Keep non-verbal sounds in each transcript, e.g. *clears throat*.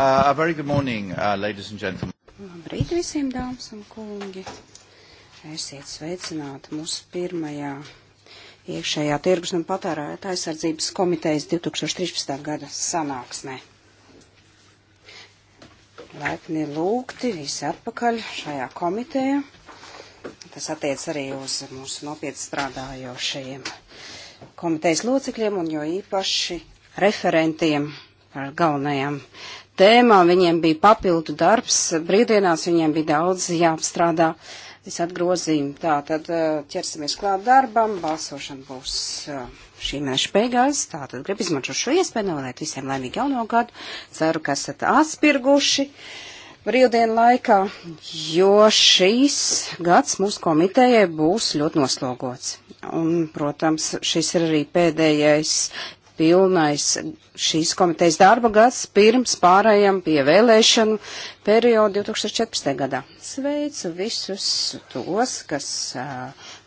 Uh, a very good morning, uh, ladies and gentlemen. Labrīt visiem, dāmas un kungi. Esiet sveicināti mūsu pirmajā iekšējā tirgus un patērētāja aizsardzības komitejas 2013. gada sanāksmē. Laipni lūgti visi atpakaļ šajā komitejā. Tas attiec arī uz mūsu nopietni strādājošajiem komitejas locekļiem un jo īpaši referentiem par galvenajām tēmām, viņiem bija papildu darbs, brīvdienās viņiem bija daudz jāapstrādā visādi grozījumi. Tā tad eh, ķersimies klāt darbam, balsošana būs eh, šī mēneša beigās, tā tad gribu izmantot šo iespēju, novēlēt visiem laimīgu jauno gadu, ceru, ka esat atspirguši brīvdienu laikā, jo šīs gads mūsu komitējai būs ļoti noslogots. Un, protams, šis ir arī pēdējais pilnais šīs komitejas darba gads pirms pārējām pie vēlēšanu periodu 2014. gadā. Sveicu visus tos, kas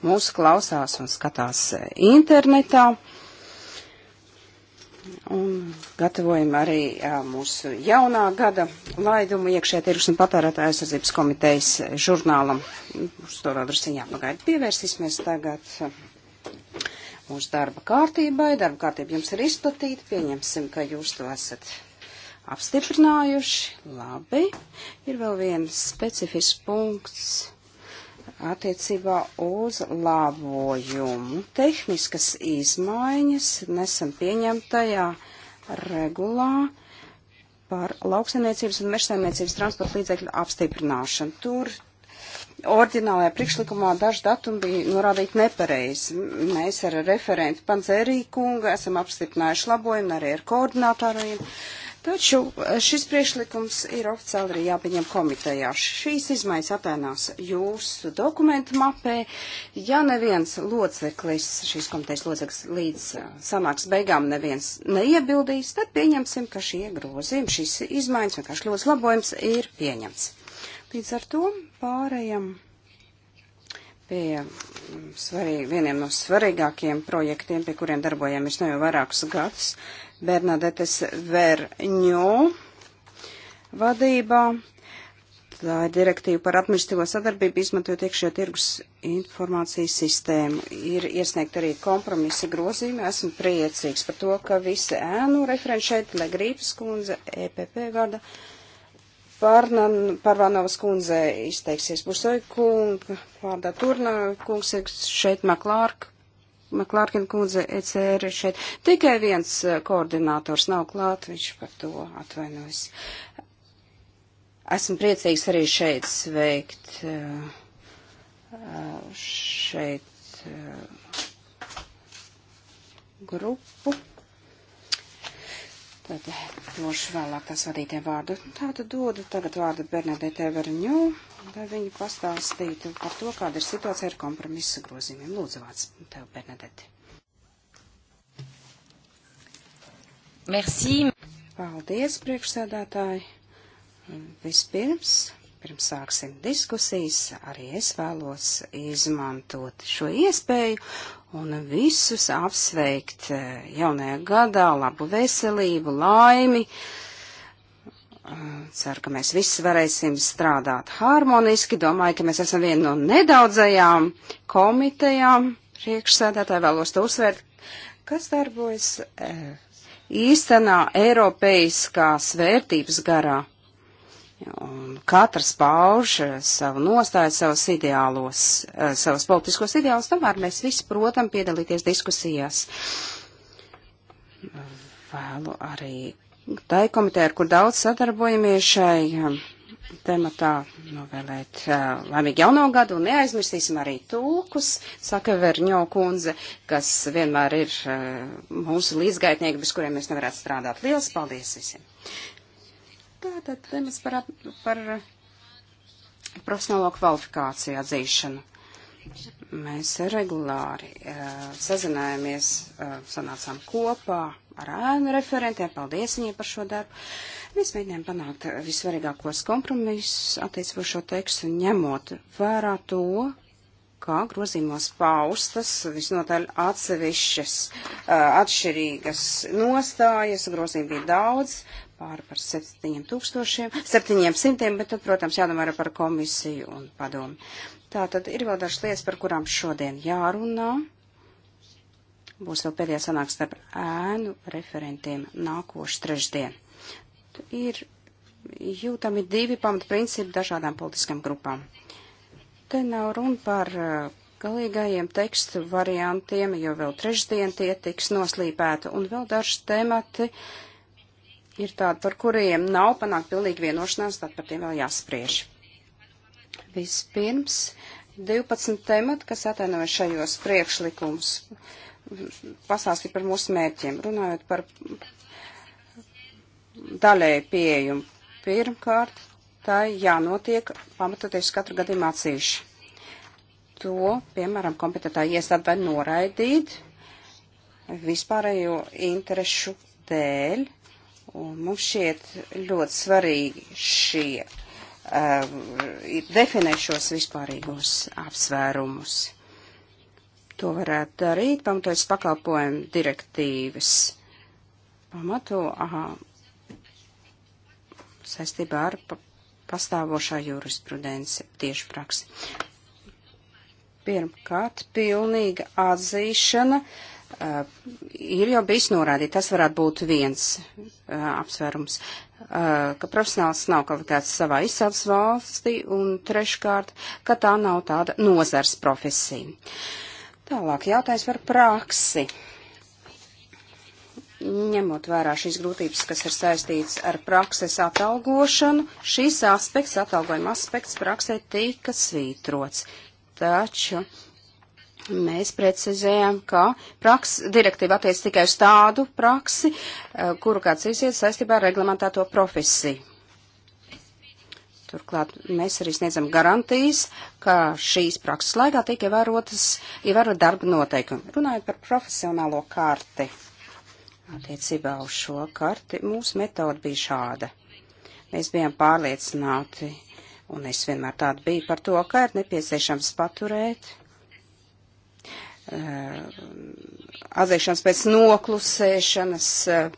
mūsu klausās un skatās internetā. Un gatavojam arī mūsu jaunā gada laidumu iekšē tirgus un patērētāju aizsardzības komitejas žurnālam. Uz to vēl drusciņā pagaidu nu pievērsīsimies tagad. Uh, mūsu darba kārtībai. Darba kārtība jums ir izplatīta. Pieņemsim, ka jūs to esat apstiprinājuši. Labi. Ir vēl viens specifisks punkts attiecībā uz labojumu. Tehniskas izmaiņas nesam pieņemtajā regulā par lauksaimniecības un mežsaimniecības transporta līdzekļu apstiprināšanu. Tur Orģinālajā priekšlikumā daži datumi bija norādīti nepareizi. Mēs ar referentu Panzerī kungu esam apstiprinājuši labojumu arī ar koordinātoriem. Taču šis priekšlikums ir oficiāli arī jāpieņem komitejā. Šīs izmaiņas atainās jūsu dokumentu mapē. Ja neviens loceklis, šīs komitejas loceklis līdz uh, sanāks beigām neviens neiebildīs, tad pieņemsim, ka šie grozījumi, šīs izmaiņas, vienkārši ļoti labojums ir pieņemts. Līdz ar to pārējam pie svarīgi, vieniem no svarīgākiem projektiem, pie kuriem darbojamies nu jau vairākus gadus, Bernadetes Verņo vadībā. Tā ir direktīva par administratīvo sadarbību, izmantojot iekšējo tirgus informācijas sistēmu. Ir iesniegt arī kompromisa grozījumi. Esmu priecīgs par to, ka visi ēnu referenšēt, Legrības kundze, EPP vada. Uh, Pārnan, Pārvānovas kundze izteiksies Busoja kunga, vārdā Turna kungs ir šeit Maklārk, Maklārkina kundze ECR ir šeit. Tikai viens eh, koordinators nav klāt, viņš par to atvainojas. Esmu priecīgs arī šeit sveikt, eh, šeit eh, grupu. Tad eh, došu vēlāk tās vadītē vārdu. Tātad dodu tagad vārdu Bernadette Verņū, lai viņi pastāstītu par to, kāda ir situācija ar kompromisu grozījumiem. Lūdzu, vārds tev, Bernadette. Merci. Paldies, priekšsēdētāji. Vispirms Pirms sāksim diskusijas, arī es vēlos izmantot šo iespēju un visus apsveikt eh, jaunajā gadā, labu veselību, laimi. Eh, ceru, ka mēs visi varēsim strādāt harmoniski. Domāju, ka mēs esam viena no nedaudzajām komitejām priekšsēdētāji vēlos to uzsvērt, kas darbojas eh, īstenā eiropeiskās vērtības garā. Un katrs pauž eh, savu nostāju, savus ideālos, eh, savus politiskos ideālus, tomēr mēs visi, protam, piedalīties diskusijās. Vēlu arī tai komitē, ar kur daudz sadarbojamies šai eh, tematā, novēlēt laimīgu jauno gadu un neaizmirsīsim arī tulkus, saka Verņo kundze, kas vienmēr ir mūsu līdzgaitnieki, bez kuriem mēs nevarētu strādāt. Lielas paldies visiem! Tātad te mēs par, par eh, profesionālo kvalifikāciju atzīšanu. Mēs regulāri uh, eh, sazinājāmies, uh, eh, sanācām kopā ar ēnu referentiem, paldies viņiem par šo darbu. Mēs mēģinājām panākt visvarīgākos kompromisus attiecošo tekstu, ņemot vērā to, kā grozīmos paustas, visnotaļ atsevišķas, atšķirīgas nostājas, grozīm bija daudz, pāri par 7000, 700, bet tad, protams, jādomā arī par komisiju un padomu. Tā tad ir vēl dažas lietas, par kurām šodien jārunā. Būs vēl pēdējā sanāks starp ēnu referentiem nākošu trešdien. Ir jūtami divi pamatprincipi dažādām politiskām grupām. Te nav runa par uh, galīgajiem tekstu variantiem, jo vēl trešdien tie tiks noslīpēti un vēl daži temati, uh, ir tādi, par kuriem nav panākt pilnīgi vienošanās, tad par tiem vēl jāspriež. Vispirms 12 temati, kas atainoja šajos priekšlikumus, pasāstīt par mūsu mērķiem, runājot par daļēju pieejumu. Pirmkārt, tā jānotiek pamatoties katru gadījumu atsevišķi. To, piemēram, kompetentā iestāde var noraidīt vispārējo interešu dēļ, Un mums šķiet ļoti svarīgi šie uh, definēt šos vispārīgos apsvērumus. To varētu darīt, pamatojas pakalpojumu direktīvas pamatu aha, saistībā ar pa pastāvošā jurisprudence tieši praksi. Pirmkārt, pilnīga atzīšana uh, Uh, ir jau bijis norādīts, tas varētu būt viens uh, apsvērums, uh, ka profesionāls nav kvalificēts savā izcelsmes valstī un treškārt, ka tā nav tāda nozars profesija. Tālāk jautājums par praksi. Ņemot vērā šīs grūtības, kas ir saistīts ar prakses atalgošanu, šīs aspekts, atalgojuma aspekts praksē tika svītrots. Taču uh, Mēs precizējam, ka praks, direktīva attiec tikai uz tādu praksi, eh, kuru kāds iziet saistībā ar reglamentēto profesiju. Turklāt mēs arī sniedzam garantijas, ka šīs prakses laikā tiek ievērotas, ievērot darba noteikumi. Runājot par profesionālo karti, attiecībā uz šo karti mūsu metoda bija šāda. Mēs bijām pārliecināti, un es vienmēr tāda biju par to, ka ir nepieciešams paturēt Eh, atzīšanas pēc noklusēšanas eh,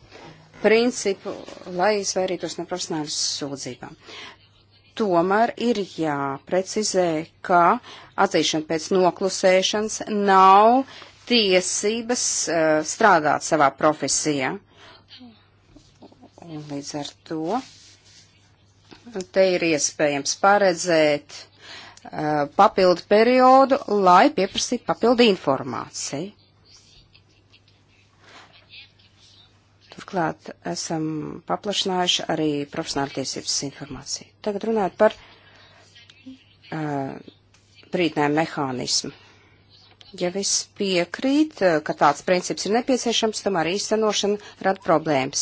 principu, lai izvairītos no profesionālas sūdzībām. Tomēr ir jāprecizē, ka atzīšana pēc noklusēšanas nav tiesības eh, strādāt savā profesijā. Un līdz ar to te ir iespējams paredzēt Uh, papildu periodu, lai pieprasītu papildu informāciju. Turklāt esam paplašinājuši arī profesionāla tiesības informāciju. Tagad runājot par uh, brīdinājumu mehānismu. Ja viss piekrīt, eh, ka tāds princips ir nepieciešams, tomēr īstenošana rada problēmas.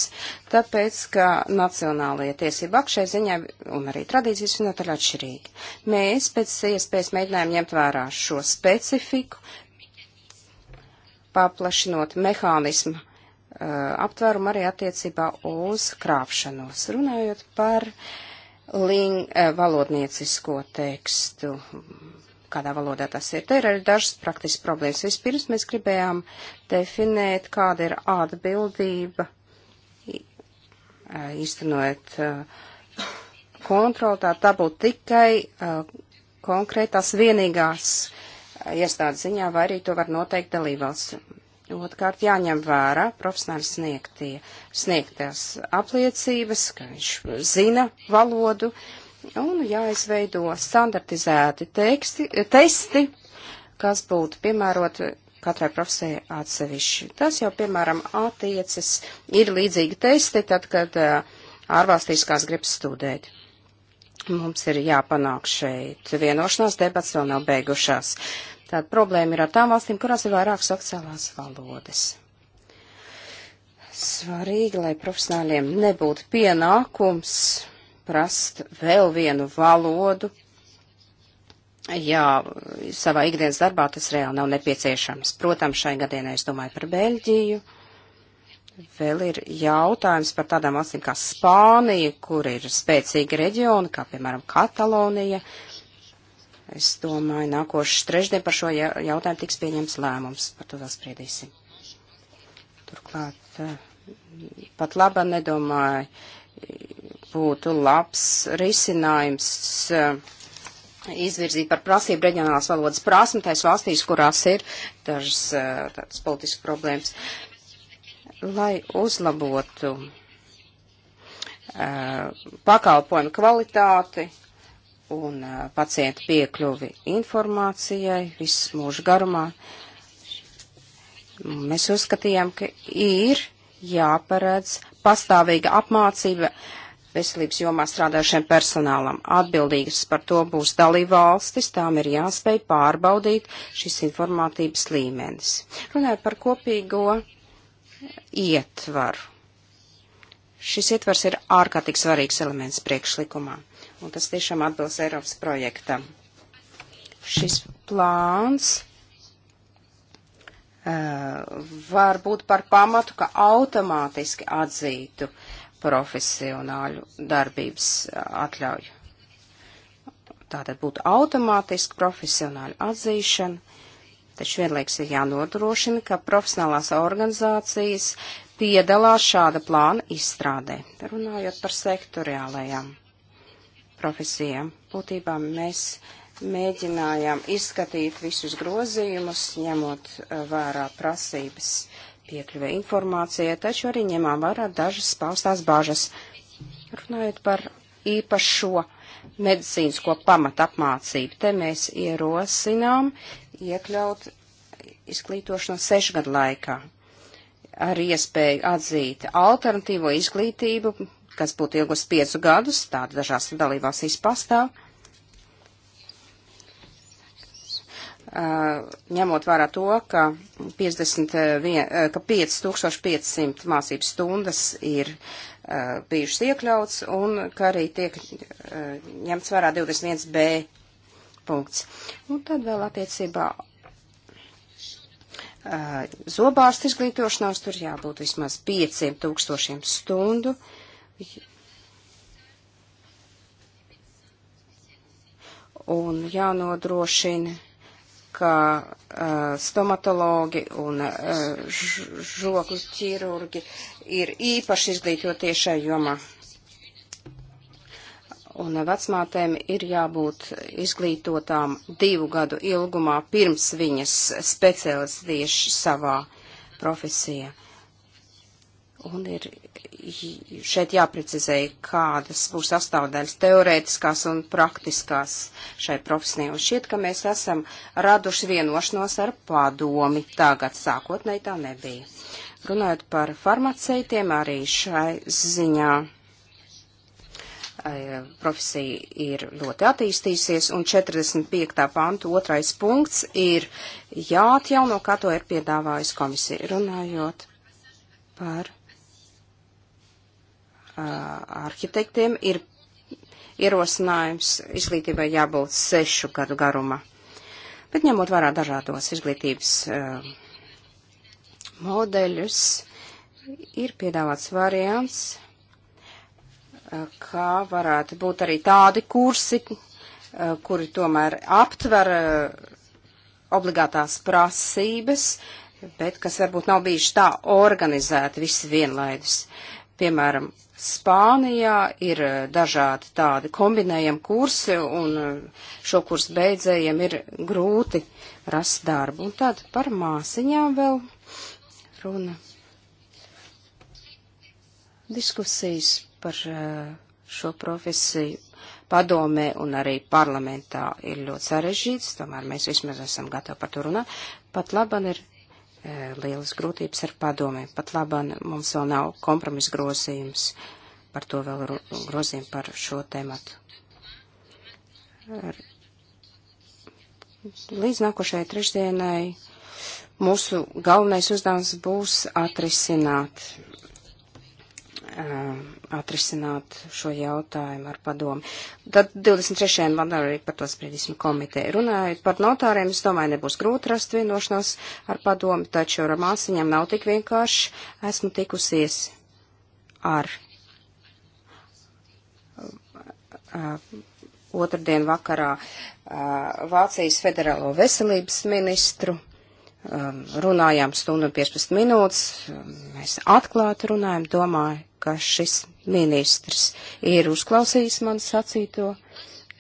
Tāpēc, ka nacionālajie tiesība akšai ziņā un arī tradīcijas ir notaļ atšķirīgi. Mēs pēc iespējas mēģinājām ņemt vērā šo specifiku, paplašinot mehānismu uh, aptvērumu arī attiecībā uz krāpšanos. Runājot par ling, uh, valodniecisko tekstu kādā valodā tas ir. Te ir arī dažas praktiskas problēmas. Vispirms mēs gribējām definēt, kāda ir atbildība īstenojot kontroli, tā tā būtu tikai konkrētās vienīgās iestādes ziņā, vai arī to var noteikt dalībvalsts. Otkārt jāņem vērā profesionāli sniegtie, sniegtās apliecības, ka viņš zina valodu. Uh, un jāizveido standartizēti teksti, testi, kas būtu piemēroti katrai profesijai atsevišķi. Tas jau, piemēram, attiecas, ir līdzīgi testi, tad, kad ārvalstīskās grib studēt. Mums ir jāpanāk šeit. Vienošanās debats vēl nav beigušās. Tāda problēma ir ar tām valstīm, kurās ir vairākas oficiālās valodas. Svarīgi, lai profesionāļiem nebūtu pienākums prast vēl vienu valodu, ja savā ikdienas darbā tas reāli nav nepieciešams. Protams, šai gadienai es domāju par Beļģiju. Vēl ir jautājums par tādām valstīm kā Spānija, kur ir spēcīgi reģioni, kā piemēram Katalonija. Es domāju, nākošais trešdien par šo jautājumu tiks pieņems lēmums. Par to vēl spriedīsim. Turklāt eh, pat laba nedomāju būtu labs risinājums eh, izvirzīt par prasību reģionālās valodas prasmi tais valstīs, kurās ir dažas eh, tādas politiskas problēmas, lai uzlabotu eh, pakalpojumu kvalitāti un pacientu piekļuvi informācijai visu mūžu garumā. Mēs uzskatījām, ka ir jāparedz pastāvīga apmācība uh, veselības jomā strādājušiem personālam. Atbildīgas par to būs dalībvalstis, tām ir jāspēj pārbaudīt šis informātības līmenis. Runājot par kopīgo ietvaru. Šis ietvars ir ārkārtīgi svarīgs elements priekšlikumā, un tas tiešām atbilst Eiropas projektam. Šis plāns uh, var būt par pamatu, ka automātiski atzītu uh, profesionāļu darbības atļauju. Tātad būtu automātiski profesionāļu atzīšana, taču vienlaiks ir jānodrošina, ka profesionālās organizācijas piedalās šāda plāna izstrādē, runājot par sektoriālajām profesijām. Būtībā mēs mēģinājām izskatīt visus grozījumus, ņemot eh, vērā prasības piekļuvē informācijai, taču arī ņemām vērā dažas paustās bāžas. Runājot par īpašo medicīnisko pamatu apmācību, te mēs ierosinām iekļaut izglītošanos sešgadu laikā ar iespēju atzīt alternatīvo izglītību, kas būtu ilgus piecu gadus, tāda dažās dalībvalstīs pastāv, ņemot vērā to, ka, 51, ka 5500 mācības stundas ir bijušas iekļauts un ka arī tiek ņemts vērā 21b punkts. Un tad vēl attiecībā zobārstu izglītošanās tur jābūt vismaz 5000 stundu. Un jānodrošina ka uh, stomatologi un uh, žokļu ķirurgi ir īpaši izglītotie šai jomā. Un vecmātēm ir jābūt izglītotām divu gadu ilgumā pirms viņas specializēties savā profesijā. Uh, Un ir šeit jāprecizē, kādas būs sastāvdaļas teorētiskās un praktiskās šai profesijai. Un šķiet, ka mēs esam raduši vienošanos ar padomi. Tagad sākotnēji tā nebija. Runājot par farmaceitiem, arī šai ziņā eh, profesija ir ļoti attīstījusies, un 45. pantu otrais punkts ir jāatjauno, kā to ir piedāvājusi komisija, runājot par arhitektiem ir ierosinājums izglītībai jābūt sešu gadu garumā. Bet ņemot vērā dažādos izglītības uh, modeļus, ir piedāvāts variants, uh, kā varētu būt arī tādi kursi, uh, kuri tomēr aptver obligātās prasības, bet kas varbūt nav bijuši tā organizēti visi vienlaidus. Uh, Piemēram, Spānijā ir eh, dažādi tādi kombinējami kursi, un eh, šo kursu beidzējiem ir grūti rast darbu. Un tad par māsiņām vēl runa. Diskusijas par eh, šo profesiju padomē un arī parlamentā ir ļoti sarežģīts, tomēr mēs vismaz esam gatavi par to runāt. Pat laban ir E, lielas grūtības ar padomē. Pat laban mums vēl nav kompromisa grozījums, par to vēl grozījumi par šo tematu. Līdz nākošajai trešdienai mūsu galvenais uzdevums būs atrisināt Uh, atrisināt šo jautājumu ar padomu. Tad 23. janvārī par to spriedīsim komiteju. Runājot par notāriem, es domāju, nebūs grūti rast vienošanos ar padomu, taču Ramās viņam nav tik vienkārši. Esmu tikusies ar uh, uh, otrdien vakarā Vācijas federālo veselības ministru um, runājām stundu un 15 minūtes, um, mēs atklāti runājam, domāju, ka šis ministrs ir uzklausījis man sacīto,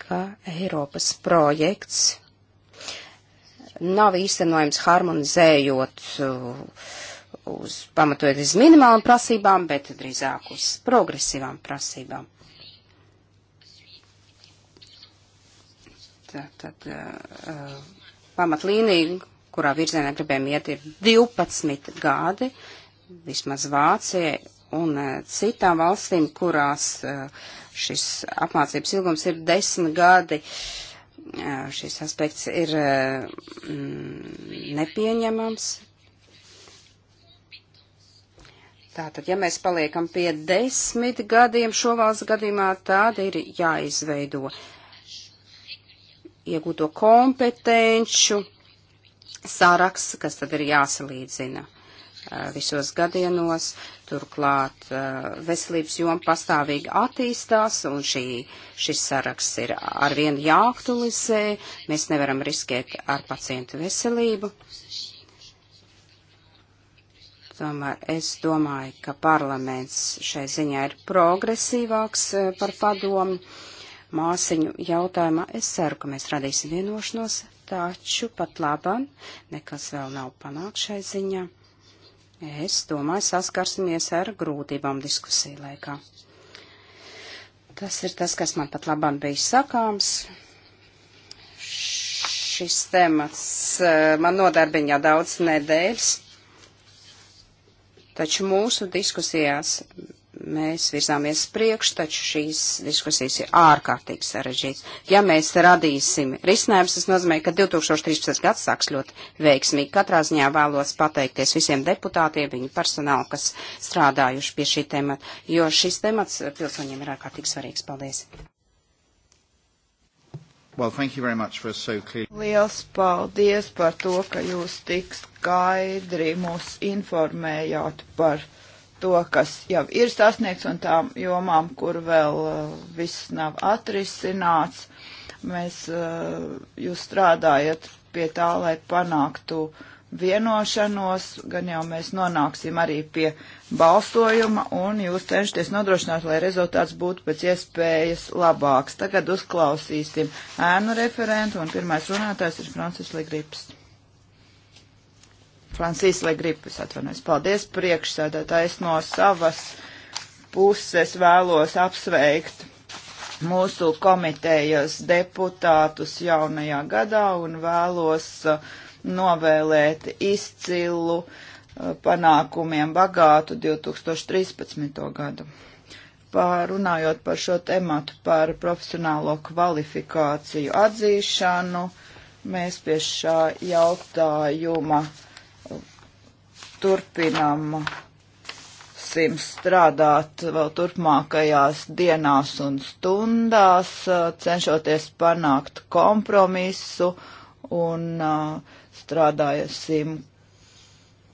ka Eiropas projekts nav īstenojams harmonizējot uh, uz pamatojot uz minimālām prasībām, bet drīzāk uz progresīvām prasībām. Tad, tad uh, uh, pamatlīnija, kurā virzienā gribējām iet, ir 12 gadi, vismaz Vācijai un e, citām valstīm, kurās e, šis apmācības ilgums ir desmit gadi, e, šis aspekts ir mm, nepieņemams. Tātad, ja mēs paliekam pie desmit gadiem šo valsts gadījumā, tad ir jāizveido iegūto kompetenču saraksts, kas tad ir jāsalīdzina. Uh, visos gadienos, turklāt veselības joma pastāvīgi attīstās, un šī, šis saraksts ir arvien jāaktualizē, mēs nevaram riskēt ar pacientu veselību. Tomēr es domāju, ka parlaments šai ziņā ir progresīvāks par padomu māsiņu jautājumā. Es ceru, ka mēs radīsim vienošanos, taču pat labam nekas vēl nav panākt šai ziņā es domāju, saskarsimies ar grūtībām diskusiju laikā. Tas ir tas, kas man pat labāk bija sakāms. Šis temats eh, man nodarbiņā daudz nedēļas, taču mūsu diskusijās mēs virzāmies priekš, taču šīs diskusijas ir ārkārtīgi sarežģītas. Ja mēs radīsim risinājums, tas nozīmē, ka 2013. gads sāks ļoti veiksmīgi. Katrā ziņā vēlos pateikties visiem deputātiem, viņu personālu, kas strādājuši pie šī temata, jo šis temats pilsoņiem ir ārkārtīgi svarīgs. Paldies! Well, thank you very much for so clear... Liels paldies par to, ka jūs tik skaidri mūs informējāt par to, kas jau ir sasniegts un tām jomām, kur vēl uh, viss nav atrisināts. Mēs, uh, jūs strādājat pie tā, lai panāktu vienošanos, gan jau mēs nonāksim arī pie balsojuma, un jūs cenšaties nodrošināt, lai rezultāts būtu pēc iespējas labāks. Tagad uzklausīsim ēnu referentu, un pirmais runātājs ir Francis Ligrips. Francijas Legripas atvainojas. Paldies priekšsēdētājs no savas puses vēlos apsveikt mūsu komitejas deputātus jaunajā gadā un vēlos uh, novēlēt izcilu uh, panākumiem bagātu 2013. gadu. Pārunājot par šo tematu, par profesionālo kvalifikāciju atzīšanu, mēs pie šā jautājuma uh, turpinam turpināsim strādāt vēl turpmākajās dienās un stundās, cenšoties panākt kompromisu un strādājasim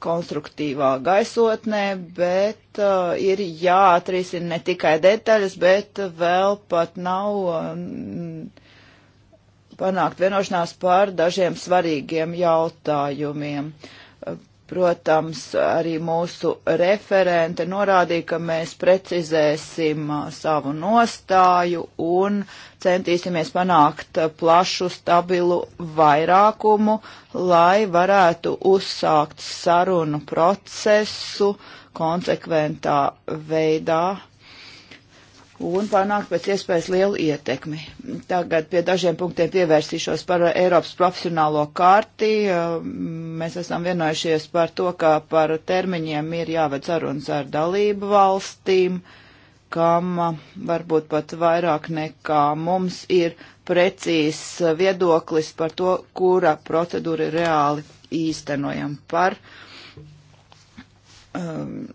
konstruktīvā gaisotnē, bet uh, ir jāatrisina ne tikai detaļas, bet vēl pat nav um, panākt vienošanās par dažiem svarīgiem jautājumiem. Uh, Protams, arī mūsu referente norādīja, ka mēs precizēsim uh, savu nostāju un centīsimies panākt uh, plašu, stabilu vairākumu, lai varētu uzsākt sarunu procesu konsekventā veidā un panākt pēc iespējas lielu ietekmi. Tagad pie dažiem punktiem pievērsīšos par Eiropas profesionālo kārti. Mēs esam vienojušies par to, ka par termiņiem ir jāved sarunas ar dalību valstīm, kam varbūt pat vairāk nekā mums ir precīzs viedoklis par to, kura procedūra ir reāli īstenojama par um,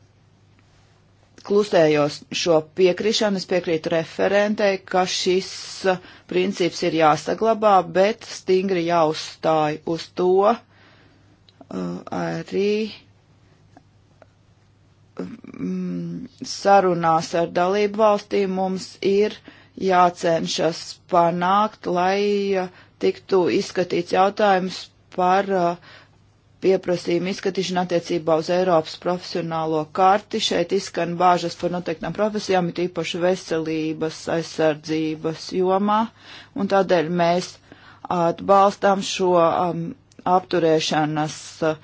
klusējos šo piekrišanu, es piekrītu referentei, ka šis uh, princips ir jāsaglabā, bet stingri jāuzstāj uz to uh, arī mm, sarunās ar dalību valstīm mums ir jācenšas panākt, lai uh, tiktu izskatīts jautājums par uh, pieprasījumu izskatīšanu attiecībā uz Eiropas profesionālo karti. Šeit izskan bāžas par noteiktām profesijām, it īpaši veselības aizsardzības jomā, un tādēļ mēs atbalstām šo um, apturēšanas uh,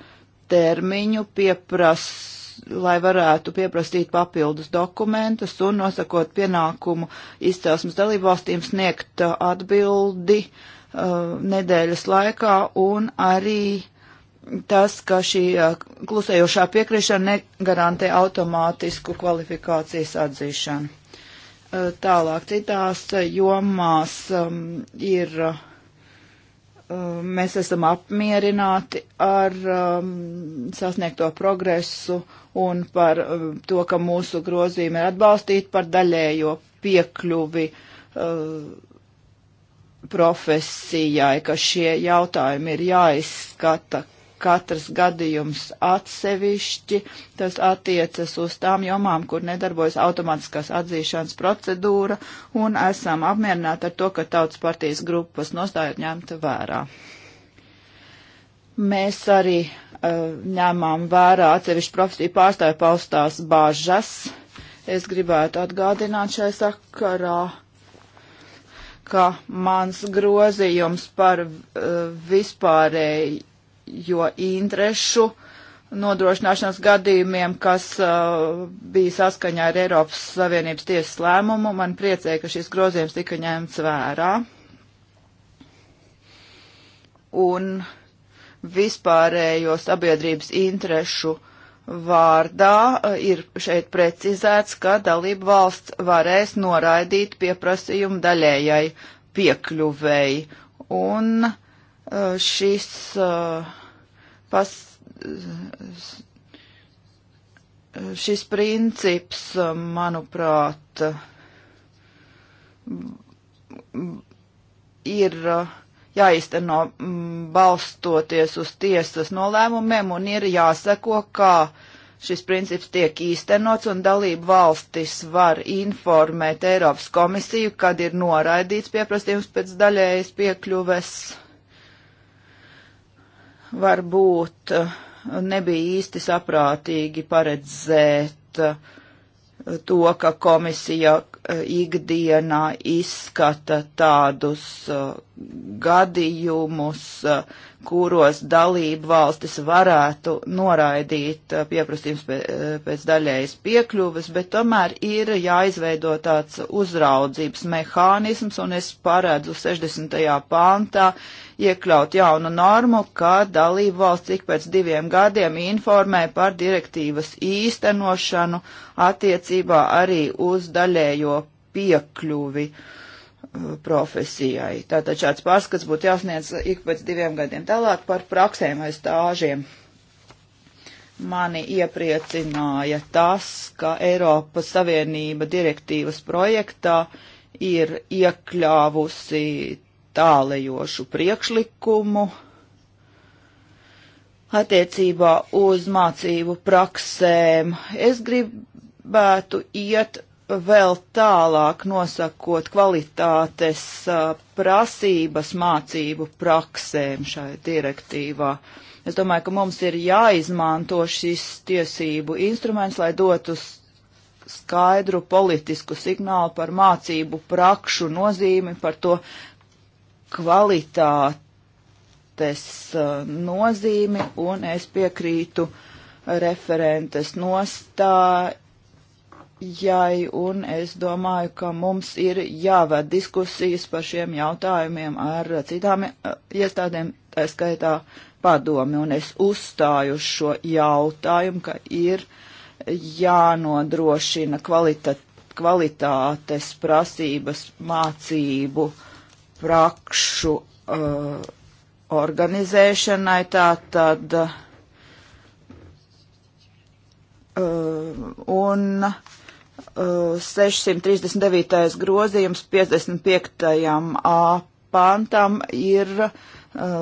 termiņu pieprasījumu lai varētu pieprasīt papildus dokumentus un nosakot pienākumu izcelsmes dalībvalstīm sniegt uh, atbildi uh, nedēļas laikā un arī uh, tas, ka šī klusējošā piekrišana negarantē automātisku kvalifikācijas atzīšanu. Tālāk citās jomās um, ir, um, mēs esam apmierināti ar um, sasniegto progresu un par um, to, ka mūsu grozījumi ir atbalstīti par daļējo piekļuvi uh, profesijai, ka šie jautājumi ir jāizskata katrs gadījums atsevišķi. Tas attiecas uz tām jomām, kur nedarbojas automātiskās atzīšanas procedūra, un esam apmierināti ar to, ka tautas partijas grupas nostāja ņemta vērā. Mēs arī uh, eh, ņēmām vērā atsevišķu profesiju pārstāju paustās bāžas. Es gribētu atgādināt šai sakarā ka mans grozījums par uh, eh, vispārēju jo interešu nodrošināšanas gadījumiem, kas uh, bija saskaņā ar Eiropas Savienības tiesas lēmumu. Man priecēja, ka šis grozījums tika ņemts vērā. Un vispārējo sabiedrības interešu vārdā uh, ir šeit precizēts, ka dalību valsts varēs noraidīt pieprasījumu daļējai piekļuvēji. Un uh, šis uh, pas, šis princips, manuprāt, ir jāizteno mm, balstoties uz tiesas nolēmumiem un ir jāseko, kā šis princips tiek īstenots un dalību valstis var informēt Eiropas komisiju, kad ir noraidīts pieprasījums pēc daļējas piekļuves. Uh, varbūt eh, nebija īsti saprātīgi paredzēt eh, to, ka komisija eh, ikdienā izskata tādus gadījumus, kuros dalību valstis varētu noraidīt pieprasījums pēc daļējas piekļuves, bet tomēr ir jāizveido tāds uzraudzības mehānisms, un es paredzu 60. pāntā iekļaut jaunu normu, ka dalību valsts ik pēc diviem gadiem informē par direktīvas īstenošanu attiecībā arī uz daļējo piekļuvi uh, profesijai. Tātad šāds pārskats būtu jāsniedz ik pēc diviem gadiem. Tālāk par praksēm vai stāžiem. Mani iepriecināja tas, ka Eiropas Savienība direktīvas projektā ir iekļāvusi tālajošu priekšlikumu attiecībā uz mācību praksēm. Es gribētu iet vēl tālāk nosakot kvalitātes prasības mācību praksēm šai direktīvā. Es domāju, ka mums ir jāizmanto šis tiesību instruments, lai dotu skaidru politisku signālu par mācību prakšu nozīmi, par to, kvalitātes uh, nozīmi, un es piekrītu referentes nostājai, un es domāju, ka mums ir jāved diskusijas par šiem jautājumiem ar citām uh, iestādēm, tā skaitā padomi, un es uzstāju šo jautājumu, ka ir jānodrošina kvalita, kvalitātes prasības mācību uh, prakšu uh, organizēšanai, tā tad uh, un uh, 639. grozījums 55. a pantam ir uh,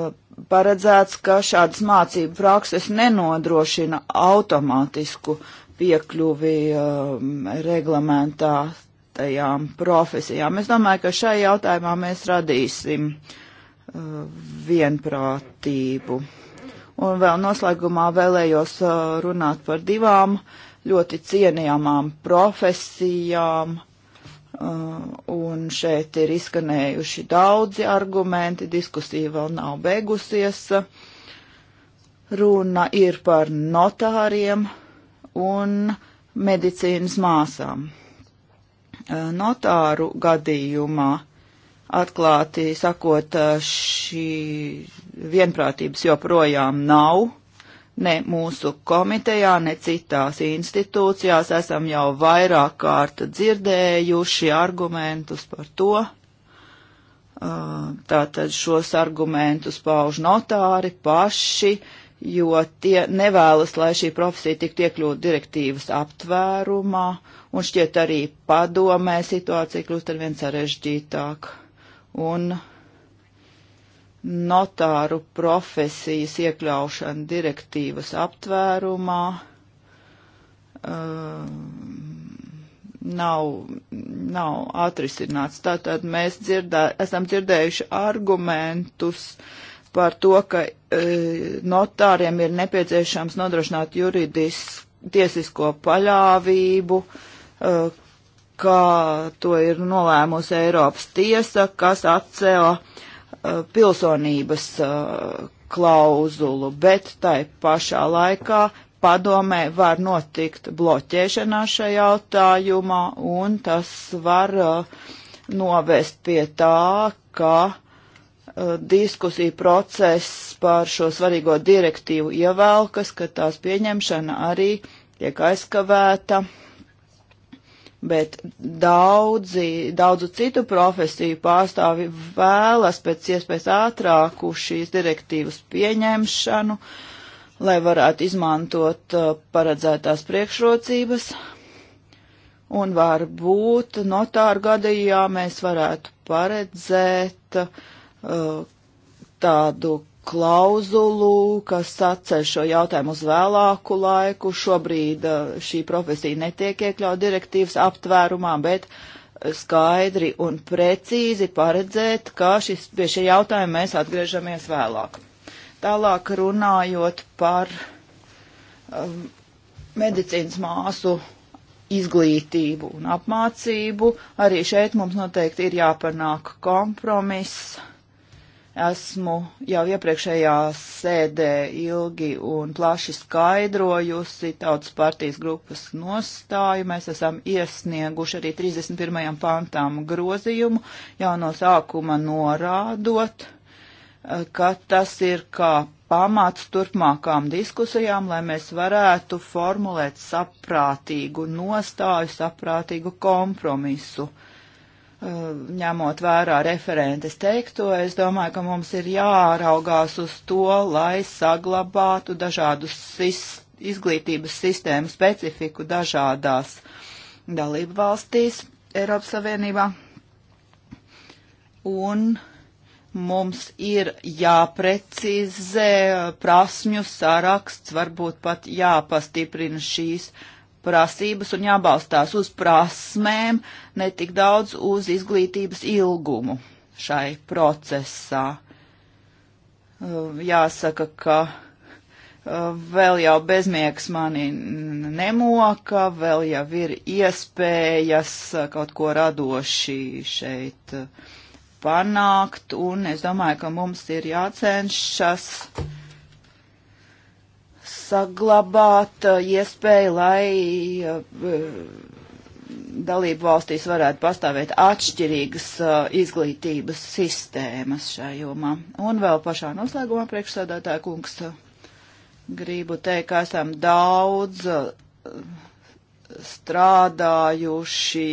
paredzēts, ka šādas mācību prakses nenodrošina automātisku piekļuvi um, reglamentā noteiktajām profesijām. Es domāju, ka šai jautājumā mēs radīsim uh, vienprātību. Un vēl noslēgumā vēlējos uh, runāt par divām ļoti cienījamām profesijām. Uh, un šeit ir izskanējuši daudzi argumenti, diskusija vēl nav beigusies. Runa ir par notāriem un medicīnas māsām. Eh, notāru gadījumā, atklāti sakot, eh, šī vienprātības joprojām nav. Ne mūsu komitejā, ne citās institūcijās esam jau vairāk kārt dzirdējuši argumentus par to. Eh, tātad šos argumentus pauž notāri paši, jo tie nevēlas, lai šī profesija tiktu iekļūt direktīvas aptvērumā, uh, un šķiet arī padomē situācija kļūst arvien sarežģītāk. Un notāru profesijas iekļaušana direktīvas aptvērumā um, nav, nav atrisināts. Tātad mēs dzirdā, esam dzirdējuši argumentus par to, ka e, notāriem ir nepieciešams nodrošināt juridisku tiesisko paļāvību, uh, Uh, kā to ir nolēmusi Eiropas tiesa, kas atcēla uh, pilsonības uh, klauzulu, bet tai pašā laikā padomē var notikt bloķēšanās šajā jautājumā, un tas var novest pie tā, ka diskusija process par šo svarīgo direktīvu ievēlkas, ka tās pieņemšana arī tiek aizkavēta. Uh, bet daudzi, daudzu citu profesiju pārstāvi vēlas pēc iespējas ātrāku šīs direktīvas pieņemšanu, lai varētu izmantot uh, paredzētās priekšrocības. Un varbūt notāru gadījumā mēs varētu paredzēt uh, tādu klauzulu, kas atceļ šo jautājumu uz vēlāku laiku. Šobrīd uh, šī profesija netiek iekļaut direktīvas aptvērumā, bet skaidri un precīzi paredzēt, ka šis, pie šī jautājuma mēs atgriežamies vēlāk. Tālāk runājot par um, medicīnas māsu izglītību un apmācību, arī šeit mums noteikti ir jāpanāk kompromiss esmu jau iepriekšējā sēdē ilgi un plaši skaidrojusi tautas partijas grupas nostāju. Mēs esam iesnieguši arī 31. pantām grozījumu, jau no sākuma norādot, eh, ka tas ir kā pamats turpmākām diskusijām, lai mēs varētu formulēt saprātīgu nostāju, saprātīgu kompromisu Um, ņemot vērā referentes teikto, es domāju, ka mums ir jāraugās uz to, lai saglabātu dažādus sis, izglītības sistēmu specifiku dažādās dalību valstīs Eiropas Savienībā. Un mums ir jāprecizē uh, prasmju saraksts, varbūt pat jāpastiprina šīs uh, prasības un jābalstās uz prasmēm, ne tik daudz uz izglītības ilgumu šai procesā. Jāsaka, ka uh, vēl jau bezmiegs mani nemoka, vēl jau ir iespējas uh, kaut ko radoši šeit uh, panākt, un es domāju, ka mums ir jācenšas saglabāt uh, iespēju, lai uh, dalību valstīs varētu pastāvēt atšķirīgas uh, izglītības sistēmas šajā jomā. Un vēl pašā noslēgumā priekšsādātāja kungs gribu teikt, ka esam daudz strādājuši,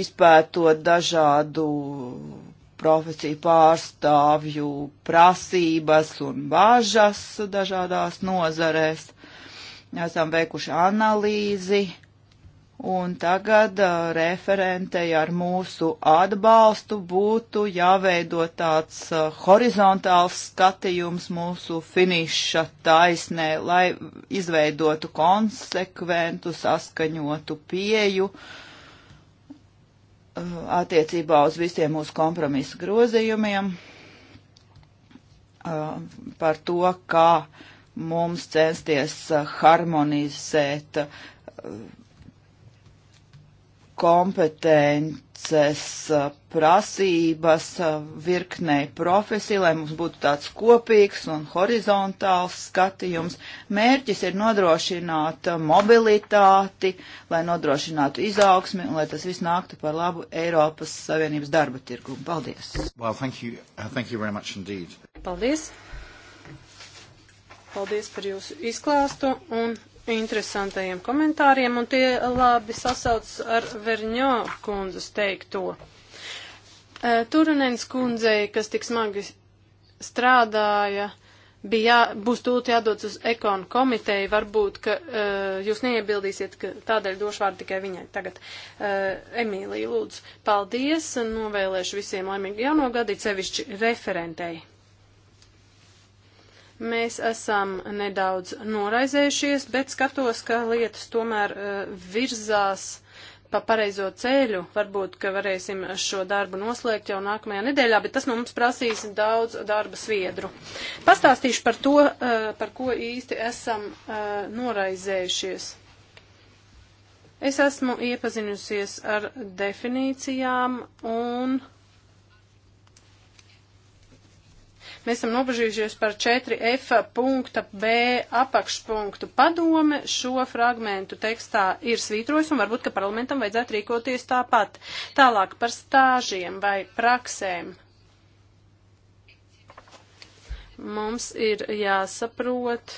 izpētot dažādu profesiju pārstāvju prasības un bažas dažādās nozarēs. Esam veikuši analīzi, un tagad uh, referentei ar mūsu atbalstu būtu jāveido tāds uh, horizontāls skatījums mūsu finiša taisnē, lai izveidotu konsekventu, saskaņotu pieju uh, Uh, attiecībā uz visiem mūsu kompromisu grozījumiem, uh, par to, kā mums censties uh, harmonizēt kompetenci jāprecizēs prasības virknei profesiju, lai mums būtu tāds kopīgs un horizontāls skatījums. Mērķis ir nodrošināt mobilitāti, lai nodrošinātu izaugsmi un lai tas viss nāktu par labu Eiropas Savienības darba tirgumu. Paldies! Well, thank you. Uh, thank you very much indeed. Paldies! Paldies par jūsu izklāstu un interesantajiem komentāriem, un tie labi sasauc ar Verņo kundzes teikto. Turinens kundzei, kas tik smagi strādāja, bija jā, būs tūlīt jādodas uz ekonu komiteju, varbūt, ka uh, jūs neiebildīsiet, ka tādēļ došu vārdu tikai viņai tagad. Uh, Emīlija, lūdzu, paldies, novēlēšu visiem laimīgu jauno gadu, sevišķi referentei. Mēs esam nedaudz noraizējušies, bet skatos, ka lietas tomēr uh, virzās pa pareizo ceļu. Varbūt, ka varēsim šo darbu noslēgt jau nākamajā nedēļā, bet tas no mums prasīs daudz darba sviedru. Pastāstīšu par to, uh, par ko īsti esam uh, noraizējušies. Es esmu iepazinusies ar definīcijām un Mēs esam nobežījušies par 4F punkta B apakšpunktu padome. Šo fragmentu tekstā ir svītrojis un varbūt, ka parlamentam vajadzētu rīkoties tāpat. Tālāk par stāžiem vai praksēm. Mums ir jāsaprot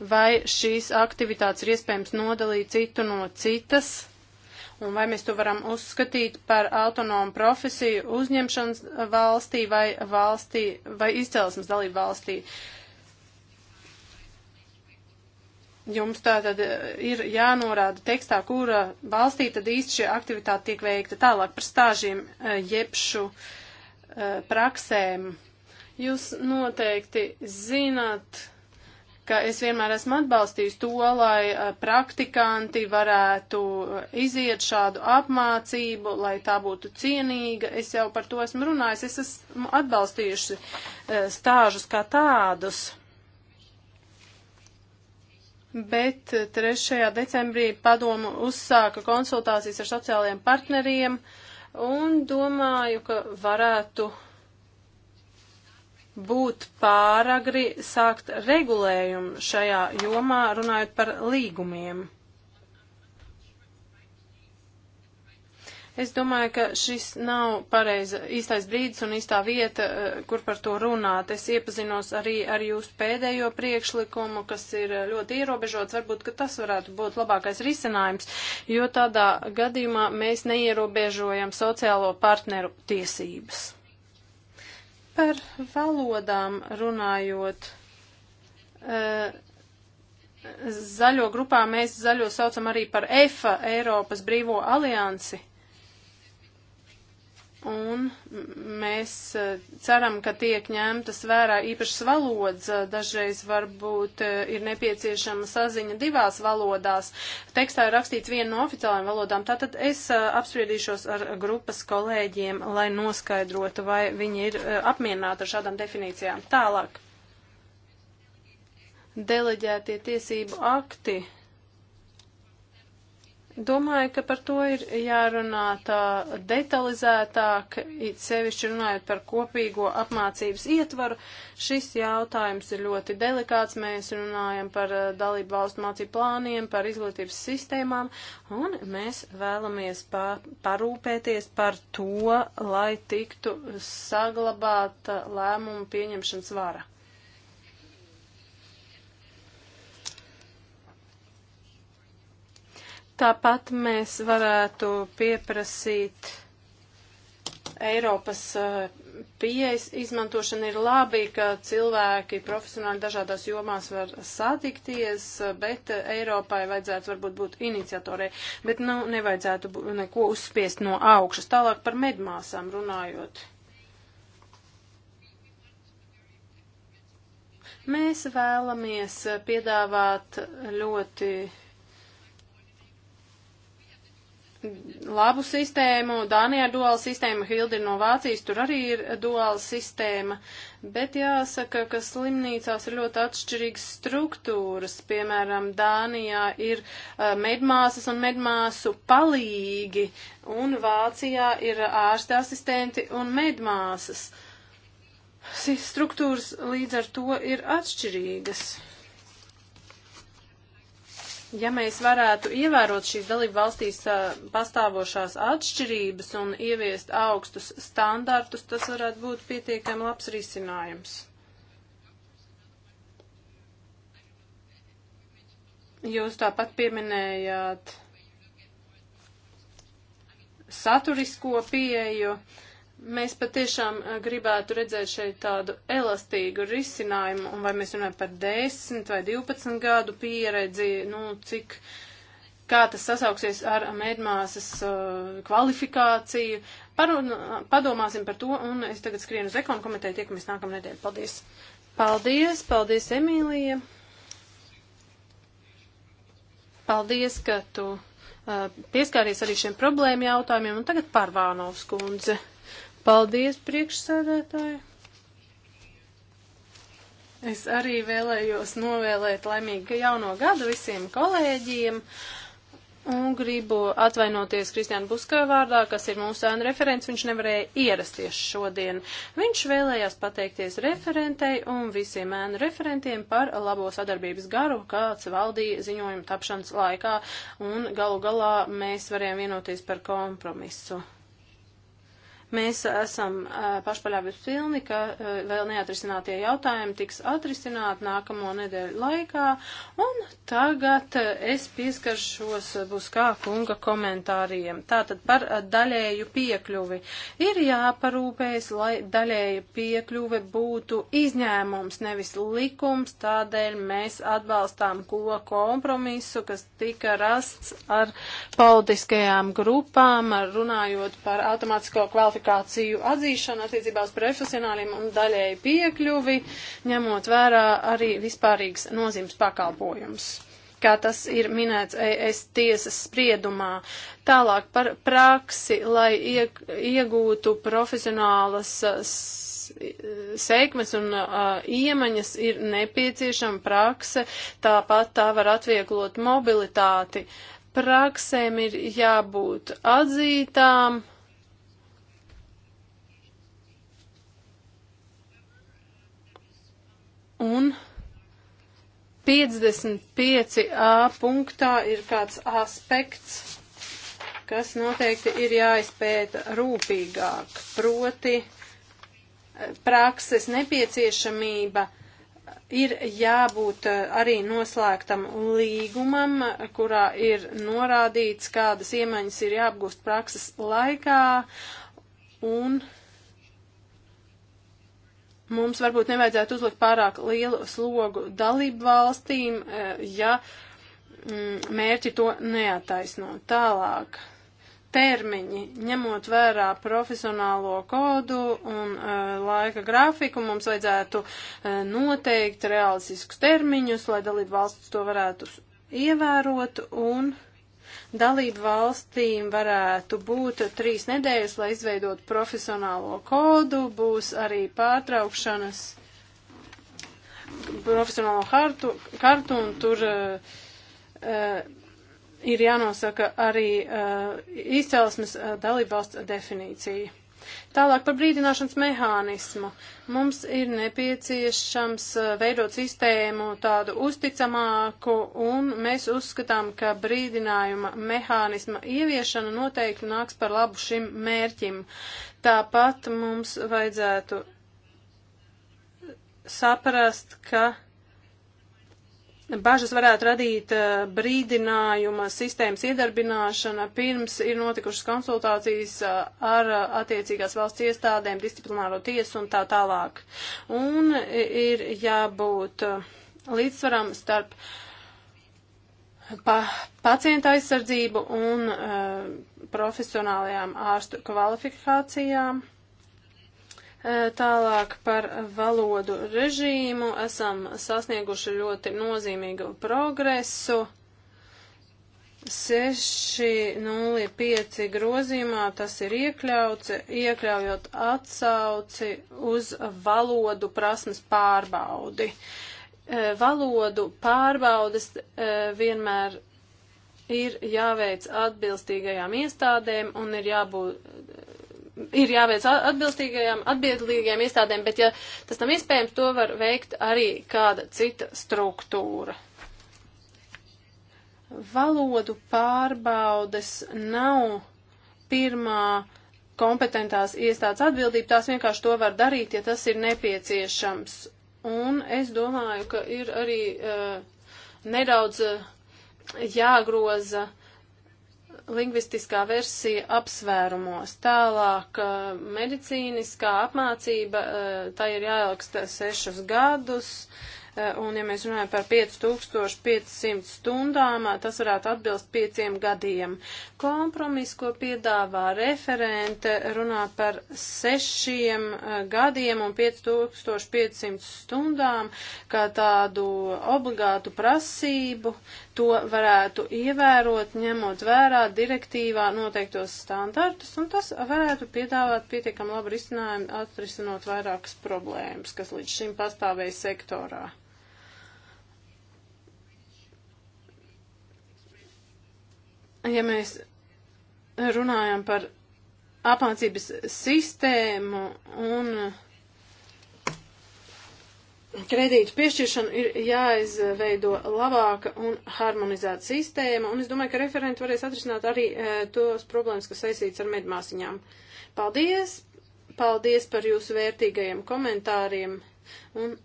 vai šīs aktivitātes ir iespējams nodalīt citu no citas un vai mēs to varam uzskatīt par autonomu profesiju uzņemšanas valstī vai, valstī, vai izcelsmes dalību valstī. Jums tā tad e, ir jānorāda tekstā, kura valstī tad īsti šī aktivitāte tiek veikta tālāk par stāžiem e, jebšu e, praksēm. Jūs noteikti zināt, ka es vienmēr esmu atbalstījis to, lai eh, praktikanti varētu eh, iziet šādu apmācību, lai tā būtu cienīga. Es jau par to esmu runājis, es esmu atbalstījuši eh, stāžus kā tādus. Bet 3. decembrī padomu uzsāka konsultācijas ar sociālajiem partneriem un domāju, ka varētu uh, būtu pāragri sākt regulējumu šajā jomā, runājot par līgumiem. Es domāju, ka šis nav pareiza īstais brīdis un īstā vieta, eh, kur par to runāt. Es iepazinos arī ar jūsu pēdējo priekšlikumu, kas ir eh, ļoti ierobežots. Varbūt, ka tas varētu būt labākais risinājums, jo tādā gadījumā mēs neierobežojam sociālo partneru tiesības. Par valodām runājot, eh, zaļo grupā mēs zaļo saucam arī par EFA, Eiropas brīvo aliansi. Un mēs eh, ceram, ka tiek ņemtas vērā īpašas valodas. Eh, dažreiz varbūt eh, ir nepieciešama saziņa divās valodās. Tekstā ir rakstīts viena no oficiālajām valodām. Tātad es apspriedīšos ar grupas kolēģiem, lai noskaidrotu, vai viņi ir apmierināti ar šādām definīcijām. Tālāk. Deleģētie tiesību akti. Domāju, ka par to ir jārunā tā detalizētāk, it sevišķi runājot par kopīgo apmācības ietvaru. Šis jautājums ir ļoti delikāts. Mēs runājam par eh, dalību valstu mācību plāniem, par izglītības sistēmām, un mēs vēlamies pa parūpēties par to, lai tiktu saglabāta lēmumu pieņemšanas vara. Tāpat mēs varētu pieprasīt Eiropas eh, pieejas izmantošana ir labi, ka cilvēki profesionāli dažādās jomās var satikties, eh, bet eh, Eiropai vajadzētu varbūt būt iniciatorē, bet nu, nevajadzētu neko uzspiest no augšas. Tālāk par medmāsām runājot. Mēs vēlamies piedāvāt ļoti labu sistēmu, Dānijā ir duāla sistēma, Hilda ir no Vācijas, tur arī ir duāla sistēma, bet jāsaka, ka slimnīcās ir ļoti atšķirīgas struktūras, piemēram, Dānijā ir uh, medmāsas un medmāsu palīgi, un Vācijā ir ārsta asistenti un medmāsas. Struktūras līdz ar to ir atšķirīgas ja mēs varētu ievērot šīs dalību valstīs pastāvošās atšķirības un ieviest augstus standartus, tas varētu būt pietiekami labs risinājums. Jūs tāpat pieminējāt saturisko pieeju. Uh, Mēs patiešām eh, gribētu redzēt šeit tādu elastīgu risinājumu, un vai mēs runājam par 10 vai 12 gadu pieredzi, nu, cik, kā tas sasauksies ar mēdmāsas uh, eh, kvalifikāciju. Parun, padomāsim par to, un es tagad skrienu uz ekonu komiteju, tiekamies nākamnedēļ. Paldies! Paldies, paldies, Emīlija! Paldies, ka tu uh, eh, pieskāries arī šiem problēmu jautājumiem, un tagad Parvānovs kundze. Paldies, priekšsēdētāji! Es arī vēlējos novēlēt laimīgu jauno gadu visiem kolēģiem. Un gribu atvainoties Kristiāna Buskā vārdā, kas ir mūsu ēna referents, viņš nevarēja ierasties šodien. Viņš vēlējās pateikties referentei un visiem ēna referentiem par labo sadarbības garu, kāds valdīja ziņojuma tapšanas laikā, un galu galā mēs varējām vienoties par kompromisu. Mēs esam pašpaļāvības pilni, ka vēl neatrisinātie jautājumi tiks atrisināti nākamo nedēļu laikā. Un tagad es pieskaršos būs kā kunga komentāriem. Tātad par daļēju piekļuvi. Ir jāparūpējas, lai daļēja piekļuve būtu izņēmums, nevis likums. Tādēļ mēs atbalstām ko kompromisu, kas tika rasts ar politiskajām grupām, runājot par automātisko kvalifikāciju kvalifikāciju atzīšanu attiecībā uz profesionāļiem un daļēji piekļuvi, ņemot vērā arī vispārīgs nozīmes pakalpojums kā tas ir minēts ES tiesas spriedumā. Tālāk par praksi, lai iegūtu profesionālas sēkmes un uh, iemaņas ir nepieciešama prakse, tāpat tā var atvieglot mobilitāti. Praksēm ir jābūt atzītām, Un 55a punktā ir kāds aspekts, kas noteikti ir jāizpēta rūpīgāk, proti eh, prakses nepieciešamība ir jābūt eh, arī noslēgtam līgumam, kurā ir norādīts, kādas iemaņas ir jāapgūst prakses laikā, un mums varbūt nevajadzētu uzlikt pārāk lielu slogu dalību valstīm, e, ja mm, mērķi to neataisno. Tālāk termiņi, ņemot vērā profesionālo kodu un uh, laika grafiku, mums vajadzētu uh, noteikt realistiskus termiņus, lai dalību valsts to varētu ievērot un uh, Dalību valstīm varētu būt trīs nedēļas, lai izveidot profesionālo kodu, būs arī pārtraukšanas profesionālo hartu, kartu, un tur uh, uh, ir jānosaka arī uh, izcelsmes uh, dalībvalsts definīcija. Tālāk par brīdināšanas mehānismu. Mums ir nepieciešams eh, veidot sistēmu tādu uzticamāku, un mēs uzskatām, ka brīdinājuma mehānisma ieviešana noteikti nāks par labu šim mērķim. Tāpat mums vajadzētu saprast, ka Bažas varētu radīt eh, brīdinājuma sistēmas iedarbināšana pirms ir notikušas konsultācijas eh, ar eh, attiecīgās valsts iestādēm, disciplināro tiesu un tā tālāk. Un ir jābūt līdzsvaram starp pa pacienta aizsardzību un uh, profesionālajām ārstu kvalifikācijām. Tālāk par valodu režīmu esam sasnieguši ļoti nozīmīgu progresu. 6.05 grozījumā tas ir iekļauts, iekļaujot atsauci uz valodu prasmes pārbaudi. Valodu pārbaudes vienmēr ir jāveic atbilstīgajām iestādēm un ir jābūt ir jāveic atbilstīgajām, atbildīgajām iestādēm, bet ja tas nav iespējams, to var veikt arī kāda cita struktūra. Valodu pārbaudes nav pirmā kompetentās iestādes atbildība, tās vienkārši to var darīt, ja tas ir nepieciešams. Un es domāju, ka ir arī uh, nedaudz uh, jāgroza uh, lingvistiskā versija apsvērumos. Tālāk eh, medicīniskā apmācība, eh, tā ir jāielaksta sešus gadus, eh, un ja mēs runājam par 5500 stundām, tas varētu atbilst pieciem gadiem. Kompromis, ko piedāvā referente, runā par sešiem gadiem un 5500 stundām kā tādu obligātu prasību. Uh, to varētu ievērot, ņemot vērā direktīvā noteiktos standartus, un tas varētu piedāvāt pietiekam labu risinājumu atrisinot vairākas problēmas, kas līdz šim pastāvēja sektorā. Ja mēs runājam par apmācības sistēmu un uh, kredītu piešķiršanu ir jāizveido labāka un harmonizēta sistēma, un es domāju, ka referenti varēs atrisināt arī e, tos problēmas, kas saistīts ar medmāsiņām. Paldies! Paldies par jūsu vērtīgajiem komentāriem, un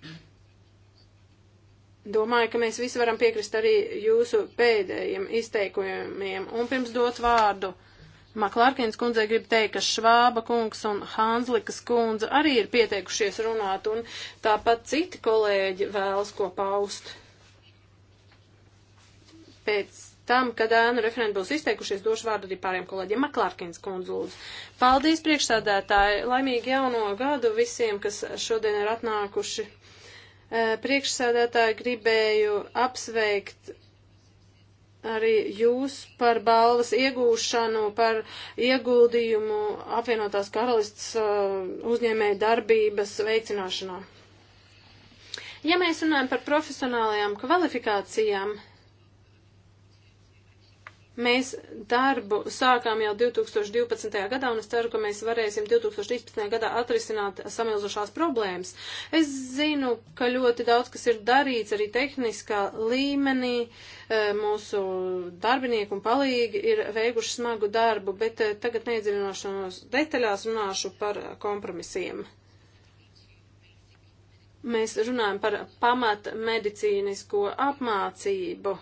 domāju, ka mēs visi varam piekrist arī jūsu pēdējiem izteikumiem, un pirms dot vārdu. Maklārkins kundzei grib teikt, ka Švāba kungs un Hānzlikas kundze arī ir pieteikušies runāt, un tāpat citi kolēģi vēlas ko paust. Pēc tam, kad ēnu referenti būs izteikušies, došu vārdu arī pāriem kolēģiem. Maklārkins kundze lūdzu. Paldies priekšsādētāji, laimīgi jauno gadu visiem, kas šodien ir atnākuši. Eh, Priekšsēdētāji gribēju apsveikt arī jūs par balvas iegūšanu, par ieguldījumu apvienotās karalists uh, uzņēmēja darbības veicināšanā. Ja mēs runājam par profesionālajām kvalifikācijām, Mēs darbu sākām jau 2012. gadā, un es ceru, ka mēs varēsim 2013. gadā atrisināt samilzušās problēmas. Es zinu, ka ļoti daudz kas ir darīts arī tehniskā līmenī. E, mūsu darbinieki un palīgi ir veikuši smagu darbu, bet e, tagad neiedziļinošanos detaļās runāšu par kompromisiem mēs runājam par pamat medicīnisko apmācību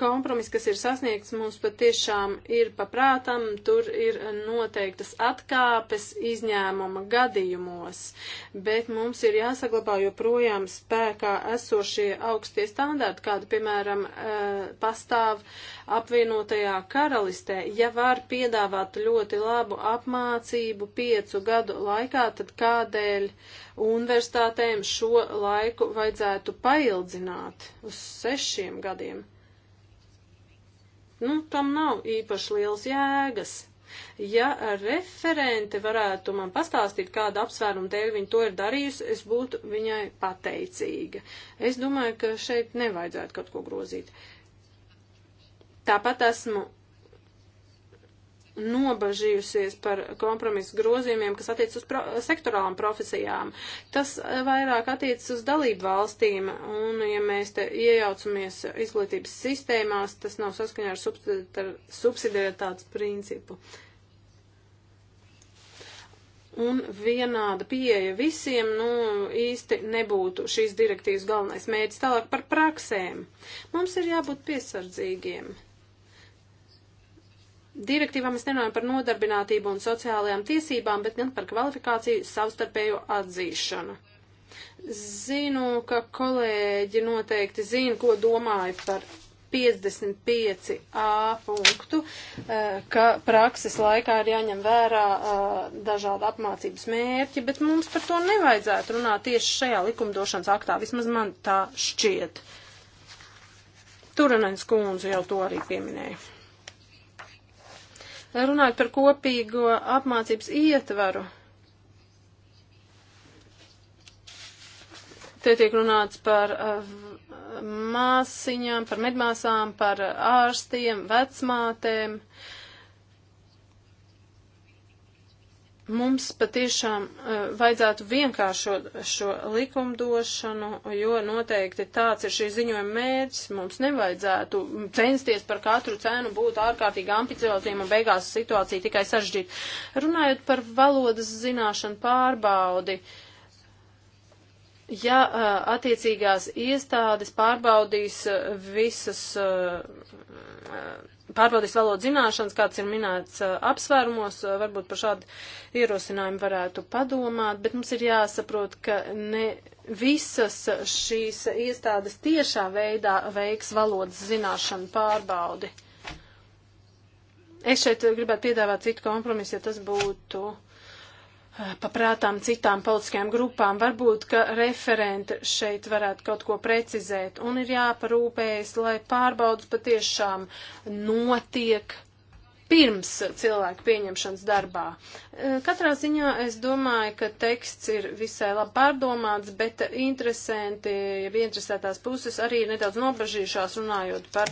kompromiss, kas ir sasniegts, mums patiešām ir paprātam, tur ir noteiktas atkāpes izņēmuma gadījumos, bet mums ir jāsaglabā joprojām spēkā esošie augstie standarti, kādi, piemēram, eh, pastāv apvienotajā karalistē. Ja var piedāvāt ļoti labu apmācību piecu gadu laikā, tad kādēļ universitātēm šo laiku vajadzētu paildzināt uz sešiem gadiem? Nu, tam nav īpaši liels jēgas. Ja referente varētu man pastāstīt, kāda apsvēruma dēļ viņa to ir darījusi, es būtu viņai pateicīga. Es domāju, ka šeit nevajadzētu kaut ko grozīt. Tāpat esmu nobažījusies par kompromisu grozījumiem, kas attiec uz pro sektorālām profesijām. Tas eh, vairāk attiecas uz dalību valstīm, un ja mēs te iejaucamies izglītības sistēmās, tas nav saskaņā ar subsidiaritātes principu. Un vienāda pieeja visiem, nu, īsti nebūtu šīs direktīvas galvenais mērķis. Tālāk par praksēm. Mums ir jābūt piesardzīgiem Direktīvā mēs nerunājam par nodarbinātību un sociālajām tiesībām, bet gan par kvalifikāciju savstarpēju atzīšanu. Zinu, ka kolēģi noteikti zina, ko domāju par 55a punktu, eh, ka prakses laikā ir jāņem vērā eh, dažādi apmācības mērķi, bet mums par to nevajadzētu runāt tieši šajā likumdošanas aktā, vismaz man tā šķiet. Turanens kundze jau to arī pieminēja. Runājot par kopīgo apmācības ietvaru, te tiek runāts par uh, māsiņām, par medmāsām, par uh, ārstiem, vecmātēm. Uh, mums patiešām uh, vajadzētu vienkāršot šo likumdošanu, jo noteikti tāds ir šī ziņojuma mērķis. Mums nevajadzētu censties par katru cenu būt ārkārtīgi ambicioziem un beigās situācija tikai sažģīt. Runājot par valodas zināšanu pārbaudi, uh, ja attiecīgās iestādes pārbaudīs visas, pārbaudīs valodas zināšanas, kāds ir minēts apsvērumos, varbūt par šādu ierosinājumu varētu padomāt, bet mums ir jāsaprot, ka ne visas šīs iestādes tiešā veidā veiks valodas zināšanu pārbaudi. Es šeit gribētu piedāvāt citu kompromisu, ja tas būtu paprātām citām politiskajām grupām. Varbūt, ka referente šeit varētu kaut ko precizēt un ir jāparūpējas, lai pārbaudas patiešām notiek pirms cilvēku pieņemšanas darbā. E, katrā ziņā es domāju, ka teksts ir visai labi pārdomāts, bet interesanti, ja interesētās puses arī nedaudz nobažījušās runājot par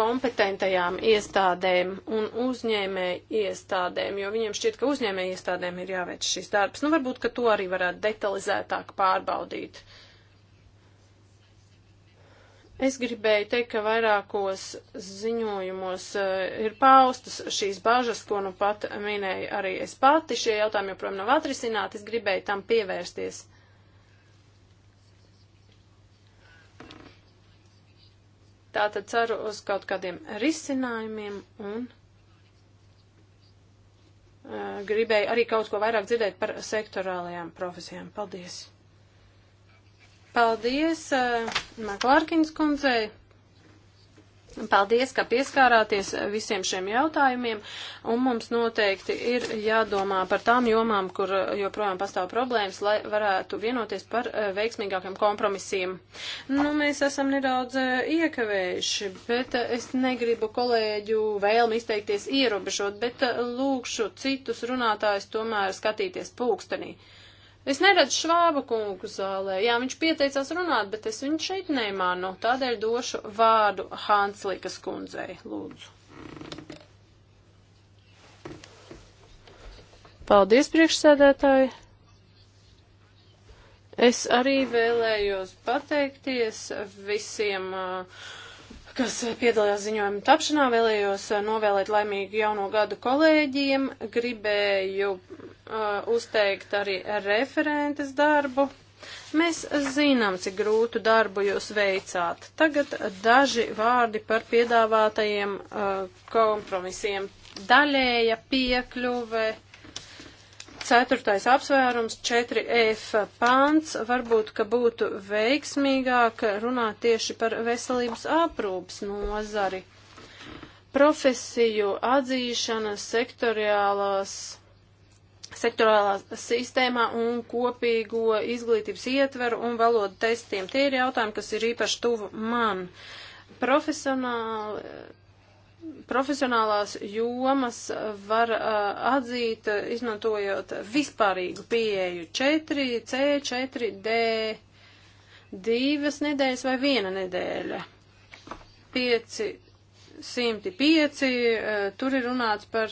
kompetentajām iestādēm un uzņēmēju iestādēm, jo viņiem šķiet, ka uzņēmēju iestādēm ir jāveic šis darbs. Nu, varbūt, ka to arī varētu detalizētāk pārbaudīt. Uh, Es gribēju teikt, ka vairākos ziņojumos eh, ir paustas šīs bažas, ko nu pat minēju arī es pati. Šie jautājumi joprojām nav atrisināti, es gribēju tam pievērsties. Tātad ceru uz kaut kādiem risinājumiem un eh, gribēju arī kaut ko vairāk dzirdēt par sektorālajām profesijām. Paldies! Paldies uh, Maklārkins kundzei. Paldies, ka pieskārāties visiem šiem jautājumiem, un mums noteikti ir jādomā par tām jomām, kur joprojām pastāv problēmas, lai varētu vienoties par eh, veiksmīgākiem kompromisiem. Nu, mēs esam nedaudz eh, iekavējuši, bet es negribu kolēģu vēlmi izteikties ierobežot, bet lūkšu citus runātājus tomēr skatīties pūkstenī. Es neredzu švāba kungu zālē. Jā, viņš pieteicās runāt, bet es viņu šeit nemānu. Tādēļ došu vārdu Hānslīkas kundzei. Lūdzu. Paldies, priekšsēdētāji. Es arī vēlējos pateikties visiem uh, kas piedalījās ziņojuma tapšanā, vēlējos uh, novēlēt laimīgu jauno gadu kolēģiem, gribēju uh, uzteikt arī referentes darbu. Mēs zinām, cik grūtu darbu jūs veicāt. Tagad daži vārdi par piedāvātajiem uh, kompromisiem. Daļēja piekļuve, ceturtais apsvērums, 4F pants, varbūt, ka būtu veiksmīgāk runāt tieši par veselības aprūpas nozari. Profesiju atzīšana sektoriālās sektorālā sistēmā un kopīgo izglītības ietveru un valodu testiem. Tie ir jautājumi, kas ir īpaši tuvu man. Profesionāli profesionālās jomas var uh, atzīt, uh, izmantojot vispārīgu pieeju 4C, 4D, divas nedēļas vai viena nedēļa. 505, uh, tur ir runāts par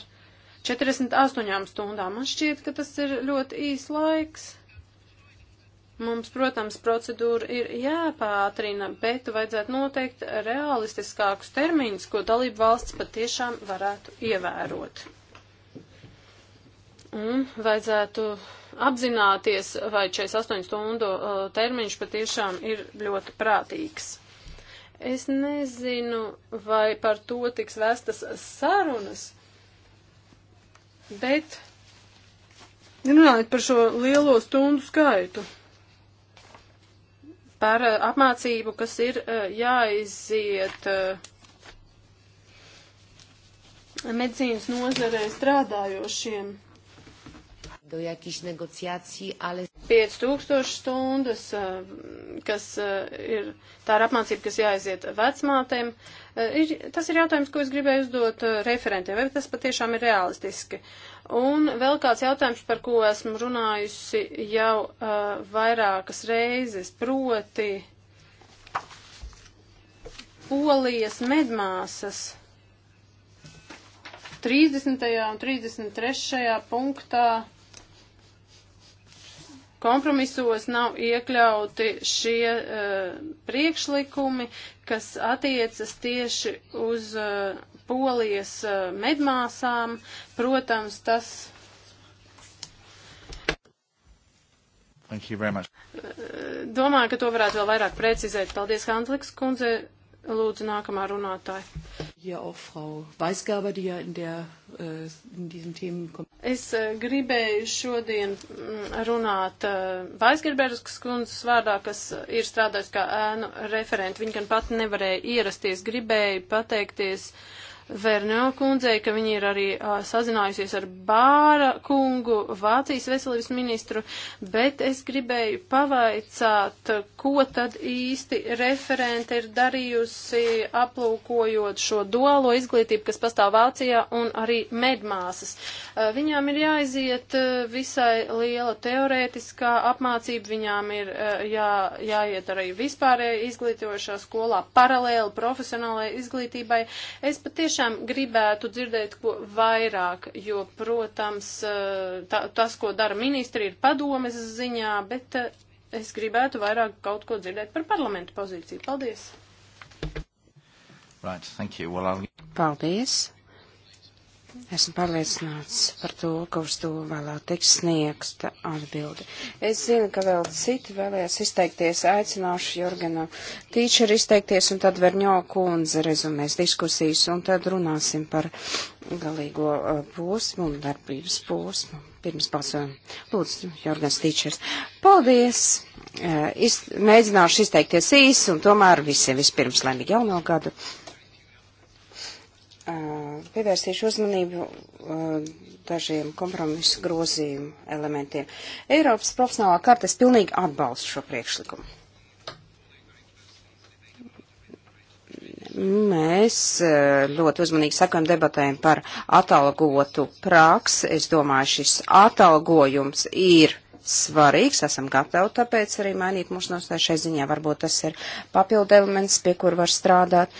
48 stundām. Man šķiet, ka tas ir ļoti īs laiks. Mums, protams, procedūra ir jāpātrina, bet vajadzētu noteikt realistiskākus termiņus, ko dalību valsts patiešām varētu ievērot. Un vajadzētu apzināties, vai 48 stundu uh, termiņš patiešām ir ļoti prātīgs. Es nezinu, vai par to tiks vestas sarunas, Bet runājot par šo lielo stundu skaitu, par uh, apmācību, kas ir uh, jāiziet uh, medicīnas nozarē strādājošiem. 5000 stundas, kas ir tā ir apmācība, kas jāiziet vecmātēm. Uh, Eh, ir, tas ir jautājums, ko es gribēju uzdot eh, referentiem, vai tas patiešām ir realistiski. Un vēl kāds jautājums, par ko esmu runājusi jau uh, vairākas reizes, proti polijas medmāsas 30. un 33. punktā kompromisos nav iekļauti šie uh, priekšlikumi, kas attiecas tieši uz uh, polijas uh, medmāsām. Protams, tas. Domāju, ka to varētu vēl vairāk precizēt. Paldies, Handliks kundze. Lūdzu, nākamā runātāja. Ja auch Frau Weisgerber, die ja in, der, äh, in diesem Themen kommt. Es äh, gribēju šodien mm, runāt Vaisgerberas äh, kundzes vārdā, kas ir strādājis kā ēnu referenti. Viņa gan pat nevarēja ierasties, gribēju pateikties uh, Vernā kundzei, ka viņi ir arī uh, sazinājusies ar Bāra kungu, Vācijas veselības ministru, bet es gribēju pavaicāt, ko tad īsti referente ir darījusi, aplūkojot šo duālo izglītību, kas pastāv Vācijā, un arī medmāsas. Uh, viņām ir jāiziet uh, visai liela teorētiskā apmācība, viņām ir uh, jā, jāiet arī vispārēji izglītojošā skolā paralēli profesionālajai izglītībai. Es patiešām tiešām gribētu dzirdēt ko vairāk, jo, protams, eh, tā, tas, ko dara ministri, ir padomes ziņā, bet eh, es gribētu vairāk kaut ko dzirdēt par parlamentu pozīciju. Paldies! Right, thank you. Well, I'll... Paldies! Esmu pārliecināts par to, ka uz to vēlāk tiks sniegsta atbildi. Es zinu, ka vēl citi vēlējās izteikties. Aicināšu Jorganu Tīčeru izteikties, un tad Verņo kundze rezumēs diskusijas, un tad runāsim par galīgo uh, posmu un darbības posmu. Pirms balsojam. Lūdzu, Jorgans Tīčers. Paldies! Uh, iz, mēģināšu izteikties īsi, un tomēr visiem vispirms laimīgi jauno gadu. Uh, pievērsīšu uzmanību uh, dažiem kompromisu grozījumu elementiem. Eiropas profesionālā karta es pilnīgi atbalstu šo priekšlikumu. Mēs uh, ļoti uzmanīgi sakam debatēm par atalgotu praksi. Es domāju, šis atalgojums ir svarīgs, esam gatavi tāpēc arī mainīt mūsu nostāju šai ziņā. Varbūt tas ir papildu elements, pie kur var strādāt.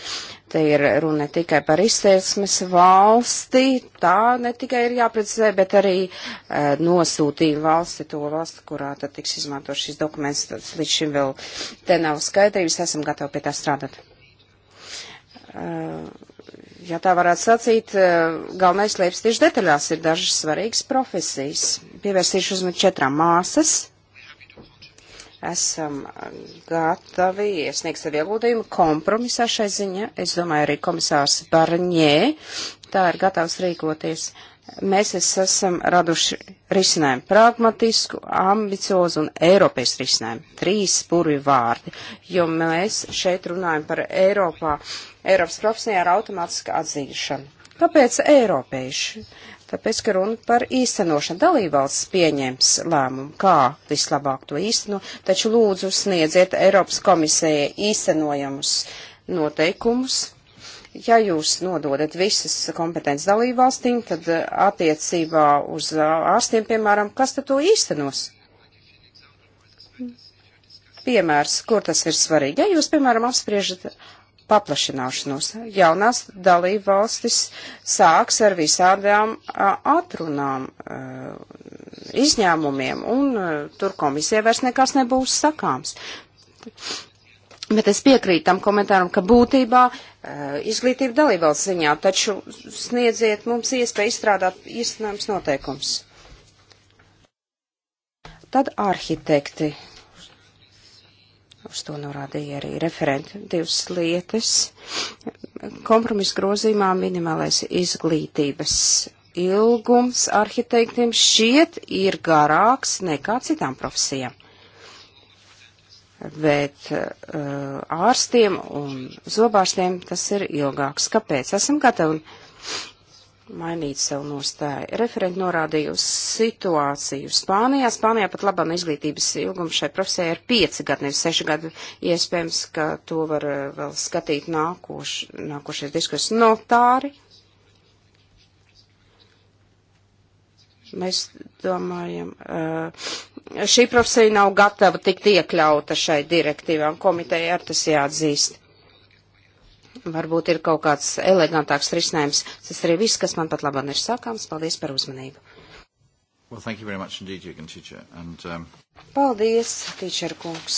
Te ir runa ne tikai par izteiksmes valsti, tā ne tikai ir jāprecizē, bet arī e, nosūtīja valsti to valsti, kurā tad tiks izmanto šis dokuments. Tad līdz šim vēl te nav skaidrības, esam gatavi pie tā strādāt. E, ja tā varētu sacīt, eh, galvenais slēpjas tieši detaļās, ir dažas svarīgas profesijas. Pievērsīšu uzmanību četrām māsas. Esam gatavi iesniegt savu ieguldījumu kompromisā šai ziņā. Es domāju, arī komisārs Barņē tā ir gatavs rīkoties. Uh, mēs es esam raduši risinājumu pragmatisku, ambiciozu un Eiropas risinājumu. Trīs burvi vārdi, jo mēs šeit runājam par Eiropā, Eiropas profesijā ar automātisku atzīšanu. Kāpēc Eiropieši? Tāpēc, ka runa par īstenošanu dalībvalsts pieņems lēmumu, kā vislabāk to īstenot, taču lūdzu sniedziet Eiropas komisijai īstenojamus noteikumus, ja jūs nododat visas kompetences dalībvalstīm, tad eh, attiecībā uz eh, ārstiem, piemēram, kas tad to īstenos? Piemērs, kur tas ir svarīgi. Ja jūs, piemēram, apspriežat paplašināšanos, jaunās dalībvalstis sāks ar visādām eh, atrunām, izņēmumiem, un tur komisija vairs nekas nebūs sakāms Bet es piekrītu tam komentāram, ka būtībā eh, izglītība dalībvalsts ziņā, taču sniedziet mums iespēju izstrādāt īstenojums noteikums. Tad arhitekti, uz to norādīja arī referenti, divas lietas. Kompromisa grozīmā minimālais izglītības ilgums arhitektiem šiet ir garāks nekā citām profesijām bet uh, eh, ārstiem un zobārstiem tas ir ilgāks. Kāpēc? Esam gatavi mainīt savu nostāju. Referenti norādīja uz situāciju Spānijā. Spānijā pat labam izglītības ilgums šai profesijai ir pieci gadi, nevis seši gadi. Iespējams, ka to var eh, vēl skatīt nākoš, nākošais diskusijas notāri. Mēs domājam, šī profesija nav gatava tikt iekļauta šai direktīvām. Komiteja ar tas jāatzīst. Varbūt ir kaut kāds elegantāks risinājums. Tas arī viss, kas man pat labam ir sakāms. Paldies par uzmanību. Well, thank you very much indeed, Jürgen, teacher. And, um... Paldies, teacher kungs.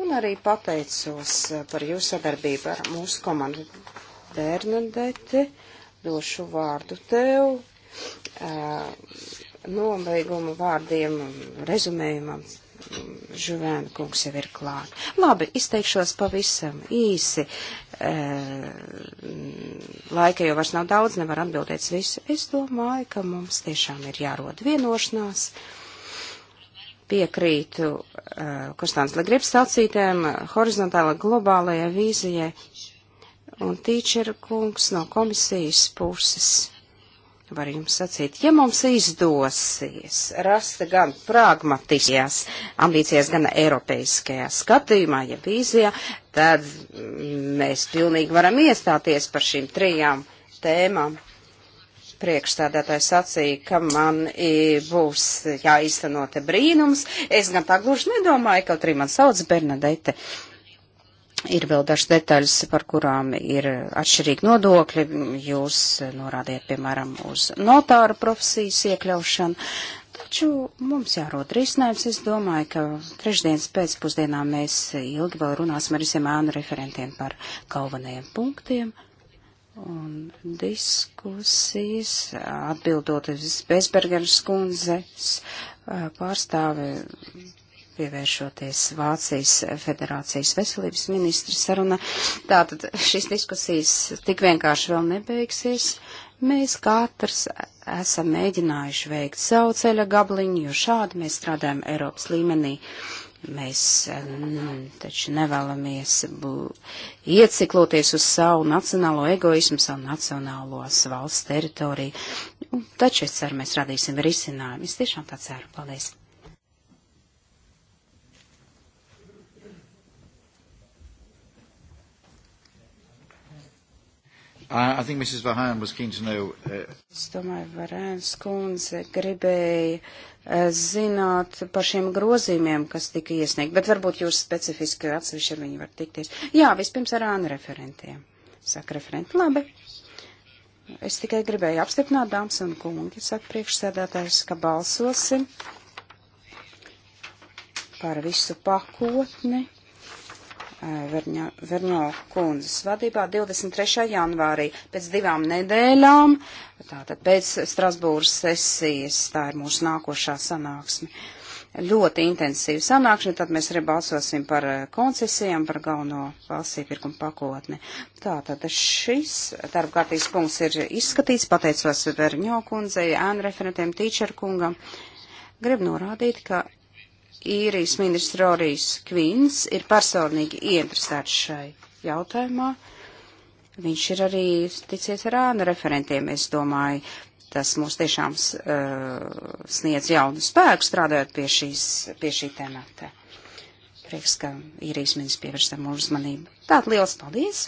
Un arī pateicos par jūsu sadarbību ar mūsu komandu. Bernadete, došu vārdu tev Uh, nobeiguma vārdiem, rezumējumam. Žuvēna kungs jau ir klāt. Labi, izteikšos pavisam īsi. E, laika jau vairs nav daudz, nevar atbildēt visu. Es domāju, ka mums tiešām ir jārod vienošanās. Piekrītu e, uh, Kostāns Legribs sacītēm horizontāla globālajai vīzijai. Un tīčera kungs no komisijas puses var jums sacīt, ja mums izdosies rast gan pragmatiskajās ambīcijās, gan eiropeiskajā skatījumā, ja vīzijā, tad mēs pilnīgi varam iestāties par šīm trijām tēmām. Priekšstādātājs sacīja, ka man būs jāizteno te brīnums. Es gan tā gluži nedomāju, kaut arī man sauc Bernadete. Uh, Ir vēl dažas detaļas, par kurām ir atšķirīgi nodokļi. Jūs norādiet, piemēram, uz notāra profesijas iekļaušanu. Taču mums jārod risinājums. Es domāju, ka trešdienas pēcpusdienā mēs ilgi vēl runāsim ar visiem ēnu referentiem par galvenajiem punktiem. Un diskusijas atbildot uz Bezbergeras kundzes pārstāvi pievēršoties Vācijas federācijas veselības ministra saruna. Tātad šīs diskusijas tik vienkārši vēl nebeigsies. Mēs katrs esam mēģinājuši veikt savu ceļa gabliņu, jo šādi mēs strādājam Eiropas līmenī. Mēs mm, taču nevēlamies bū, iecikloties uz savu nacionālo egoismu, savu nacionālos valsts teritoriju. Un taču es ceru, mēs radīsim risinājumu. Es tiešām tā ceru. Paldies! I think Mrs. Vahan was keen to know. Uh... Es domāju, Varēns kundze gribēja uh, zināt par šiem grozījumiem, kas tika iesniegt, bet varbūt jūs specifiski atsevišķi ar viņu var tikties. Jā, vispirms ar ānu referentiem. Saka referenti, labi. Es tikai gribēju apstiprināt, dāmas un kungi, saka priekšsēdētājs, ka balsosim par visu pakotni Verņo, Verņo kundzes vadībā 23. janvārī pēc divām nedēļām, tātad pēc Strasbūras sesijas, tā ir mūsu nākošā sanāksme. Ļoti intensīva sanāksme, tad mēs arī balsosim par koncesijām, par galveno valsts iepirkuma pakotni. Tātad šis darbkārtības punkts ir izskatīts, pateicos Verņo kundzei, ēnu referentiem, tīčer kungam. Gribu norādīt, ka īrijas ministrs Rorijas Kvīns ir personīgi ieinteresēts šai jautājumā. Viņš ir arī ticies ar ānu referentiem, es domāju. Tas mūs tiešām uh, sniedz jaunu spēku strādājot pie, šīs, pie šī temata. Prieks, ka īrijas ministrs pievērš tam uzmanību. Tātad liels paldies!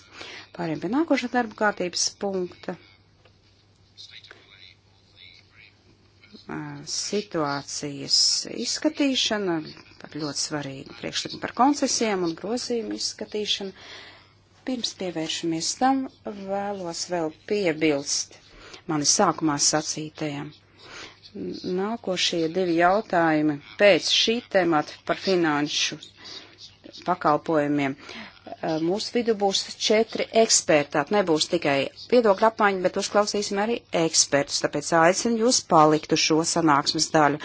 Pāriem pie nākošā darba kārtības punkta. situācijas izskatīšana, par ļoti svarīgu priekšlikumu par koncesijām un grozījumu izskatīšanu. Pirms pievēršamies tam, vēlos vēl piebilst mani sākumā sacītajam. Nākošie divi jautājumi pēc šī temata par finanšu pakalpojumiem. Uh, Eh, mūsu vidu būs četri eksperti. Tātad nebūs tikai viedokļa apmaiņa, bet uzklausīsim arī ekspertus. Tāpēc aicinu jūs palikt uz šo sanāksmes daļu.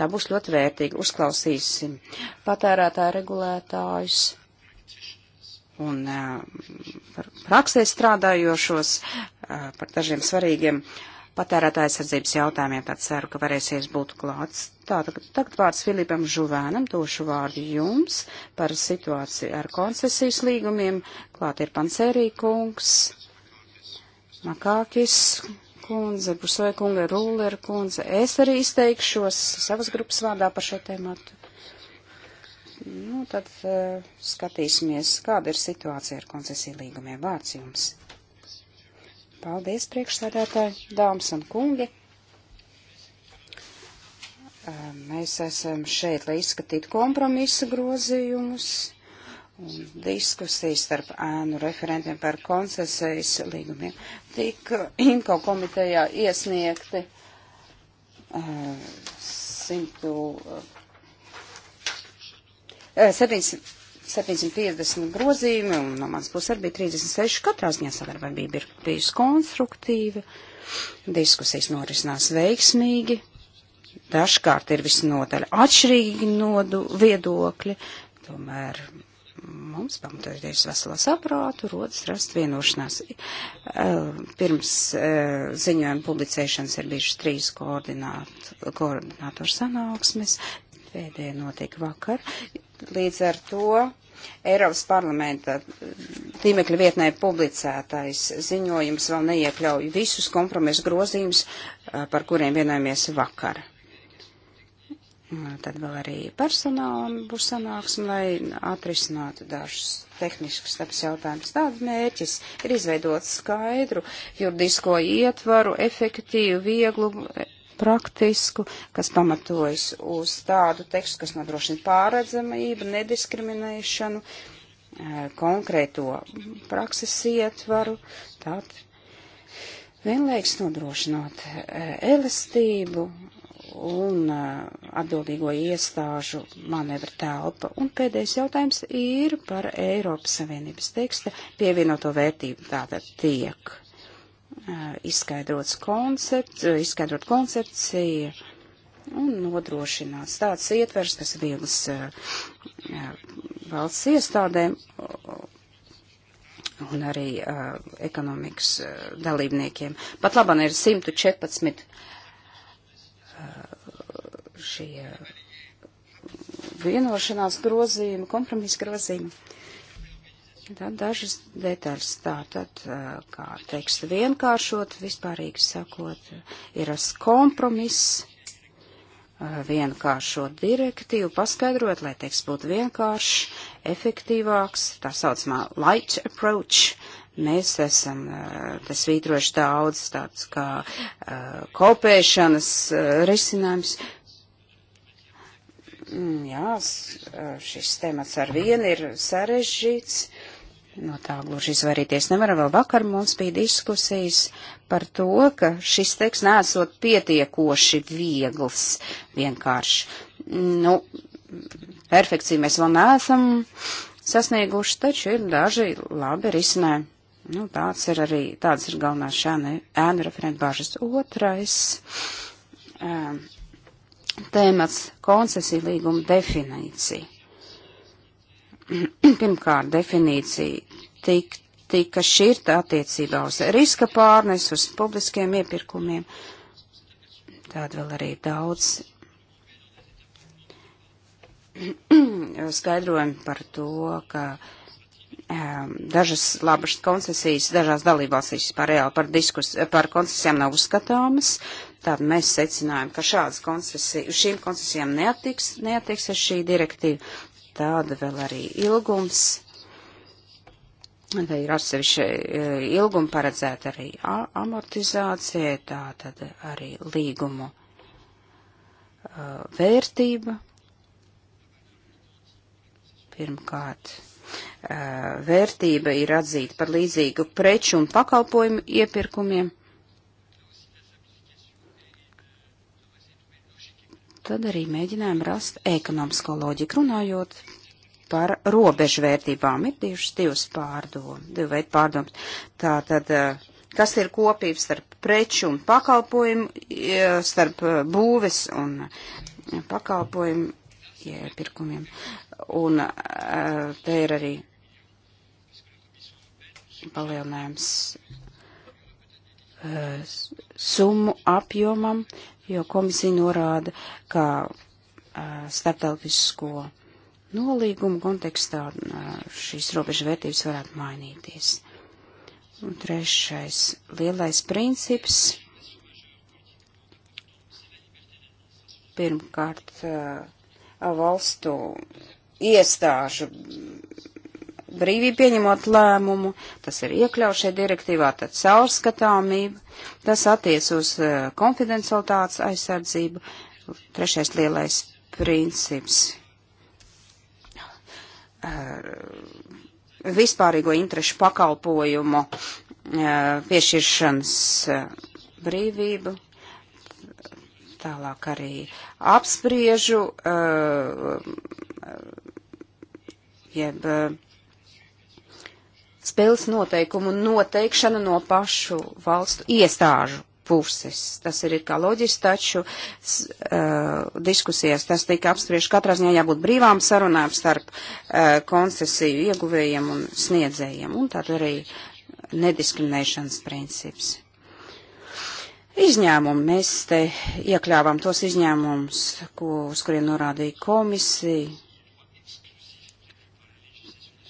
Tā būs ļoti vērtīga. Uzklausīsim patērētāju regulētājus un eh, par praksē strādājošos, eh, par dažiem svarīgiem uh, patērētāja sardzības jautājumiem, tad ceru, ka varēsies būt klāts. Tātad tagad vārds Filipam Žuvēnam, došu vārdu jums par situāciju ar koncesijas līgumiem. Klāt ir Pancerī kungs, Makākis kundze, Busoja kunga, Rūlera kundze. Es arī izteikšos savas grupas vārdā par šo tēmatu. Nu, tad uh, skatīsimies, kāda ir situācija ar koncesiju līgumiem. Vārds jums. Paldies, priekšsēdētāji, dāmas un kungi. Mēs esam šeit, lai izskatītu kompromisa grozījumus un diskusijas starp ēnu referentiem par koncesijas līgumiem. Tik Inko komitejā iesniegti uh, 100, uh, 700. 750 grozījumi, un no manas puses arī bija 36. Katrā ziņā sadarbība ir bijusi konstruktīva, diskusijas norisinās veiksmīgi, dažkārt ir visnotaļ atšķirīgi nodu viedokļi, tomēr mums pamatojoties veselā saprātu, rodas rast vienošanās. Ehm, pirms ehm, ziņojuma publicēšanas ir bijušas trīs koordinātoru sanāksmes, pēdējā notika vakar. Līdz ar to Eiropas parlamenta tīmekļa vietnē publicētais ziņojums vēl neiekļauj visus kompromisu grozījumus, par kuriem vienojamies vakar. Tad vēl arī personālam būs sanāksme, lai atrisinātu dažus tehniskus taps jautājumus. Tāds mērķis ir izveidot skaidru juridisko ietvaru, efektīvu, vieglu praktisku, kas pamatojas uz tādu tekstu, kas nodrošina pārredzamību, nediskriminēšanu, eh, konkrēto prakses ietvaru, tad vienlaiks nodrošinot eh, elastību un eh, atbildīgo iestāžu manevra telpa. Un pēdējais jautājums ir par Eiropas Savienības teksta pievienoto vērtību. Tātad tiek izskaidrots koncepts, izskaidrot koncepciju un nodrošināts tāds ietvers, kas ir viegls valsts iestādēm un arī ekonomikas dalībniekiem. Pat labam ir 114 šie vienošanās grozījumi, kompromisa grozījumi. Tad dažas detaļas tātad, kā tekstu vienkāršot, vispārīgi sakot, ir kompromiss, vienkāršot direktīvu, paskaidrot, lai teksts būtu vienkāršs, efektīvāks, tā saucamā light approach. Mēs esam tas vītroši daudz tāds kā kopēšanas risinājums, mm, jā, šis temats ar vienu ir sarežģīts, no tā gluži izvairīties nevaram. Vēl vakar mums bija diskusijas par to, ka šis teksts nesot pietiekoši viegls vienkārši. Nu, perfekciju mēs vēl neesam sasnieguši, taču ir daži labi risinājumi. Nu, tāds ir arī, tāds ir galvenās šāne ēnu referentu bāžas. Otrais um, tēmats - koncesija līguma definīcija *clears throat* pirmkārt definīcija tik, tika šķirta attiecībā uz riska pārnes, uz publiskiem iepirkumiem. Tāda vēl arī daudz *clears throat* skaidrojumi par to, ka um, dažas labas koncesijas dažās dalībvalstīs par reāli par, diskus, par koncesijām nav uzskatāmas. Tad mēs secinājām, ka šādas koncesijas, uz šīm koncesijām neatiks, neatiksies šī direktīva. Tāda vēl arī ilgums Vai ir atsevišķi e, ilgumi paredzēta arī amortizācija, tā tad arī līgumu e, vērtība. Pirmkārt, e, vērtība ir atzīta par līdzīgu preču un pakalpojumu iepirkumiem. Tad arī mēģinājām rast ekonomisko loģiku runājot par robežvērtībām. Ir divas, divas pārdomas, divi veidi pārdomas. Tātad, eh, kas ir kopības starp preču un pakalpojumu, eh, starp eh, būves un pakalpojumu iepirkumiem. Un te ir arī palielinājums summu apjomam, jo komisija norāda, ka starptautisko nolīguma kontekstā šīs robežvērtības varētu mainīties. Un trešais lielais princips. Pirmkārt, valstu iestāžu brīvību pieņemot lēmumu, tas ir iekļauts šajā direktīvā, tad caurskatāmība, tas attiec uz konfidencialitātes aizsardzību, trešais lielais princips Uh, vispārīgo interešu pakalpojumu uh, piešķiršanas uh, brīvību. Tālāk arī apspriežu, jeb spēles noteikumu noteikšana no pašu valstu iestāžu puses. Tas ir kā loģiski, taču s, uh, diskusijās tas tika apspriež. Katrā ziņā jābūt brīvām sarunām starp uh, koncesiju ieguvējiem un sniedzējiem, un tad arī nediskriminēšanas princips. Izņēmumi. Mēs te iekļāvām tos izņēmumus, ko, uz kuriem norādīja komisija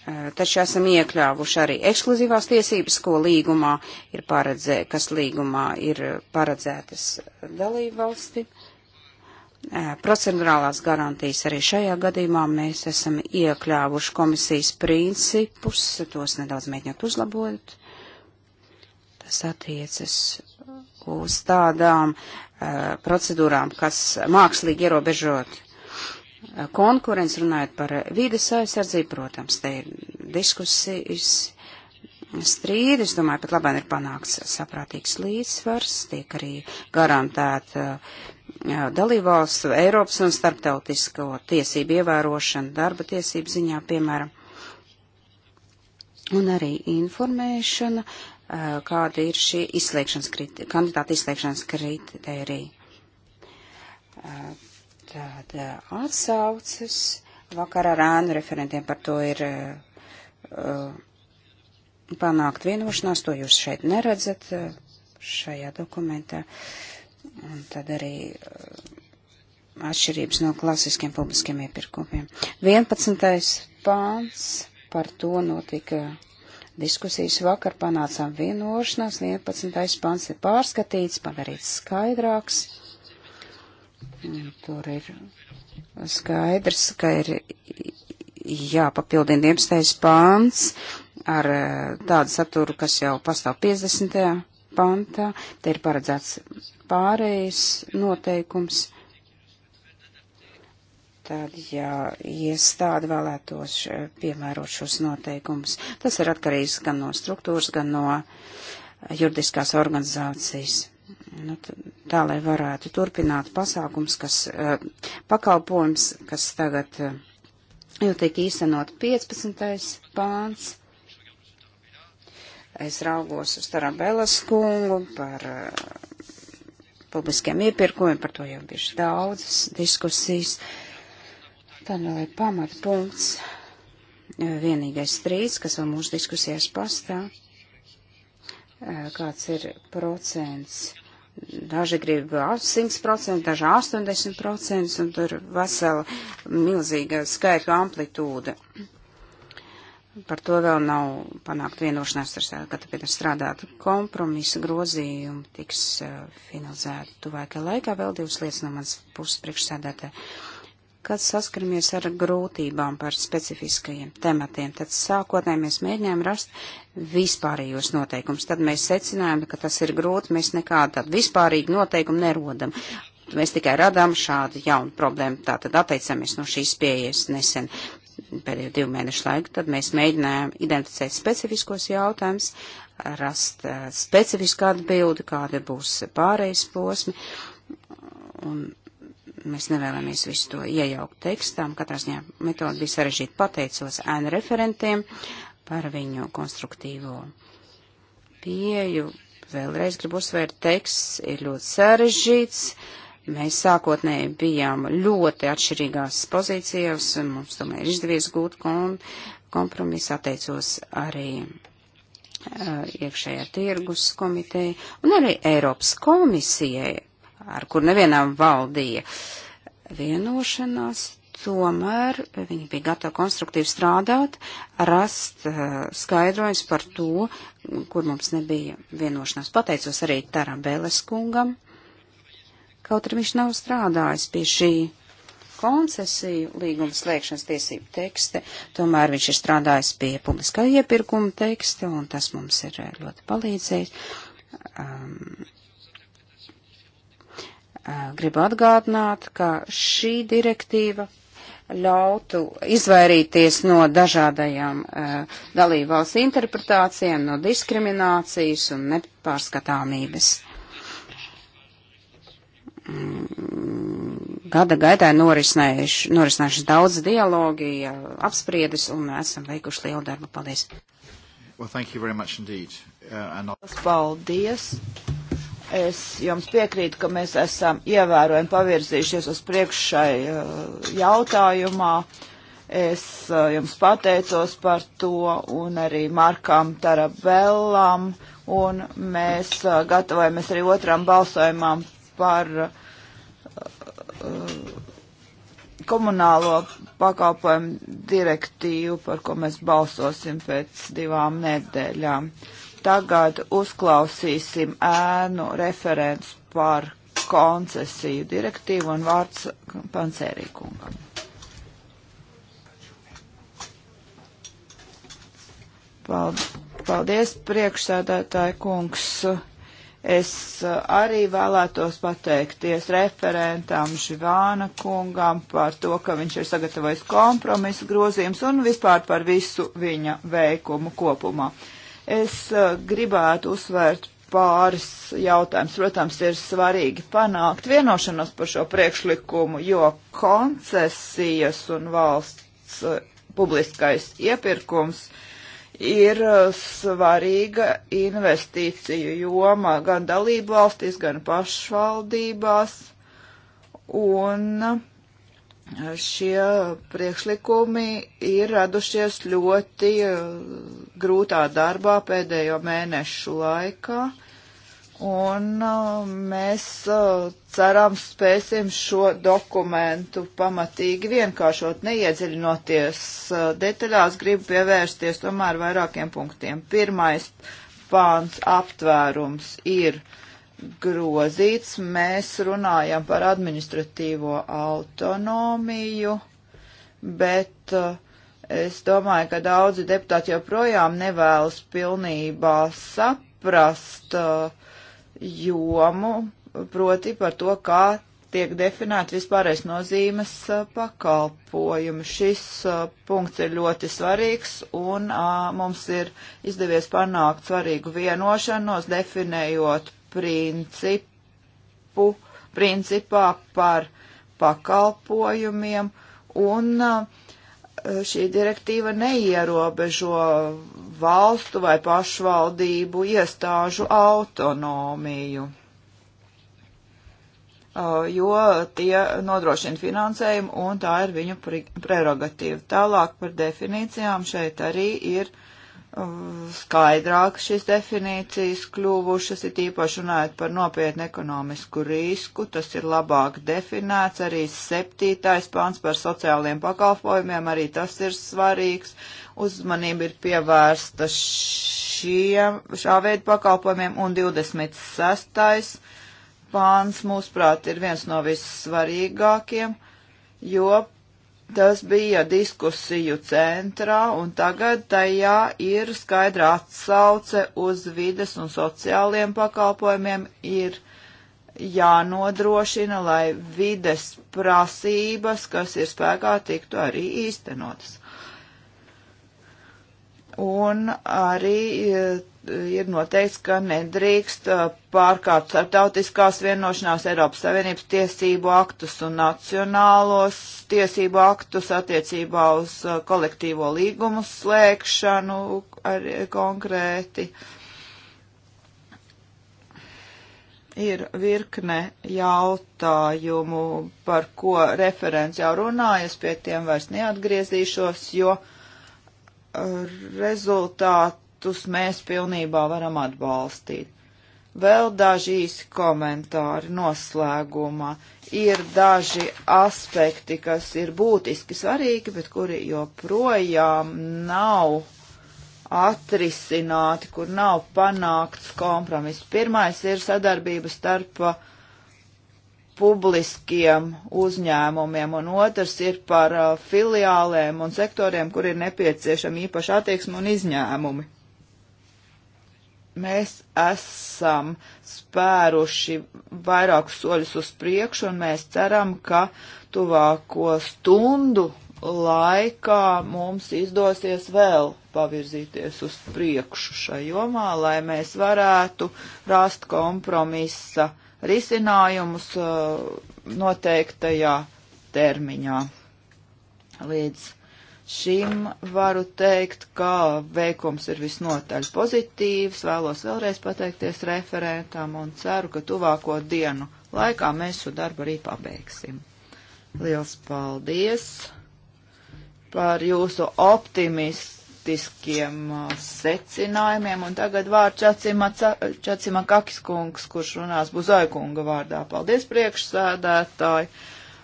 Eh, taču esam iekļāvuši arī ekskluzīvās tiesības, ko līgumā ir paredzē, kas līgumā ir paredzētas dalību valsti. Eh, procedurālās garantijas arī šajā gadījumā mēs esam iekļāvuši komisijas principus, tos nedaudz mēģināt uzlabot. Tas attiecas uz tādām uh, procedūrām, kas mākslīgi ierobežot Eh, konkurence, runājot par eh, vides aizsardzību, protams, te ir diskusijas strīdi, es domāju, pat labāk ir panākts saprātīgs līdzsvars, tiek arī garantēta eh, dalībvalstu, Eiropas un starptautisko tiesību ievērošana darba tiesību ziņā, piemēram, un arī informēšana, kāda ir šī izslēgšanas kriterija, kandidāta izslēgšanas kriterija Tāda eh, atsaucas. Vakar ar ēnu referentiem par to ir uh, panākt vienošanās, to jūs šeit neredzat uh, šajā dokumentā. Un tad arī uh, atšķirības no klasiskiem publiskiem iepirkumiem. 11. pāns par to notika diskusijas vakar panācām vienošanās, 11. pants ir pārskatīts, padarīts skaidrāks. Tur ir skaidrs, ka ir jāpapildina 11. pāns ar e, tādu saturu, kas jau pastāv 50. pantā. Te ir paredzēts pārējais noteikums. Tad, ja iestāde vēlētos e, piemērot šos noteikumus, tas ir atkarīgs gan no struktūras, gan no juridiskās organizācijas nu, tā, lai varētu turpināt pasākums, kas, eh, pakalpojums, kas tagad eh, jau tiek īstenot 15. pāns. Es raugos uz Tarabelas kungu par eh, publiskiem iepirkumiem, par to jau bijušas daudzas diskusijas. Tad vēl ir pamatpunkts, vienīgais strīds, kas vēl mūsu diskusijās pastāv, kāds ir procents Daži grib 100%, daži 80%, un tur vesela milzīga skaitļu amplitūda. Par to vēl nav panākt vienošanās ar sēdu, kad strādāt kompromisu grozījumu tiks uh, eh, finalizēta tuvākajā laikā. Vēl divas lietas no manas puses priekšsēdētāja kad saskaramies ar grūtībām par specifiskajiem tematiem. Tad sākotnēji mēs mēģinājām rast vispārējos noteikumus. Tad mēs secinājām, ka tas ir grūti, mēs nekādu tādu vispārīgu noteikumu nerodam. Mēs tikai radām šādu jaunu problēmu, tā tad atteicamies no šīs pieejas nesen pēdējo divu mēnešu laiku. Tad mēs mēģinājām identificēt specifiskos jautājumus, rast uh, specifisku atbildi, kāda būs pārējais posmi. Un Mēs nevēlamies visu to iejaukt tekstām. Katrā ziņā metode bija sarežģīta. Pateicos ēnu referentiem par viņu konstruktīvo pieju. Vēlreiz gribu uzsvērt, teksts ir ļoti sarežģīts. Mēs sākotnēji bijām ļoti atšķirīgās pozīcijās, un mums tomēr izdevies gūt kon kompromisu. Atteicos arī uh, iekšējā tirgus komiteja un arī Eiropas komisijai ar kur nevienam valdīja vienošanās, tomēr viņi bija gatavi konstruktīvi strādāt, rast uh, skaidrojums par to, kur mums nebija vienošanās. Pateicos arī Taram Bēles kungam, kaut arī viņš nav strādājis pie šī koncesiju līguma slēgšanas tiesību tekste, tomēr viņš ir strādājis pie publiskā iepirkuma teksta, un tas mums ir eh, ļoti palīdzējis. Um, Gribu atgādināt, ka šī direktīva ļautu izvairīties no dažādajām uh, dalībvalstu interpretācijām, no diskriminācijas un nepārskatāmības. Mm, gada gaitā norisinājuši daudz dialogi, apspriedis un esam veikuši lielu darbu. Paldies! Well, thank you very much indeed. Uh, and... Paldies! Es jums piekrītu, ka mēs esam ievērojami pavirzījušies uz priekšu šai eh, jautājumā. Es eh, jums pateicos par to un arī Markam Tarabellam, un mēs eh, gatavojamies arī otram balsojumam par komunālo pakalpojumu direktīvu, par ko mēs balsosim pēc divām nedēļām. Uh, Tagad uzklausīsim ēnu referents par koncesiju direktīvu un vārds pancērīkungam. Paldies, priekšsēdētāji kungs. Es eh, arī vēlētos pateikties referentam Živāna kungam par to, ka viņš ir sagatavojis kompromisu grozījums un vispār par visu viņa veikumu kopumā. Uh, Es uh, gribētu uzsvērt pāris jautājums. Protams, ir svarīgi panākt vienošanos par šo priekšlikumu, jo koncesijas un valsts uh, publiskais iepirkums ir uh, svarīga investīciju joma gan dalību valstīs, gan pašvaldībās. Un šie priekšlikumi ir radušies ļoti grūtā darbā pēdējo mēnešu laikā. Un uh, mēs uh, ceram spēsim šo dokumentu pamatīgi vienkāršot, neiedziļinoties uh, detaļās, gribu pievērsties tomēr vairākiem punktiem. Pirmais pāns aptvērums ir grozīts, mēs runājam par administratīvo autonomiju, bet uh, Es domāju, ka daudzi deputāti joprojām nevēlas pilnībā saprast uh, jomu, proti par to, kā tiek definēta vispārreiz nozīmes uh, pakalpojumi. Šis uh, punkts ir ļoti svarīgs un uh, mums ir izdevies panākt svarīgu vienošanos, definējot principu, principā par pakalpojumiem un uh, Eh, šī direktīva neierobežo valstu vai pašvaldību iestāžu autonomiju, eh, jo tie nodrošina finansējumu un tā ir viņu prerogatīva. Tālāk par definīcijām šeit arī ir uh, skaidrāk šīs definīcijas kļuvušas, ir īpaši runājot par nopietnu ekonomisku risku, tas ir labāk definēts, arī septītais pāns par sociāliem pakalpojumiem, arī tas ir svarīgs, uzmanība ir pievērsta šiem, šā veida pakalpojumiem, un 26. pāns, mūsuprāt, ir viens no vissvarīgākiem, jo Tas bija diskusiju centrā, un tagad tajā ir skaidra atsauce uz vides un sociāliem pakalpojumiem. Ir jānodrošina, lai vides prasības, kas ir spēkā, tiktu arī īstenotas. Un arī ir noteikts, ka nedrīkst uh, pārkāpt starptautiskās vienošanās Eiropas Savienības tiesību aktus un nacionālos tiesību aktus attiecībā uz uh, kolektīvo līgumu slēgšanu ar, uh, konkrēti. Ir virkne jautājumu, par ko referents jau runājas, pie tiem vairs neatgriezīšos, jo rezultāti aktus mēs pilnībā varam atbalstīt. Vēl daži īsi komentāri noslēgumā. Ir daži aspekti, kas ir būtiski svarīgi, bet kuri joprojām nav atrisināti, kur nav panākts kompromiss. Pirmais ir sadarbība starp publiskiem uzņēmumiem, un otrs ir par uh, filiālēm un sektoriem, kur ir nepieciešama īpaša attieksme un izņēmumi. Mēs esam spēruši vairākus soļus uz priekšu, un mēs ceram, ka tuvāko stundu laikā mums izdosies vēl pavirzīties uz priekšu šai jomā, lai mēs varētu rast kompromisa risinājumus uh, noteiktajā termiņā līdz šim varu teikt, ka veikums ir visnotaļ pozitīvs. Vēlos vēlreiz pateikties referentam un ceru, ka tuvāko dienu laikā mēs šo darbu arī pabeigsim. Liels paldies par jūsu optimistiskiem uh, secinājumiem. Un tagad vārds Čacima, Čacima Kakiskungs, kurš runās Buzoikunga vārdā. Paldies priekšsēdētāji!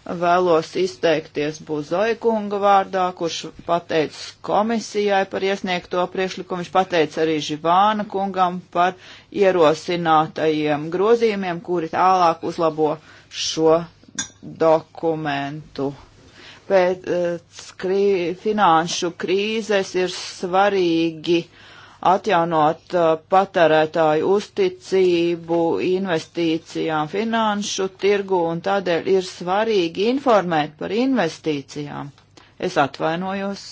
vēlos izteikties Buzoikunga vārdā, kurš pateicis komisijai par iesniegto priekšlikumu. Viņš pateica arī Živāna kungam par ierosinātajiem grozījumiem, kuri tālāk uzlabo šo dokumentu. Pēc eh, krī, finanšu krīzes ir svarīgi uh, atjaunot uh, patērētāju uzticību investīcijām finanšu tirgu, un tādēļ ir svarīgi informēt par investīcijām. Es atvainojos.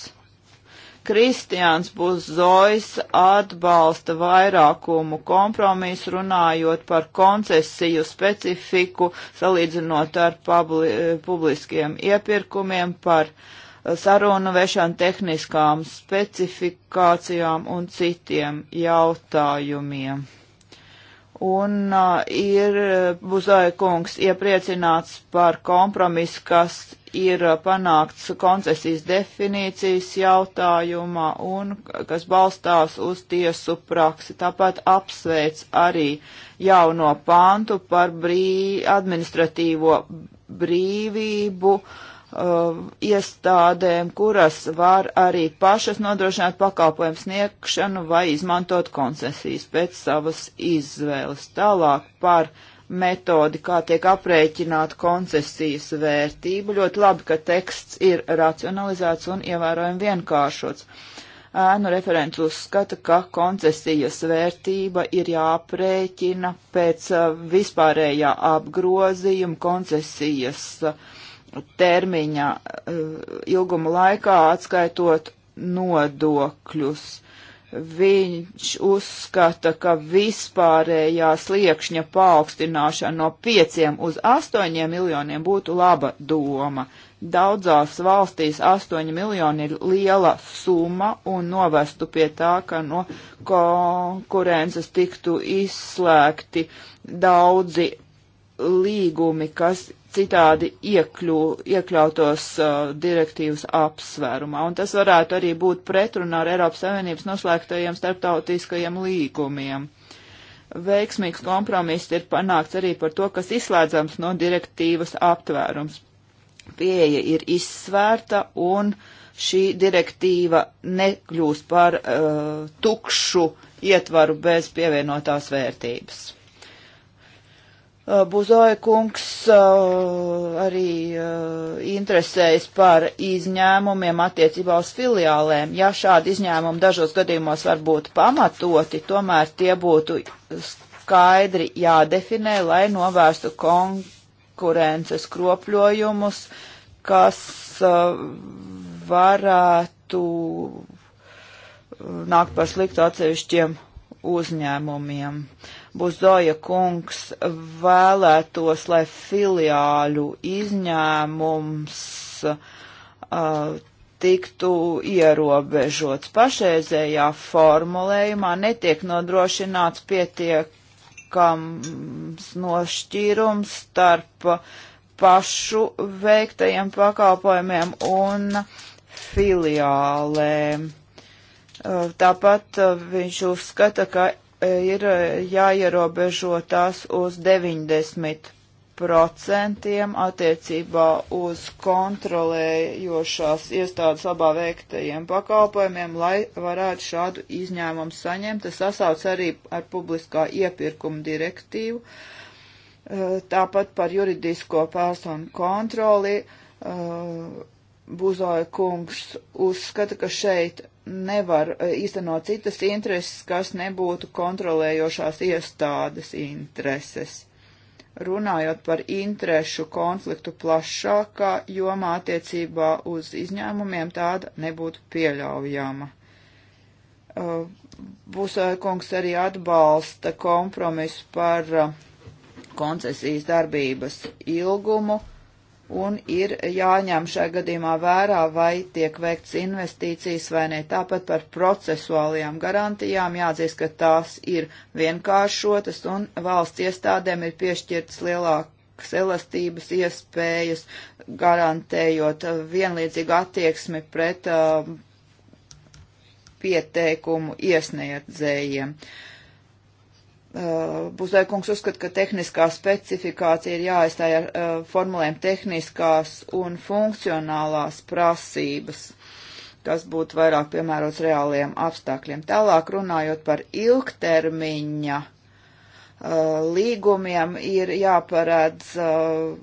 Kristiāns Buzojs atbalsta vairākumu kompromisu runājot par koncesiju specifiku, salīdzinot ar publi publiskiem iepirkumiem par uh, sarunu vešanu tehniskām specifikācijām un citiem jautājumiem. Un uh, ir Buzoja kungs iepriecināts par kompromisu, kas ir panākts koncesijas definīcijas jautājumā un kas balstās uz tiesu praksi. Tāpat apsveic arī jauno pantu par brī, administratīvo brīvību uh, Uh, iestādēm, kuras var arī pašas nodrošināt pakalpojumu sniegšanu vai izmantot koncesijas pēc savas izvēles. Tālāk par metodi, kā tiek aprēķināta koncesijas vērtība. Ļoti labi, ka teksts ir racionalizēts un ievērojami vienkāršots. Ēnu referents uzskata, ka koncesijas vērtība ir jāprēķina pēc uh, vispārējā apgrozījuma koncesijas uh, termiņa eh, ilguma laikā atskaitot nodokļus. Viņš uzskata, ka vispārējā sliekšņa paaugstināšana no 5 uz 8 miljoniem būtu laba doma. Daudzās valstīs 8 miljoni ir liela summa un novestu pie tā, ka no konkurences tiktu izslēgti daudzi līgumi, kas citādi iekļu, iekļautos uh, direktīvas apsvērumā, un tas varētu arī būt pretrunā ar Eiropas Savienības noslēgtajiem starptautiskajiem līgumiem. Veiksmīgs kompromiss ir panākts arī par to, kas izslēdzams no direktīvas aptvērums. Pieeja ir izsvērta un šī direktīva nekļūst par uh, tukšu ietvaru bez pievienotās vērtības. Uh, Buzoja kungs uh, arī uh, interesējas par izņēmumiem attiecībā uz filiālēm. Ja šādi izņēmumi dažos gadījumos var būt pamatoti, tomēr tie būtu skaidri jādefinē, lai novērstu konkurences kropļojumus, kas varētu nākt par sliktu atsevišķiem uzņēmumiem. Uh, Buzoja kungs vēlētos, lai filiāļu izņēmums uh, tiktu ierobežots. Pašreizējā formulējumā netiek nodrošināts pietiekams nošķīrums starp pašu veiktajiem pakalpojumiem un filiālēm. Uh, tāpat uh, viņš uzskata, ka ir eh, jāierobežo tās uz 90% attiecībā uz kontrolējošās iestādes labā veiktajiem pakalpojumiem, lai varētu šādu izņēmumu saņemt. Tas sasauc arī ar publiskā iepirkuma direktīvu, eh, tāpat par juridisko personu kontroli. Eh, Buzoja kungs uzskata, ka šeit nevar e, īstenot citas intereses, kas nebūtu kontrolējošās iestādes intereses. Runājot par interešu konfliktu plašākā jomā attiecībā uz izņēmumiem, tāda nebūtu pieļaujama. E, Būsājkungs arī atbalsta kompromisu par e, koncesijas darbības ilgumu un ir jāņem šai gadījumā vērā, vai tiek veikts investīcijas vai ne. Tāpat par procesuālajām garantijām jāatzīst, ka tās ir vienkāršotas un valsts iestādēm ir piešķirtas lielākas elastības iespējas, garantējot vienlīdzīgu attieksmi pret uh, pieteikumu iesniedzējiem. Uh, Eh, Buzēkungs uzskata, ka tehniskā specifikācija ir jāaizstāja ar uh, formulēm tehniskās un funkcionālās prasības, kas būtu vairāk piemērots reāliem apstākļiem. Tālāk runājot par ilgtermiņa uh, līgumiem, ir jāparādz uh,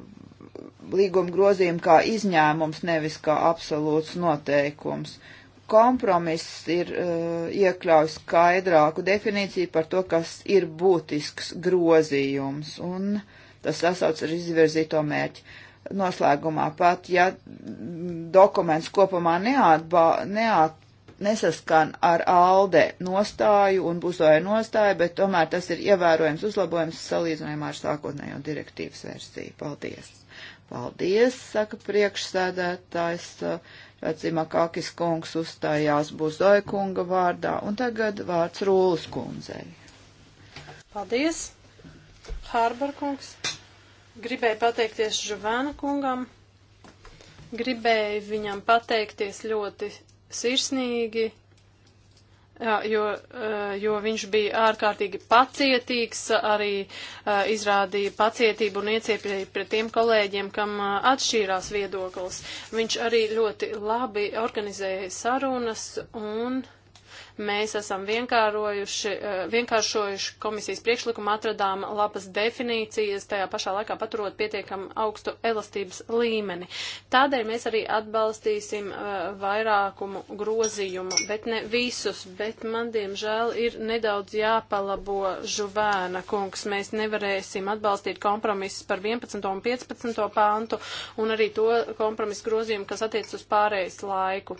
līguma grozījumi kā izņēmums, nevis kā absolūts noteikums. Uh, kompromiss ir uh, iekļauj skaidrāku definīciju par to, kas ir būtisks grozījums, un tas sasauc ar izvirzīto mērķi. Noslēgumā pat, ja dokuments kopumā neatbā, neat, nesaskan ar ALDE nostāju un buzoja nostāju, bet tomēr tas ir ievērojams uzlabojums salīdzinājumā ar sākotnējo direktīvas versiju. Paldies! Paldies, saka priekšsēdētājs. Uh, Racimakakis kungs uzstājās Buzoja kunga vārdā, un tagad vārds Rūlas kundzei. Paldies, Hārbar kungs. Gribēju pateikties Žuvana kungam. Gribēju viņam pateikties ļoti sirsnīgi jo, eh, jo viņš bija ārkārtīgi pacietīgs, arī eh, izrādīja pacietību un ieciepļēja pret tiem kolēģiem, kam eh, atšķīrās viedoklis. Viņš arī ļoti labi organizēja sarunas un Mēs esam eh, vienkāršojuši komisijas priekšlikumu, atradām labas definīcijas, tajā pašā laikā paturot pietiekam augstu elastības līmeni. Tādēļ mēs arī atbalstīsim uh, vairākumu grozījumu, bet ne visus, bet man, diemžēl, ir nedaudz jāpalabo žuvēna kungs. Mēs nevarēsim atbalstīt kompromisus par 11 un 15 pāntu un arī to kompromisu grozījumu, kas attiec uz pārējais laiku.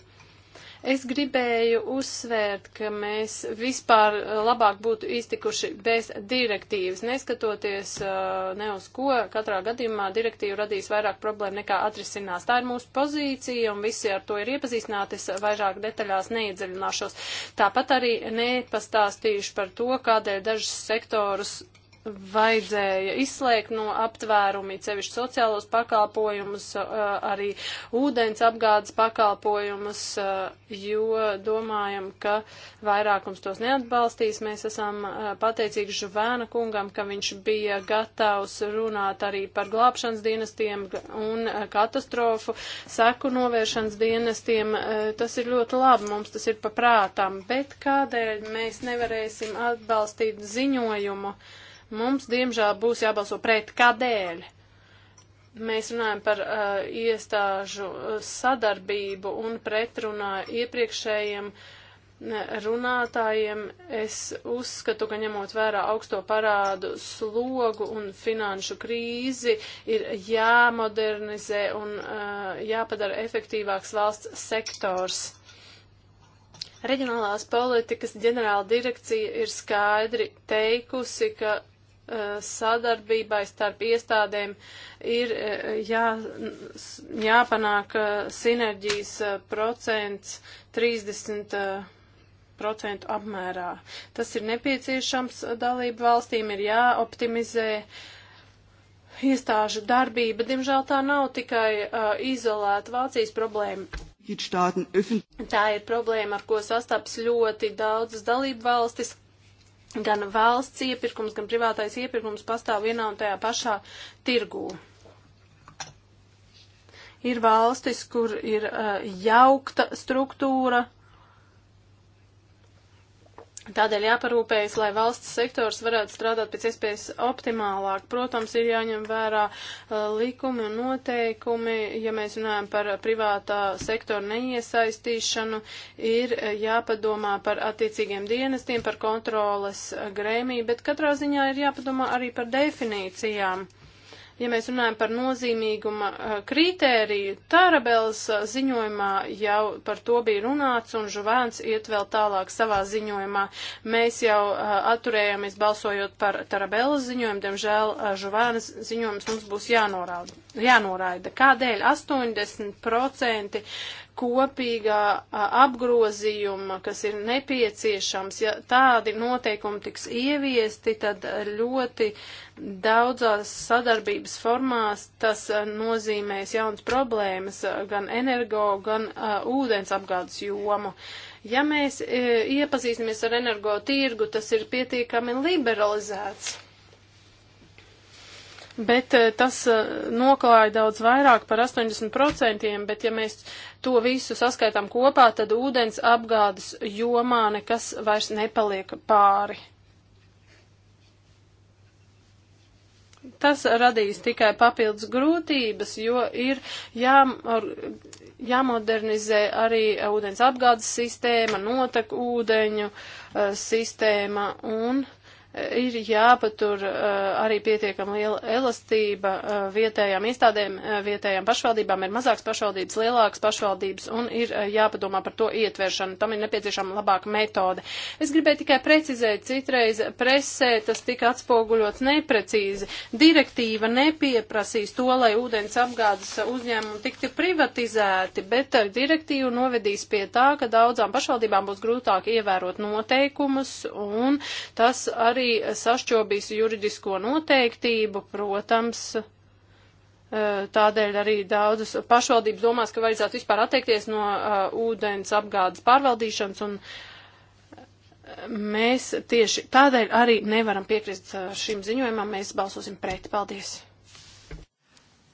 Es gribēju uzsvērt, ka mēs vispār eh, labāk būtu iztikuši bez direktīvas, neskatoties eh, ne uz ko, katrā gadījumā direktīva radīs vairāk problēmu nekā atrisinās. Tā ir mūsu pozīcija un visi ar to ir iepazīstināti, es vairāk detaļās neiedziļināšos. Tāpat arī nepastāstījuši par to, kādēļ dažas sektorus vajadzēja izslēgt no aptvērumi cevišķi sociālos pakalpojumus, arī ūdens apgādes pakalpojumus, jo domājam, ka vairākums tos neatbalstīs. Mēs esam pateicīgi Žuvēna kungam, ka viņš bija gatavs runāt arī par glābšanas dienestiem un katastrofu seku novēršanas dienestiem. Tas ir ļoti labi, mums tas ir paprātām, bet kādēļ mēs nevarēsim atbalstīt ziņojumu? Mums, diemžēl, būs jābalso pret. Kādēļ? Mēs runājam par uh, iestāžu uh, sadarbību un pretrunā iepriekšējiem uh, runātājiem, es uzskatu, ka ņemot vērā augsto parādu slogu un finanšu krīzi, ir jāmodernizē un uh, jāpadara efektīvāks valsts sektors. Reģionālās politikas ģenerāla direkcija ir skaidri teikusi, ka Uh, sadarbībai starp iestādēm ir uh, jā, jāpanāk uh, sinerģijas procents 30 procentu apmērā. Tas ir nepieciešams dalību valstīm, ir jāoptimizē iestāžu darbība. Diemžēl tā nav tikai uh, izolēta Vācijas problēma. Tā ir problēma, ar ko sastaps ļoti daudzas dalību valstis, gan valsts iepirkums, gan privātais iepirkums pastāv vienā un tajā pašā tirgū. Ir valstis, kur ir uh, jaukta struktūra, Tādēļ jāparūpējas, lai valsts sektors varētu strādāt pēc iespējas optimālāk. Protams, ir jāņem vērā uh, likumi un noteikumi. Ja mēs runājam par privātā sektora neiesaistīšanu, ir uh, jāpadomā par attiecīgiem dienestiem, par kontroles uh, grēmī, bet katrā ziņā ir jāpadomā arī par definīcijām. Ja mēs runājam par nozīmīguma eh, kritēriju, Tārabels eh, ziņojumā jau par to bija runāts, un Žuvēns iet vēl tālāk savā ziņojumā. Mēs jau eh, atturējāmies balsojot par Tārabela ziņojumu, diemžēl Žuvēnas ziņojums mums būs jānorāda. jānoraida. Kādēļ 80% kopīgā apgrozījuma, kas ir nepieciešams, ja tādi noteikumi tiks ieviesti, tad ļoti daudzās sadarbības formās tas nozīmēs jauns problēmas gan energo, gan uh, ūdens apgādes jomu. Ja mēs uh, e, iepazīsimies ar energo tirgu, tas ir pietiekami liberalizēts. Bet e, tas noklāja daudz vairāk par 80%, bet ja mēs to visu saskaitām kopā, tad ūdens apgādes jomā nekas vairs nepaliek pāri. Tas radīs tikai papildus grūtības, jo ir jā, jāmodernizē arī ūdens apgādes sistēma, notek ūdeņu eh, sistēma un. Uh, ir jāpatur uh, arī pietiekam liela elastība uh, vietējām iestādēm, uh, vietējām pašvaldībām, ir mazāks pašvaldības, lielāks pašvaldības un ir jāpadomā par to ietveršanu. Tam ir nepieciešama labāka metode. Es gribēju tikai precizēt, citreiz presē tas tika atspoguļots neprecīzi. Direktīva nepieprasīs to, lai ūdens apgādes uzņēmumi tiktu privatizēti, bet direktīva novedīs pie tā, ka daudzām pašvaldībām būs grūtāk ievērot noteikumus un tas arī arī sašķobīs juridisko noteiktību, protams, e, Tādēļ arī daudzas pašvaldības domās, ka vajadzētu vispār atteikties no uh, ūdens apgādes pārvaldīšanas, un mēs tieši tādēļ arī nevaram piekrist e, šim ziņojumam, mēs balsosim pret. Paldies!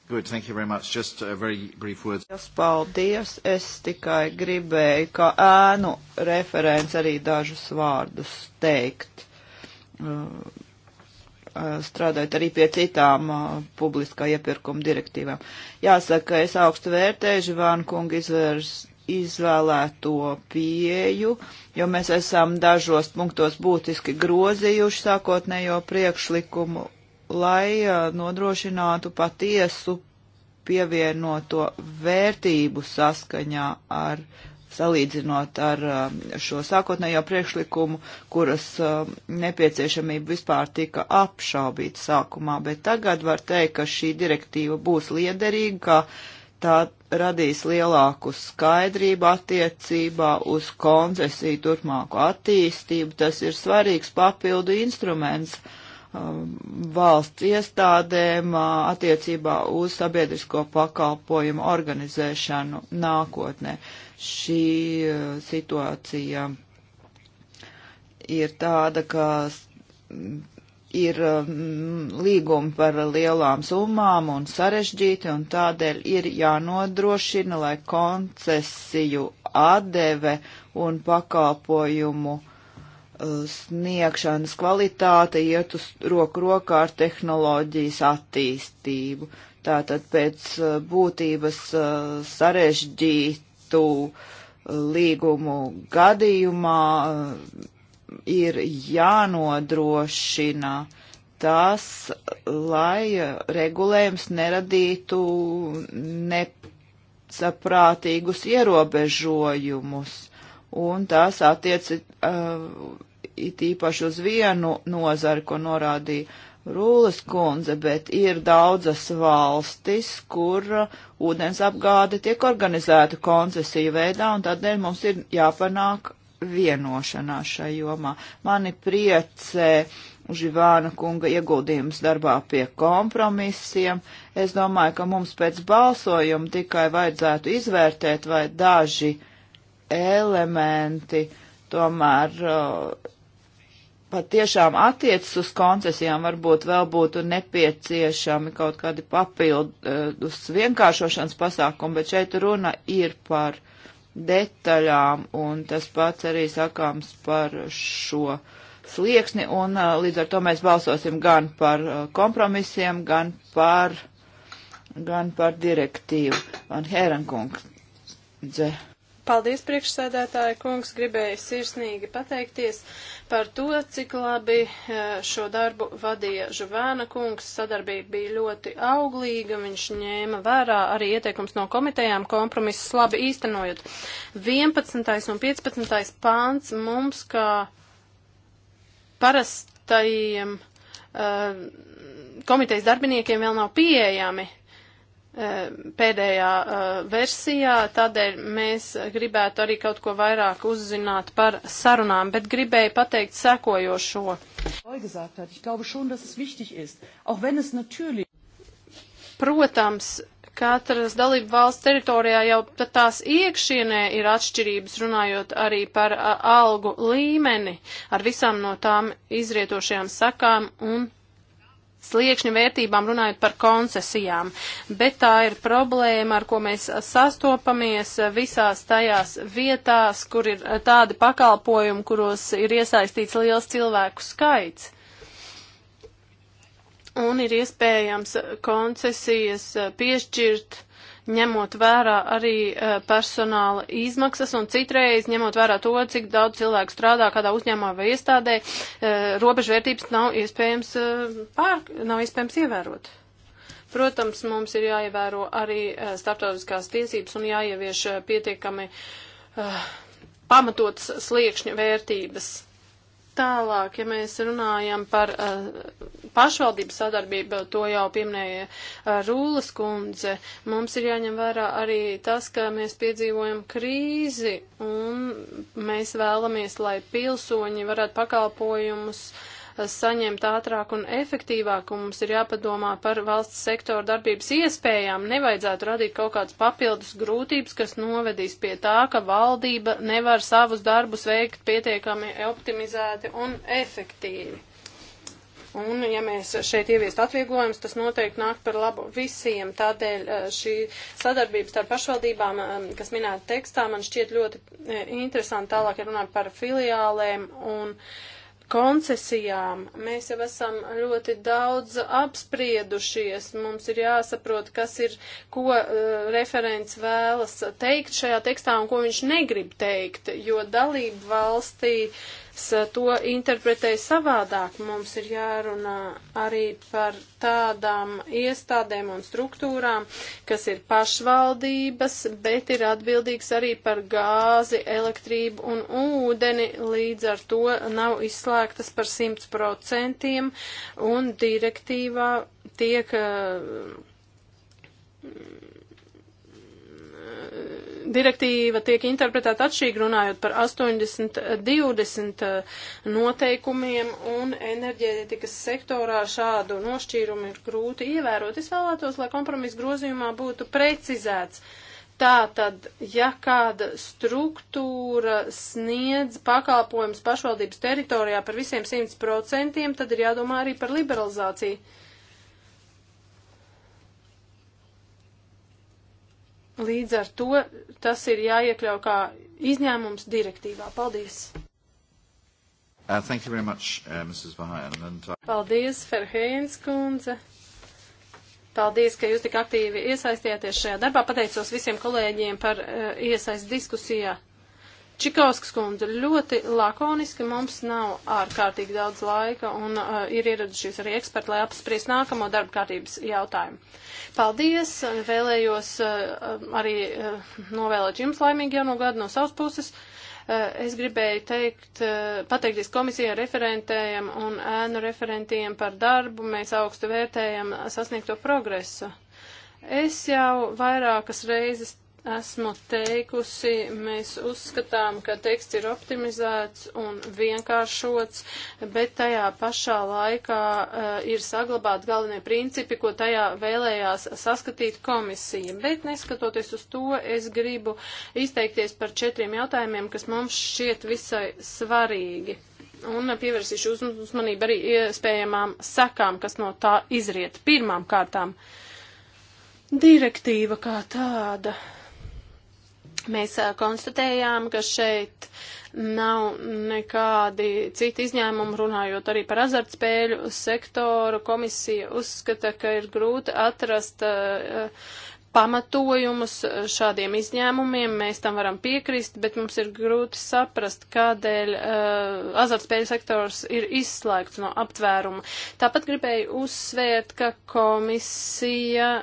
Good, thank you very much. Just a very brief words. Paldies. Es tikai gribēju, kā ēnu referents arī dažus vārdus teikt Uh, uh, strādājot arī pie citām uh, publiskā iepirkuma direktīvām. Jāsaka, es augstu vērtēju Živānu kungu izvērs, izvēlēto pieju, jo mēs esam dažos punktos būtiski grozījuši sākotnējo priekšlikumu, lai uh, nodrošinātu patiesu pievienoto vērtību saskaņā ar salīdzinot ar eh, šo sākotnējo priekšlikumu, kuras eh, nepieciešamība vispār tika apšaubīta sākumā, bet tagad var teikt, ka šī direktīva būs liederīga, tā radīs lielāku skaidrību attiecībā uz koncesiju turpmāku attīstību. Tas ir svarīgs papildu instruments eh, valsts iestādēm attiecībā uz sabiedrisko pakalpojumu organizēšanu nākotnē šī eh, situācija ir tāda, ka mm, ir mm, līgumi par lielām summām un sarežģīti, un tādēļ ir jānodrošina, lai koncesiju atdeve un pakalpojumu eh, sniegšanas kvalitāte iet uz roku rokā ar tehnoloģijas attīstību. Tātad pēc eh, būtības sarežģīt citu uh, līgumu gadījumā uh, ir jānodrošina tas, lai uh, regulējums neradītu nesaprātīgus ierobežojumus. Un tas attiec uh, it īpaši uz vienu nozari, ko norādīja Rūles kundze, bet ir daudzas valstis, kur uh, ūdens apgāde tiek organizēta koncesiju veidā, un tādēļ mums ir jāpanāk vienošanās šai jomā. Mani priecē Živāna kunga ieguldījums darbā pie kompromisiem. Es domāju, ka mums pēc balsojuma tikai vajadzētu izvērtēt, vai daži elementi tomēr uh, pat tiešām attiecas uz koncesijām, varbūt vēl būtu nepieciešami kaut kādi papildus eh, vienkāršošanas pasākumi, bet šeit runa ir par detaļām, un tas pats arī sakāms par šo slieksni, un eh, līdz ar to mēs balsosim gan par eh, kompromisiem, gan par, gan par direktīvu. Van Herenkungs. Paldies, priekšsēdētāja kungs, gribēju sirsnīgi pateikties par to, cik labi eh, šo darbu vadīja Žuvēna kungs. Sadarbība bija ļoti auglīga, viņš ņēma vērā arī ieteikums no komitejām, kompromisus labi īstenojot. 11. un 15. pāns mums kā parastajiem eh, komitejas darbiniekiem vēl nav pieejami. Eh, pēdējā eh, versijā, tādēļ mēs gribētu arī kaut ko vairāk uzzināt par sarunām, bet gribēju pateikt sekojošo. Protams, katras dalību valsts teritorijā jau tās iekšienē ir atšķirības, runājot arī par a, eh, algu līmeni, ar visām no tām izrietošajām sakām un sliekšņu vērtībām, runājot par koncesijām. Bet tā ir problēma, ar ko mēs sastopamies visās tajās vietās, kur ir tādi pakalpojumi, kuros ir iesaistīts liels cilvēku skaits. Un ir iespējams koncesijas piešķirt uh, ņemot vērā arī eh, personāla izmaksas un citreiz ņemot vērā to, cik daudz cilvēku strādā kādā uzņēmumā vai iestādē, eh, robežvērtības nav iespējams, eh, pār, nav iespējams ievērot. Protams, mums ir jāievēro arī starptautiskās tiesības un jāievieš pietiekami pamatotas sliekšņu vērtības. Tālāk, ja mēs runājam par uh, pašvaldību sadarbību, to jau pieminēja uh, Rūlas kundze, mums ir jāņem vērā arī tas, ka mēs piedzīvojam krīzi un mēs vēlamies, lai pilsoņi varētu pakalpojumus uh, saņemt ātrāk un efektīvāk, un mums ir jāpadomā par valsts sektora darbības iespējām. Nevajadzētu radīt kaut kādas papildus grūtības, kas novedīs pie tā, ka valdība nevar savus darbus veikt pietiekami optimizēti un efektīvi. Un, ja mēs šeit ieviest atvieglojumus, tas noteikti nāk par labu visiem. Tādēļ eh, šī sadarbības starp pašvaldībām, eh, kas minēta tekstā, man šķiet ļoti eh, interesanti. Tālāk ir runāt par filiālēm un uh, koncesijām mēs jau esam ļoti daudz apspriedušies. Mums ir jāsaprot, kas ir, ko uh, referents vēlas teikt šajā tekstā un ko viņš negrib teikt, jo dalību valstī uh, Eh, to interpretēja savādāk. Mums ir jārunā arī par tādām iestādēm un struktūrām, kas ir pašvaldības, bet ir atbildīgs arī par gāzi, elektrību un ūdeni. Līdz ar to nav izslēgtas par 100% un direktīvā tiek. Uh, direktīva tiek interpretēta atšķirīgi runājot par 80-20 eh, noteikumiem un enerģētikas sektorā šādu nošķīrumu ir grūti ievērot. Es vēlētos, lai kompromisa grozījumā būtu precizēts. Tā tad, ja kāda struktūra sniedz pakalpojums pašvaldības teritorijā par visiem 100%, tad ir jādomā arī par liberalizāciju Līdz ar to tas ir jāiekļau kā izņēmums direktīvā. Paldies! Uh, thank you very much, uh, Mrs. Verheyen. And, uh... Paldies, Ferhēns kundze. Paldies, ka jūs tik aktīvi iesaistījāties šajā darbā. Pateicos visiem kolēģiem par uh, iesaist diskusijā. Čikauskas kundze ļoti lakoniski, mums nav ārkārtīgi daudz laika un uh, ir ieradušies arī eksperti, lai apspriest nākamo darba kārtības jautājumu. Paldies, vēlējos uh, arī uh, novēlēt jums laimīgi jauno gadu no savas puses. Uh, es gribēju teikt, uh, pateikties komisijai referentējiem un ēnu referentiem par darbu. Mēs augstu vērtējam sasniegto progresu. Es jau vairākas reizes esmu teikusi, mēs uzskatām, ka teksts ir optimizēts un vienkāršots, bet tajā pašā laikā uh, ir saglabāti galvenie principi, ko tajā vēlējās saskatīt komisija. Bet neskatoties uz to, es gribu izteikties par četriem jautājumiem, kas mums šķiet visai svarīgi. Un pievērsīšu uzmanību arī iespējamām sekām, kas no tā izriet. Pirmām kārtām direktīva kā tāda Mēs konstatējām, ka šeit nav nekādi citi izņēmumi, runājot arī par azartspēļu sektoru. Komisija uzskata, ka ir grūti atrast uh, pamatojumus šādiem izņēmumiem. Mēs tam varam piekrist, bet mums ir grūti saprast, kādēļ uh, azartspēļu sektors ir izslēgts no aptvēruma. Tāpat gribēju uzsvērt, ka komisija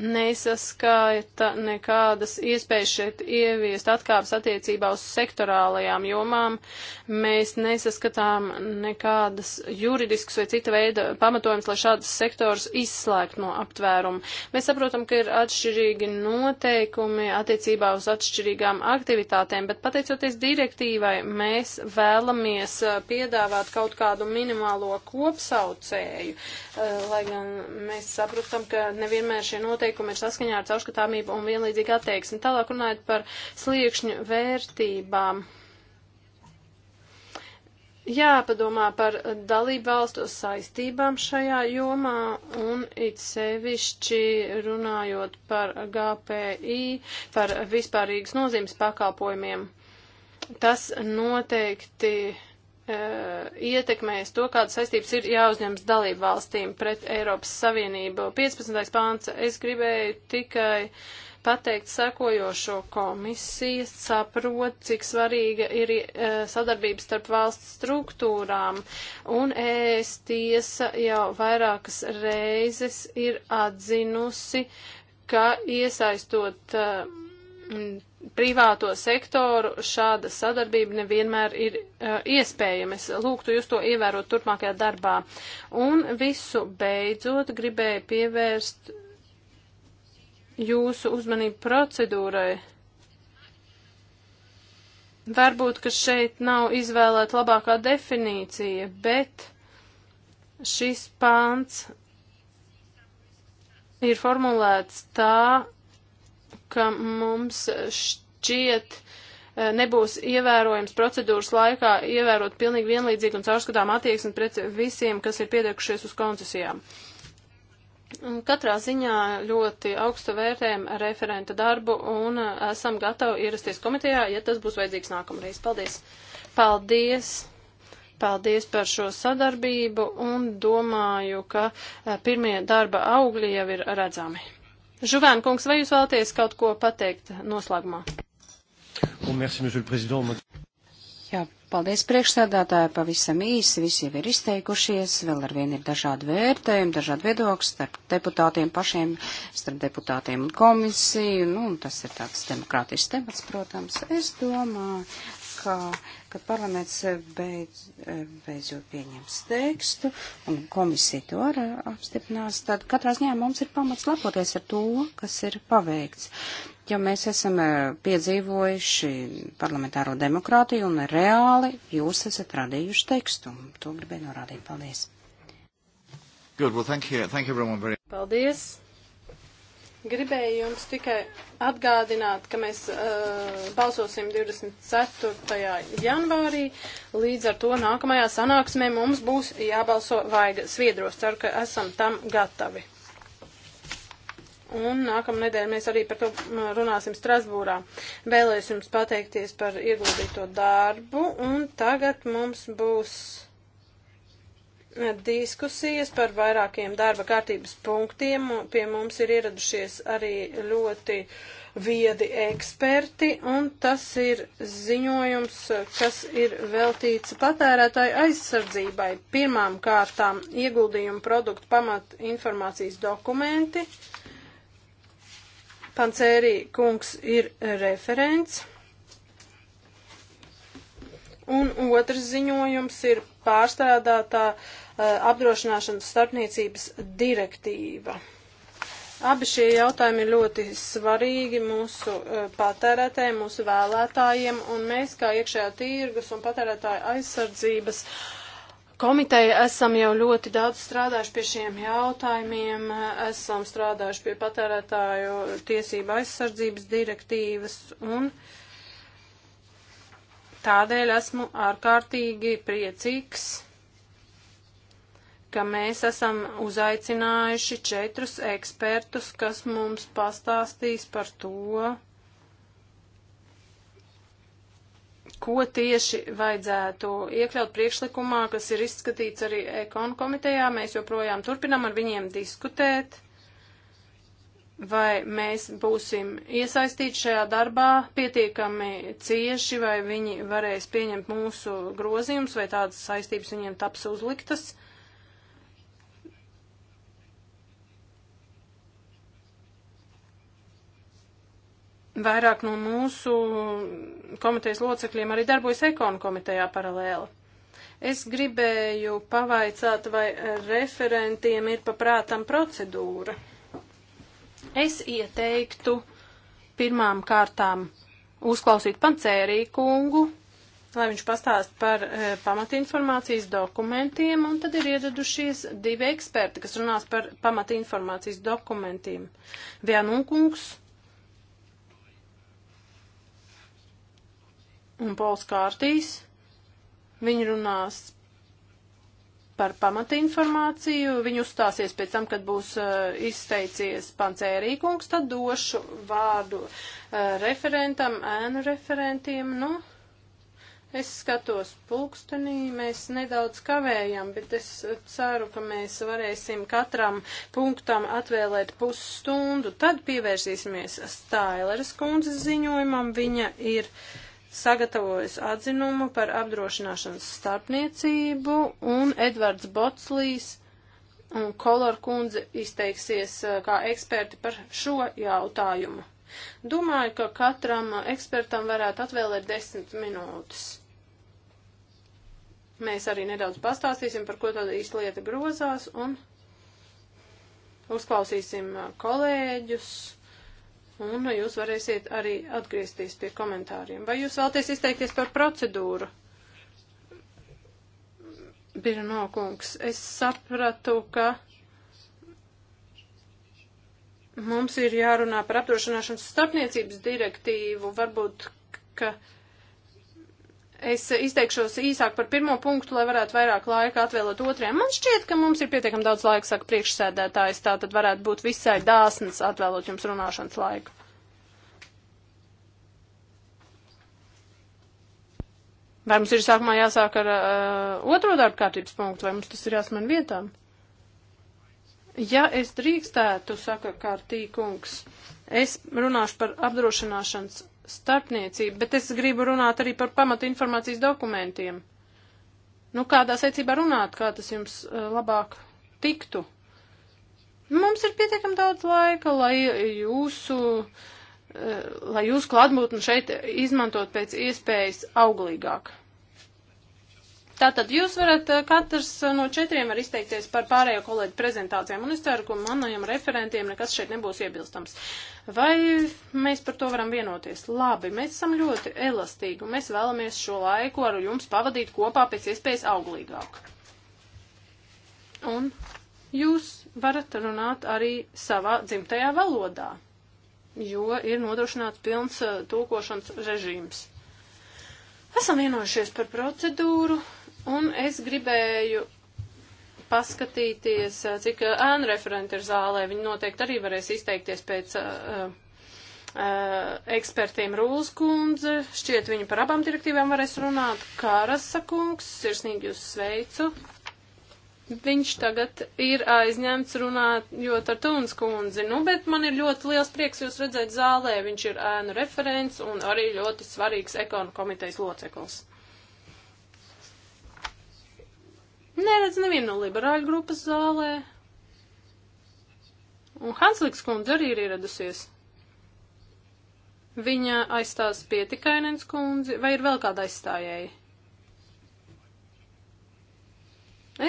nesaskaita nekādas iespējas šeit ieviest atkāpes attiecībā uz sektorālajām jomām. Mēs nesaskatām nekādas juridiskas vai cita veida pamatojums, lai šādas sektors izslēgt no aptvērumu. Mēs saprotam, ka ir atšķirīgi noteikumi attiecībā uz atšķirīgām aktivitātēm, bet pateicoties direktīvai, mēs vēlamies eh, piedāvāt kaut kādu minimālo kopsaucēju, eh, lai gan mēs saprotam, ka nevienmēr šie noteikumi noteikumi ir saskaņā ar caurskatāmību un vienlīdzīgu attieksmi. Tālāk runājot par sliekšņu vērtībām. Jāpadomā par dalību valstu saistībām šajā jomā un it sevišķi runājot par GPI, par vispārīgas nozīmes pakalpojumiem. Tas noteikti E, ietekmēs to, kādas saistības ir jāuzņems dalību valstīm pret Eiropas Savienību. 15. pāns. Es gribēju tikai pateikt sekojošo komisiju, saprot, cik svarīga ir e, sadarbības starp valsts struktūrām, un ES tiesa jau vairākas reizes ir atzinusi, ka iesaistot uh, Mm, privāto sektoru šāda sadarbība nevienmēr ir uh, iespējama. Es lūgtu jūs to ievērot turpmākajā darbā. Un visu beidzot gribēju pievērst jūsu uzmanību procedūrai. Varbūt, ka šeit nav izvēlēta labākā definīcija, bet šis pāns ir formulēts tā, ka mums šķiet e, nebūs ievērojams procedūras laikā ievērot pilnīgi vienlīdzīgu un caurskatām attieksmi pret visiem, kas ir piedekušies uz koncesijām. Katrā ziņā ļoti augstu vērtējam referenta darbu un e, esam gatavi ierasties komitejā, ja tas būs vajadzīgs nākamreiz. Paldies! Paldies! Paldies par šo sadarbību un domāju, ka e, pirmie darba augļi jau ir redzami. Žuvēn kungs, vai jūs vēlaties kaut ko pateikt noslēgumā? Un merci, monsieur le président. Jā, paldies priekšsēdētāji, pavisam īsi, visi jau ir izteikušies, vēl ar vienu ir dažādi vērtējumi, dažādi viedokļi starp deputātiem pašiem, starp deputātiem un komisiju, nu, un tas ir tāds demokrātisks temats, protams. Es domāju, ka kad parlaments eh, beidz, eh, beidzot pieņems tekstu un komisija to arī eh, apstiprinās, tad katrā ziņā mums ir pamats lepoties ar to, kas ir paveikts. Jo mēs esam piedzīvojuši parlamentāro demokrātiju un reāli jūs esat radījuši tekstu. To gribēju norādīt. Paldies. Good, well, thank you. Thank you very... Paldies. Gribēju jums tikai atgādināt, ka mēs uh, balsosim 24. janvārī, līdz ar to nākamajā sanāksmē mums būs jābalso vaiga sviedros. Ceru, ka esam tam gatavi. Un nākamnedēļ mēs arī par to runāsim Strasbūrā. Vēlēs jums pateikties par ieguldīto darbu, un tagad mums būs diskusijas par vairākiem darba kārtības punktiem. Pie mums ir ieradušies arī ļoti viedi eksperti, un tas ir ziņojums, kas ir veltīts patērētāju aizsardzībai. Pirmām kārtām ieguldījumu produktu pamat informācijas dokumenti. Pancērī kungs ir referents. Un otrs ziņojums ir pārstrādātā Eh, apdrošināšanas starpniecības direktīva. Abi šie jautājumi ir ļoti svarīgi mūsu eh, patērētājiem, mūsu vēlētājiem, un mēs kā iekšējā tirgus un patērētāja aizsardzības komiteja esam jau ļoti daudz strādājuši pie šiem jautājumiem, esam strādājuši pie patērētāju tiesību aizsardzības direktīvas un tādēļ esmu ārkārtīgi priecīgs ka mēs esam uzaicinājuši četrus ekspertus, kas mums pastāstīs par to, ko tieši vajadzētu iekļaut priekšlikumā, kas ir izskatīts arī ekonu komitejā. Mēs joprojām turpinām ar viņiem diskutēt, vai mēs būsim iesaistīti šajā darbā pietiekami cieši, vai viņi varēs pieņemt mūsu grozījumus, vai tādas saistības viņiem taps uzliktas. Vairāk no mūsu komitejas locekļiem arī darbojas ekonu komitejā paralēli. Es gribēju pavaicāt, vai referentiem ir paprātam procedūra. Es ieteiktu pirmām kārtām uzklausīt pancērī kungu, lai viņš pastāst par e, pamatinformācijas dokumentiem, un tad ir ieradušies divi eksperti, kas runās par pamatinformācijas dokumentiem. Vienu kungs un Pols Kārtīs. Viņi runās par pamatinformāciju. Viņi uzstāsies pēc tam, kad būs uh, izteicies pancērīkungs, tad došu vārdu uh, referentam, ēnu referentiem. Nu, es skatos pulkstenī, mēs nedaudz kavējam, bet es ceru, ka mēs varēsim katram punktam atvēlēt pusstundu. Tad pievērsīsimies Staileres kundzes ziņojumam. Viņa ir. Uh, sagatavojas atzinumu par apdrošināšanas starpniecību, un Edvards Botslīs un Kolor kundze izteiksies eh, kā eksperti par šo jautājumu. Domāju, ka katram eh, ekspertam varētu atvēlēt desmit minūtes. Mēs arī nedaudz pastāstīsim, par ko tad īsti lieta grozās, un uzklausīsim eh, kolēģus un jūs varēsiet arī atgriezties pie komentāriem. Vai jūs vēlaties izteikties par procedūru? Birno kungs, es sapratu, ka mums ir jārunā par apdrošināšanas starpniecības direktīvu, varbūt, ka Es izteikšos īsāk par pirmo punktu, lai varētu vairāk laika atvēlēt otriem. Man šķiet, ka mums ir pietiekami daudz laika, saka priekšsēdētājs, tā tad varētu būt visai dāsnas atvēlot jums runāšanas laiku. Vai mums ir sākumā jāsāk ar uh, otro darba kārtības punktu, vai mums tas ir jāsman vietām? Ja es drīkstētu, saka kārtīkungs, es runāšu par apdrošināšanas starpniecību, bet es gribu runāt arī par pamatu informācijas dokumentiem. Nu, kādā secībā runāt, kā tas jums eh, labāk tiktu? Mums ir pietiekami daudz laika, lai jūsu, eh, lai jūsu klātbūtni šeit izmantot pēc iespējas auglīgāk. Tātad jūs varat eh, katrs eh, no četriem var izteikties par pārējo kolēģu prezentācijām, un es ceru, ka manajiem referentiem nekas šeit nebūs iebilstams. Vai mēs par to varam vienoties? Labi, mēs esam ļoti elastīgi, un mēs vēlamies šo laiku ar jums pavadīt kopā pēc iespējas auglīgāk. Un jūs varat runāt arī savā dzimtajā valodā, jo ir nodrošināts pilns eh, tūkošanas režīms. Esam vienojušies par procedūru, Un es gribēju paskatīties, cik ēnu referenti ir zālē. Viņi noteikti arī varēs izteikties pēc uh, uh, ekspertiem Rūlas kundze. Šķiet, viņi par abām direktīvām varēs runāt. Kārasa kungs, sirsnīgi jūs sveicu. Viņš tagad ir aizņemts runājot ar Tunas kundzi, nu, bet man ir ļoti liels prieks jūs redzēt zālē. Viņš ir ēnu referents un arī ļoti svarīgs ekonu komitejas loceklis. Neredz nevienu no liberāļu grupas zālē. Un Hanslīks kundze arī ir ieradusies. Viņa aizstās pietikainens kundzi, vai ir vēl kāda aizstājēja?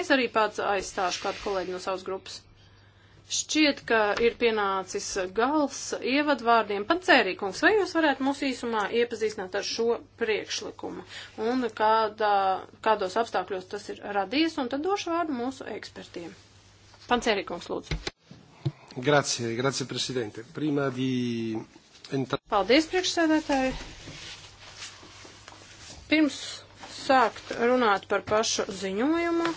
Es arī pats aizstāšu kādu kolēģi no savas grupas. Šķiet, ka ir pienācis gals ievadvārdiem. Pat cērīkums, vai jūs varētu mūs īsumā iepazīstināt ar šo priekšlikumu un kādā, kādos apstākļos tas ir radies, un tad došu vārdu mūsu ekspertiem. Pancērīkums, lūdzu. Grazie, grazie, prezidente. Prima di... Entra... Paldies, priekšsēdētāji. Pirms sākt runāt par pašu ziņojumu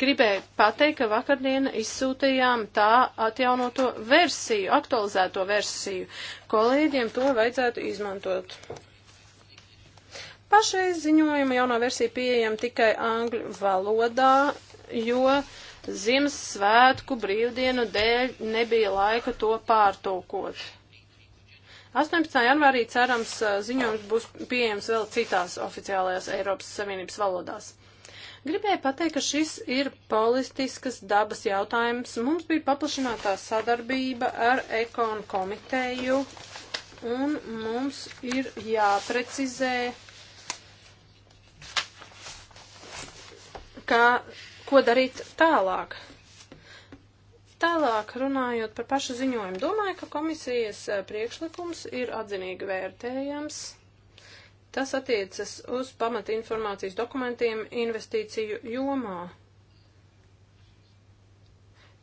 Gribēju pateikt, ka vakardiena izsūtījām tā atjaunoto versiju, aktualizēto versiju. Kolēģiem to vajadzētu izmantot. Pašreiz ziņojuma jaunā versija pieejama tikai angļu valodā, jo Ziemassvētku brīvdienu dēļ nebija laika to pārtulkot. 18. janvārī cerams ziņojums būs pieejams vēl citās oficiālajās Eiropas Savienības valodās. Gribēju pateikt, ka šis ir politiskas dabas jautājums. Mums bija paplašinātā sadarbība ar ekonu komiteju, un mums ir jāprecizē, kā, ko darīt tālāk. Tālāk runājot par pašu ziņojumu, domāju, ka komisijas eh, priekšlikums ir atzinīgi vērtējams. Tas attiecas uz pamata informācijas dokumentiem investīciju jomā.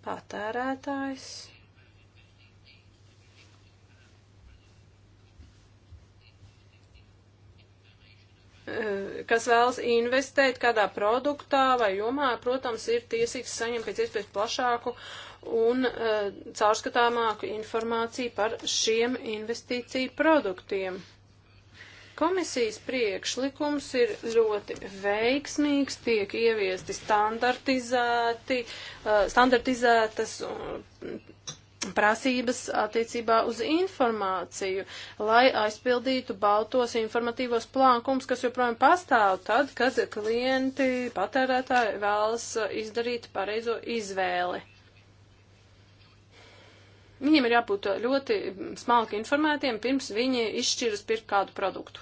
Patērētājs. kas vēlas investēt kādā produktā vai jomā, protams, ir tiesīgs saņemt pēc iespējas plašāku un uh, caurskatāmāku informāciju par šiem investīciju produktiem. Komisijas priekšlikums ir ļoti veiksmīgs, tiek ieviesti standartizēti, uh, standartizētas uh, prasības attiecībā uz informāciju, lai aizpildītu baltos informatīvos plānkums, kas joprojām pastāv tad, kad klienti, patērētāji vēlas izdarīt pareizo izvēli. Viņiem ir jābūt uh, ļoti mm, smalki informētiem, pirms viņi izšķiras pirkt kādu produktu.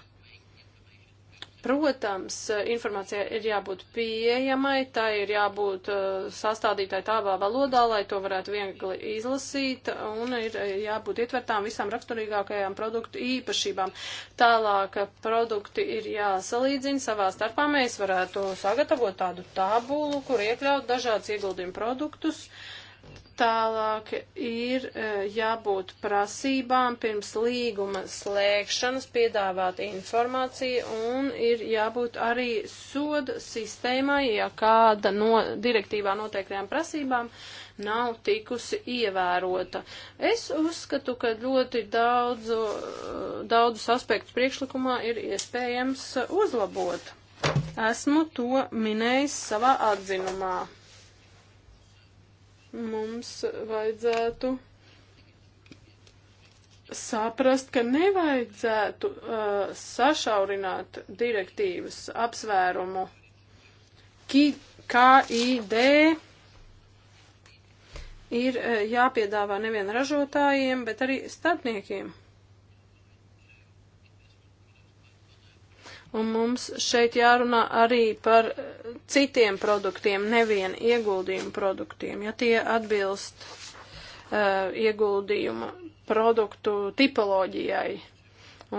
Protams, uh, informācija ir jābūt pieejamai, tā ir jābūt uh, sastādītāji tādā valodā, lai to varētu viegli izlasīt, un ir jābūt ietvertām visām raksturīgākajām produktu īpašībām. Tālāk produkti ir jāsalīdzina savā starpā. Mēs varētu sagatavot tādu tabulu, kur iekļaut dažādas ieguldījumu produktus. Uh, Tālāk ir e, jābūt prasībām pirms līguma slēgšanas piedāvāt informāciju un ir jābūt arī soda sistēmai, ja kāda no direktīvā noteiktajām prasībām nav tikusi ievērota. Es uzskatu, ka ļoti daudzu, daudzus aspektus priekšlikumā ir iespējams uzlabot. Esmu to minējis savā atzinumā mums vajadzētu saprast, ka nevajadzētu uh, sašaurināt direktīvas apsvērumu Ki, KID. Ir uh, jāpiedāvā nevien ražotājiem, bet arī starpniekiem. Un mums šeit jārunā arī par citiem produktiem, nevien ieguldījumu produktiem, ja tie atbilst uh, eh, ieguldījumu produktu tipoloģijai.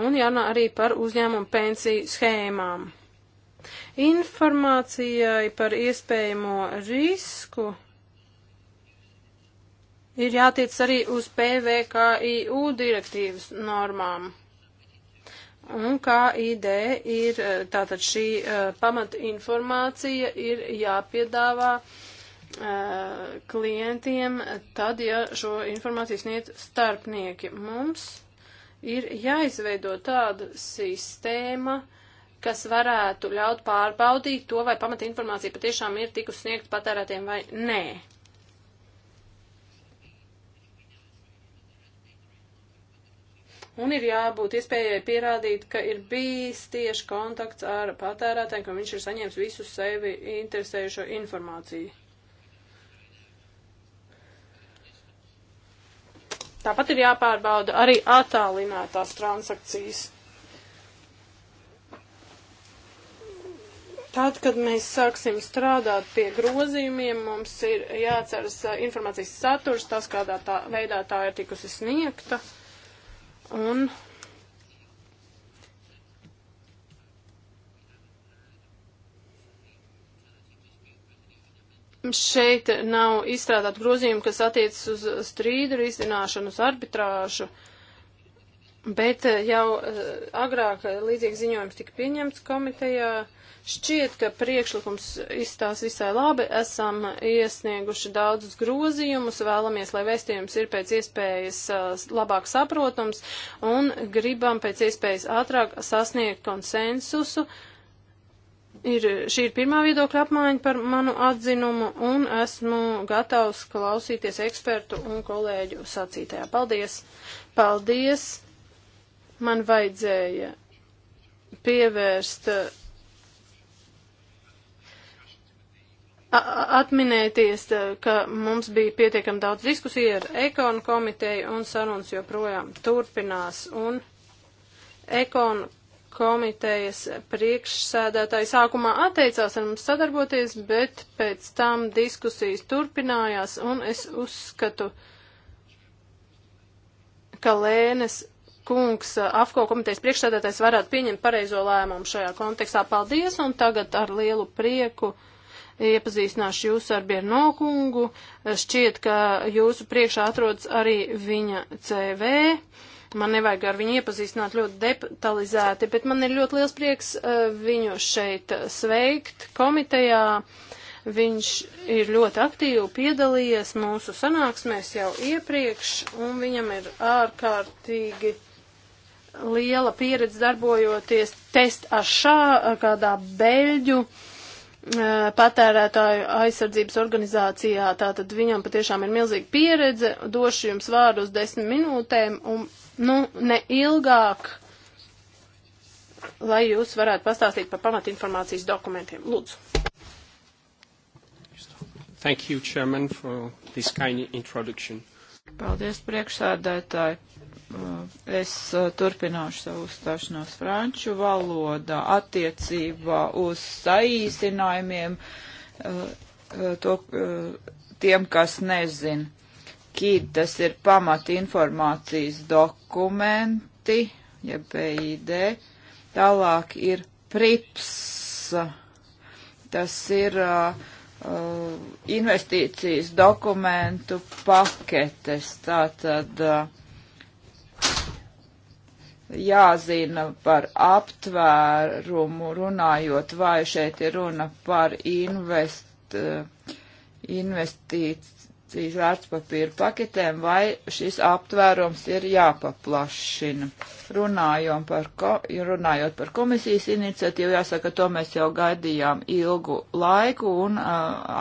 Un jārunā arī par uzņēmumu pensiju schēmām. Informācijai par iespējamo risku ir jātiec arī uz PVKIU direktīvas normām. Un kā ideja ir, eh, tātad šī uh, eh, pamata informācija ir jāpiedāvā uh, klientiem, tad, ja šo informāciju sniedz starpnieki. Mums ir jāizveido tāda sistēma, kas varētu ļaut pārbaudīt to, vai pamata informācija patiešām ir tikus sniegt patērētiem vai nē. un ir jābūt iespējai pierādīt, ka ir bijis tieši kontakts ar patērētājiem, ka viņš ir saņēmis visu sevi interesējušo informāciju. Tāpat ir jāpārbauda arī attālinātās transakcijas. Tad, kad mēs sāksim strādāt pie grozījumiem, mums ir jāceras informācijas saturs, tas, kādā tā veidā tā ir tikusi sniegta. Uh, un šeit nav izstrādāt grozījumu, kas attiecas uz strīdu risināšanu, uz arbitrāžu. Uh, Bet eh, jau eh, agrāk līdzīgs ziņojums tika pieņemts komitejā. Šķiet, ka priekšlikums izstās visai labi. Esam iesnieguši daudzus grozījumus, vēlamies, lai vēstījums ir pēc iespējas eh, labāk saprotams un gribam pēc iespējas ātrāk sasniegt konsensusu. Ir, šī ir pirmā viedokļa apmaiņa par manu atzinumu un esmu gatavs klausīties ekspertu un kolēģu sacītajā. Paldies! Paldies! Man vajadzēja pievērst atminēties, ka mums bija pietiekami daudz diskusiju ar ekonu komiteju un sarunas joprojām turpinās. Un ekonu komitejas priekšsēdētāji sākumā atteicās ar mums sadarboties, bet pēc tam diskusijas turpinājās un es uzskatu, ka Lēnes kungs, eh, AFCO komitejas priekšsēdētājs varētu pieņemt pareizo lēmumu šajā kontekstā. Paldies, un tagad ar lielu prieku iepazīstināšu jūs ar Bierno kungu. Eh, šķiet, ka jūsu priekšā atrodas arī viņa CV. Man nevajag ar viņu iepazīstināt ļoti detalizēti, bet man ir ļoti liels prieks eh, viņu šeit sveikt komitejā. Viņš ir ļoti aktīvi piedalījies mūsu sanāksmēs jau iepriekš, un viņam ir ārkārtīgi liela pieredze darbojoties test ašā, kādā beļģu patērētāju aizsardzības organizācijā, tātad viņam patiešām ir milzīga pieredze, došu jums vārdu uz desmit minūtēm un, nu, ne ilgāk, lai jūs varētu pastāstīt par pamatinformācijas dokumentiem. Lūdzu. Thank you, Chairman, for this kind introduction. Paldies, priekšsādētāji, Uh, es uh, turpināšu savu uzstāšanos franču valodā attiecībā uz saīsinājumiem uh, to, tiem, kas nezin. KID tas ir pamati informācijas dokumenti, ja PID. Tālāk ir PRIPS. Tas ir uh, investīcijas dokumentu paketes. Tātad uh, jāzina par aptvērumu, runājot, vai šeit ir runa par invest, eh, investīcijas vērtspapīru paketēm, vai šis aptvērums ir jāpaplašina. Runājot par, ko, runājot par komisijas iniciatīvu, jāsaka, to mēs jau gaidījām ilgu laiku un uh,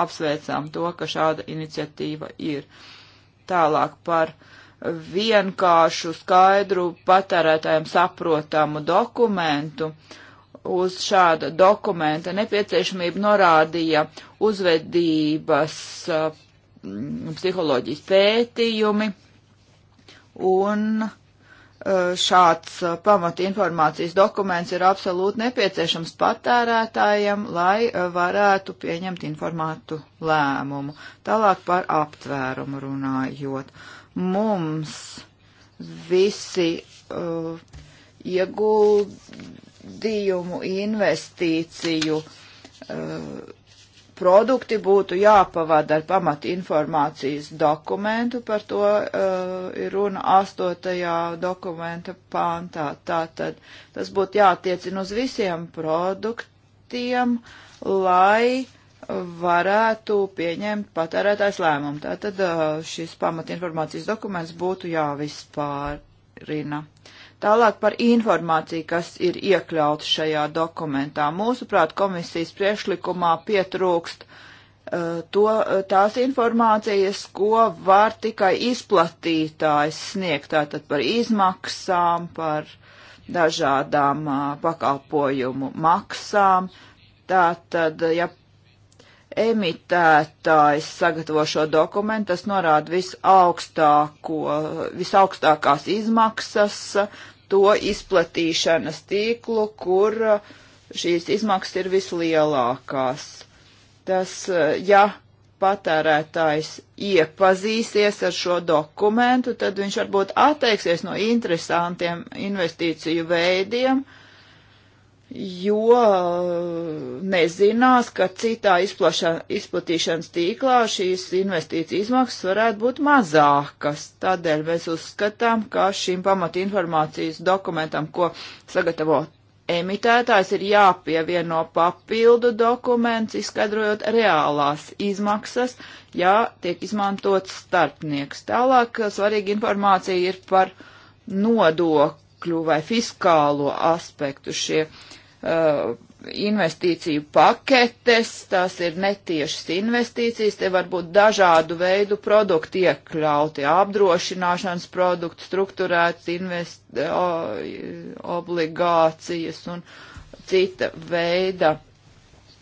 apsveicām to, ka šāda iniciatīva ir. Tālāk par uh, vienkāršu, skaidru, patērētājiem saprotamu dokumentu. Uz šāda dokumenta nepieciešamību norādīja uzvedības psiholoģijas pētījumi un šāds pamatinformācijas dokuments ir absolūti nepieciešams patērētājiem, lai varētu pieņemt informātu lēmumu. Tālāk par aptvērumu runājot. Uh, mums visi uh, ieguldījumu investīciju uh, produkti būtu jāpavada ar pamat informācijas dokumentu, par to uh, ir runa 8. dokumenta pāntā. Tātad tas būtu jātiecina uz visiem produktiem, lai uh, varētu pieņemt patērētājs lēmumu. Tātad uh, šis pamatinformācijas dokuments būtu jāvispārina. Tālāk par informāciju, kas ir iekļauts šajā dokumentā. Mūsuprāt, komisijas priešlikumā pietrūkst uh, to, tās informācijas, ko var tikai izplatītājs sniegt, tātad par izmaksām, par dažādām uh, pakalpojumu maksām. Tātad, ja emitētājs sagatavo šo dokumentu, tas norāda visaugstāko, visaugstākās izmaksas to izplatīšanas tīklu, kur uh, šīs izmaksas ir vislielākās. Tas, uh, ja patērētājs iepazīsies ar šo dokumentu, tad viņš varbūt atteiksies no interesantiem investīciju veidiem, uh, jo uh, nezinās, ka citā izplaša, izplatīšanas tīklā šīs investīcijas izmaksas varētu būt mazākas. Tādēļ mēs uzskatām, ka šim pamata informācijas dokumentam, ko sagatavo emitētājs, ir jāpievieno papildu dokuments, izskaidrojot reālās izmaksas, ja tiek izmantots starpnieks. Tālāk uh, svarīga informācija ir par nodokļu vai fiskālo aspektu šie uh, uh, investīciju paketes, tās ir netiešas investīcijas, te var būt dažādu veidu produkti iekļauti, apdrošināšanas produkti, struktūrētas invest, o, uh, obligācijas un cita veida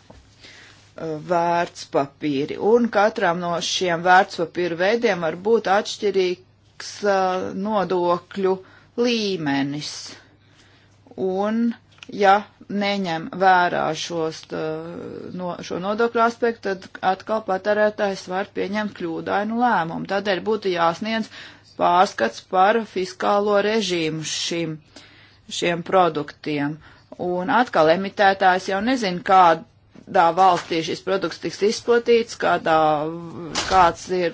uh, vērtspapīri. Un katram no šiem vērtspapīru veidiem var būt atšķirīgs uh, nodokļu līmenis. Un, ja neņem vērā šos, no, šo nodokļu aspektu, tad atkal patērētājs var pieņemt kļūdainu lēmumu. Tādēļ būtu jāsniedz pārskats par fiskālo režīmu šim, šiem produktiem. Un atkal emitētājs jau nezina, kāda kādā valstī šis produkts tiks izplatīts, kādā, kāds ir,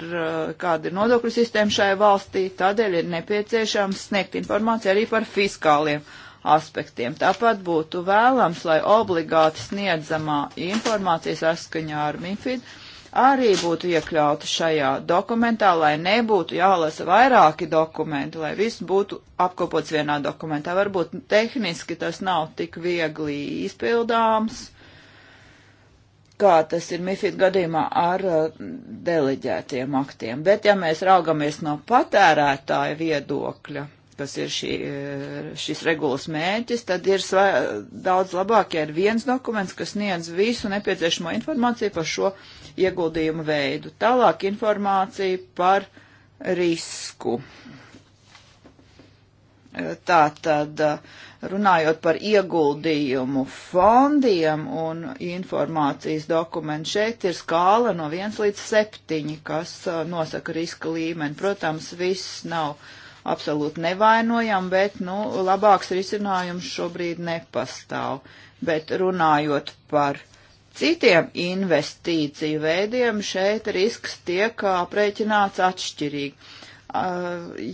kāda ir nodokļu sistēma šai valstī. Tādēļ ir nepieciešams sniegt informāciju arī par fiskāliem aspektiem. Tāpat būtu vēlams, lai obligāti sniedzamā informācija saskaņā ar MIFID arī būtu iekļauta šajā dokumentā, lai nebūtu jālasa vairāki dokumenti, lai viss būtu apkopots vienā dokumentā. Varbūt tehniski tas nav tik viegli izpildāms, kā tas ir MIFID gadījumā ar uh, deleģētiem aktiem. Bet ja mēs raugamies no patērētāja viedokļa, kas ir šī, eh, šis regulas mērķis, tad ir svē, daudz labāk, ja ir viens dokuments, kas sniedz visu nepieciešamo informāciju par šo ieguldījumu veidu. Tālāk informācija par risku. Eh, Tātad, eh, runājot par ieguldījumu fondiem un informācijas dokumentu, šeit ir skāla no 1 līdz 7, kas nosaka riska līmeni. Protams, viss nav uh, absolūti nevainojam, bet, nu, labāks risinājums šobrīd nepastāv. Bet runājot par citiem investīciju veidiem, šeit risks tiek aprēķināts atšķirīgi.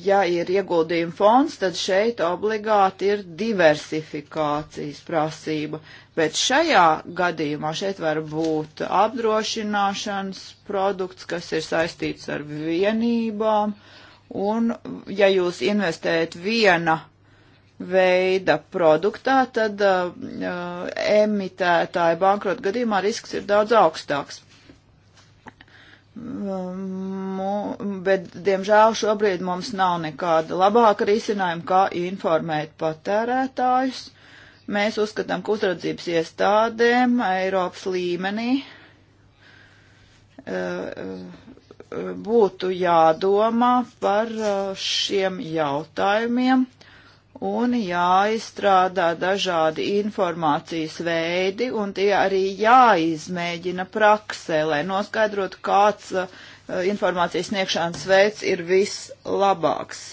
Ja ir ieguldījuma fonds, tad šeit obligāti ir diversifikācijas prasība, bet šajā gadījumā šeit var būt apdrošināšanas produkts, kas ir saistīts ar vienībām, uh, Un, ja jūs investējat viena veida produktā, tad uh, uh emitētāja bankrota gadījumā risks ir daudz augstāks. Um, bet, diemžēl, šobrīd mums nav nekāda labāka risinājuma, kā informēt patērētājus. Mēs uzskatām, ka uzraudzības iestādēm Eiropas līmenī uh, uh būtu jādomā par uh, šiem jautājumiem un jāizstrādā dažādi informācijas veidi, un tie arī jāizmēģina praksē, lai noskaidrotu, kāds uh, informācijas sniegšanas veids ir vislabāks.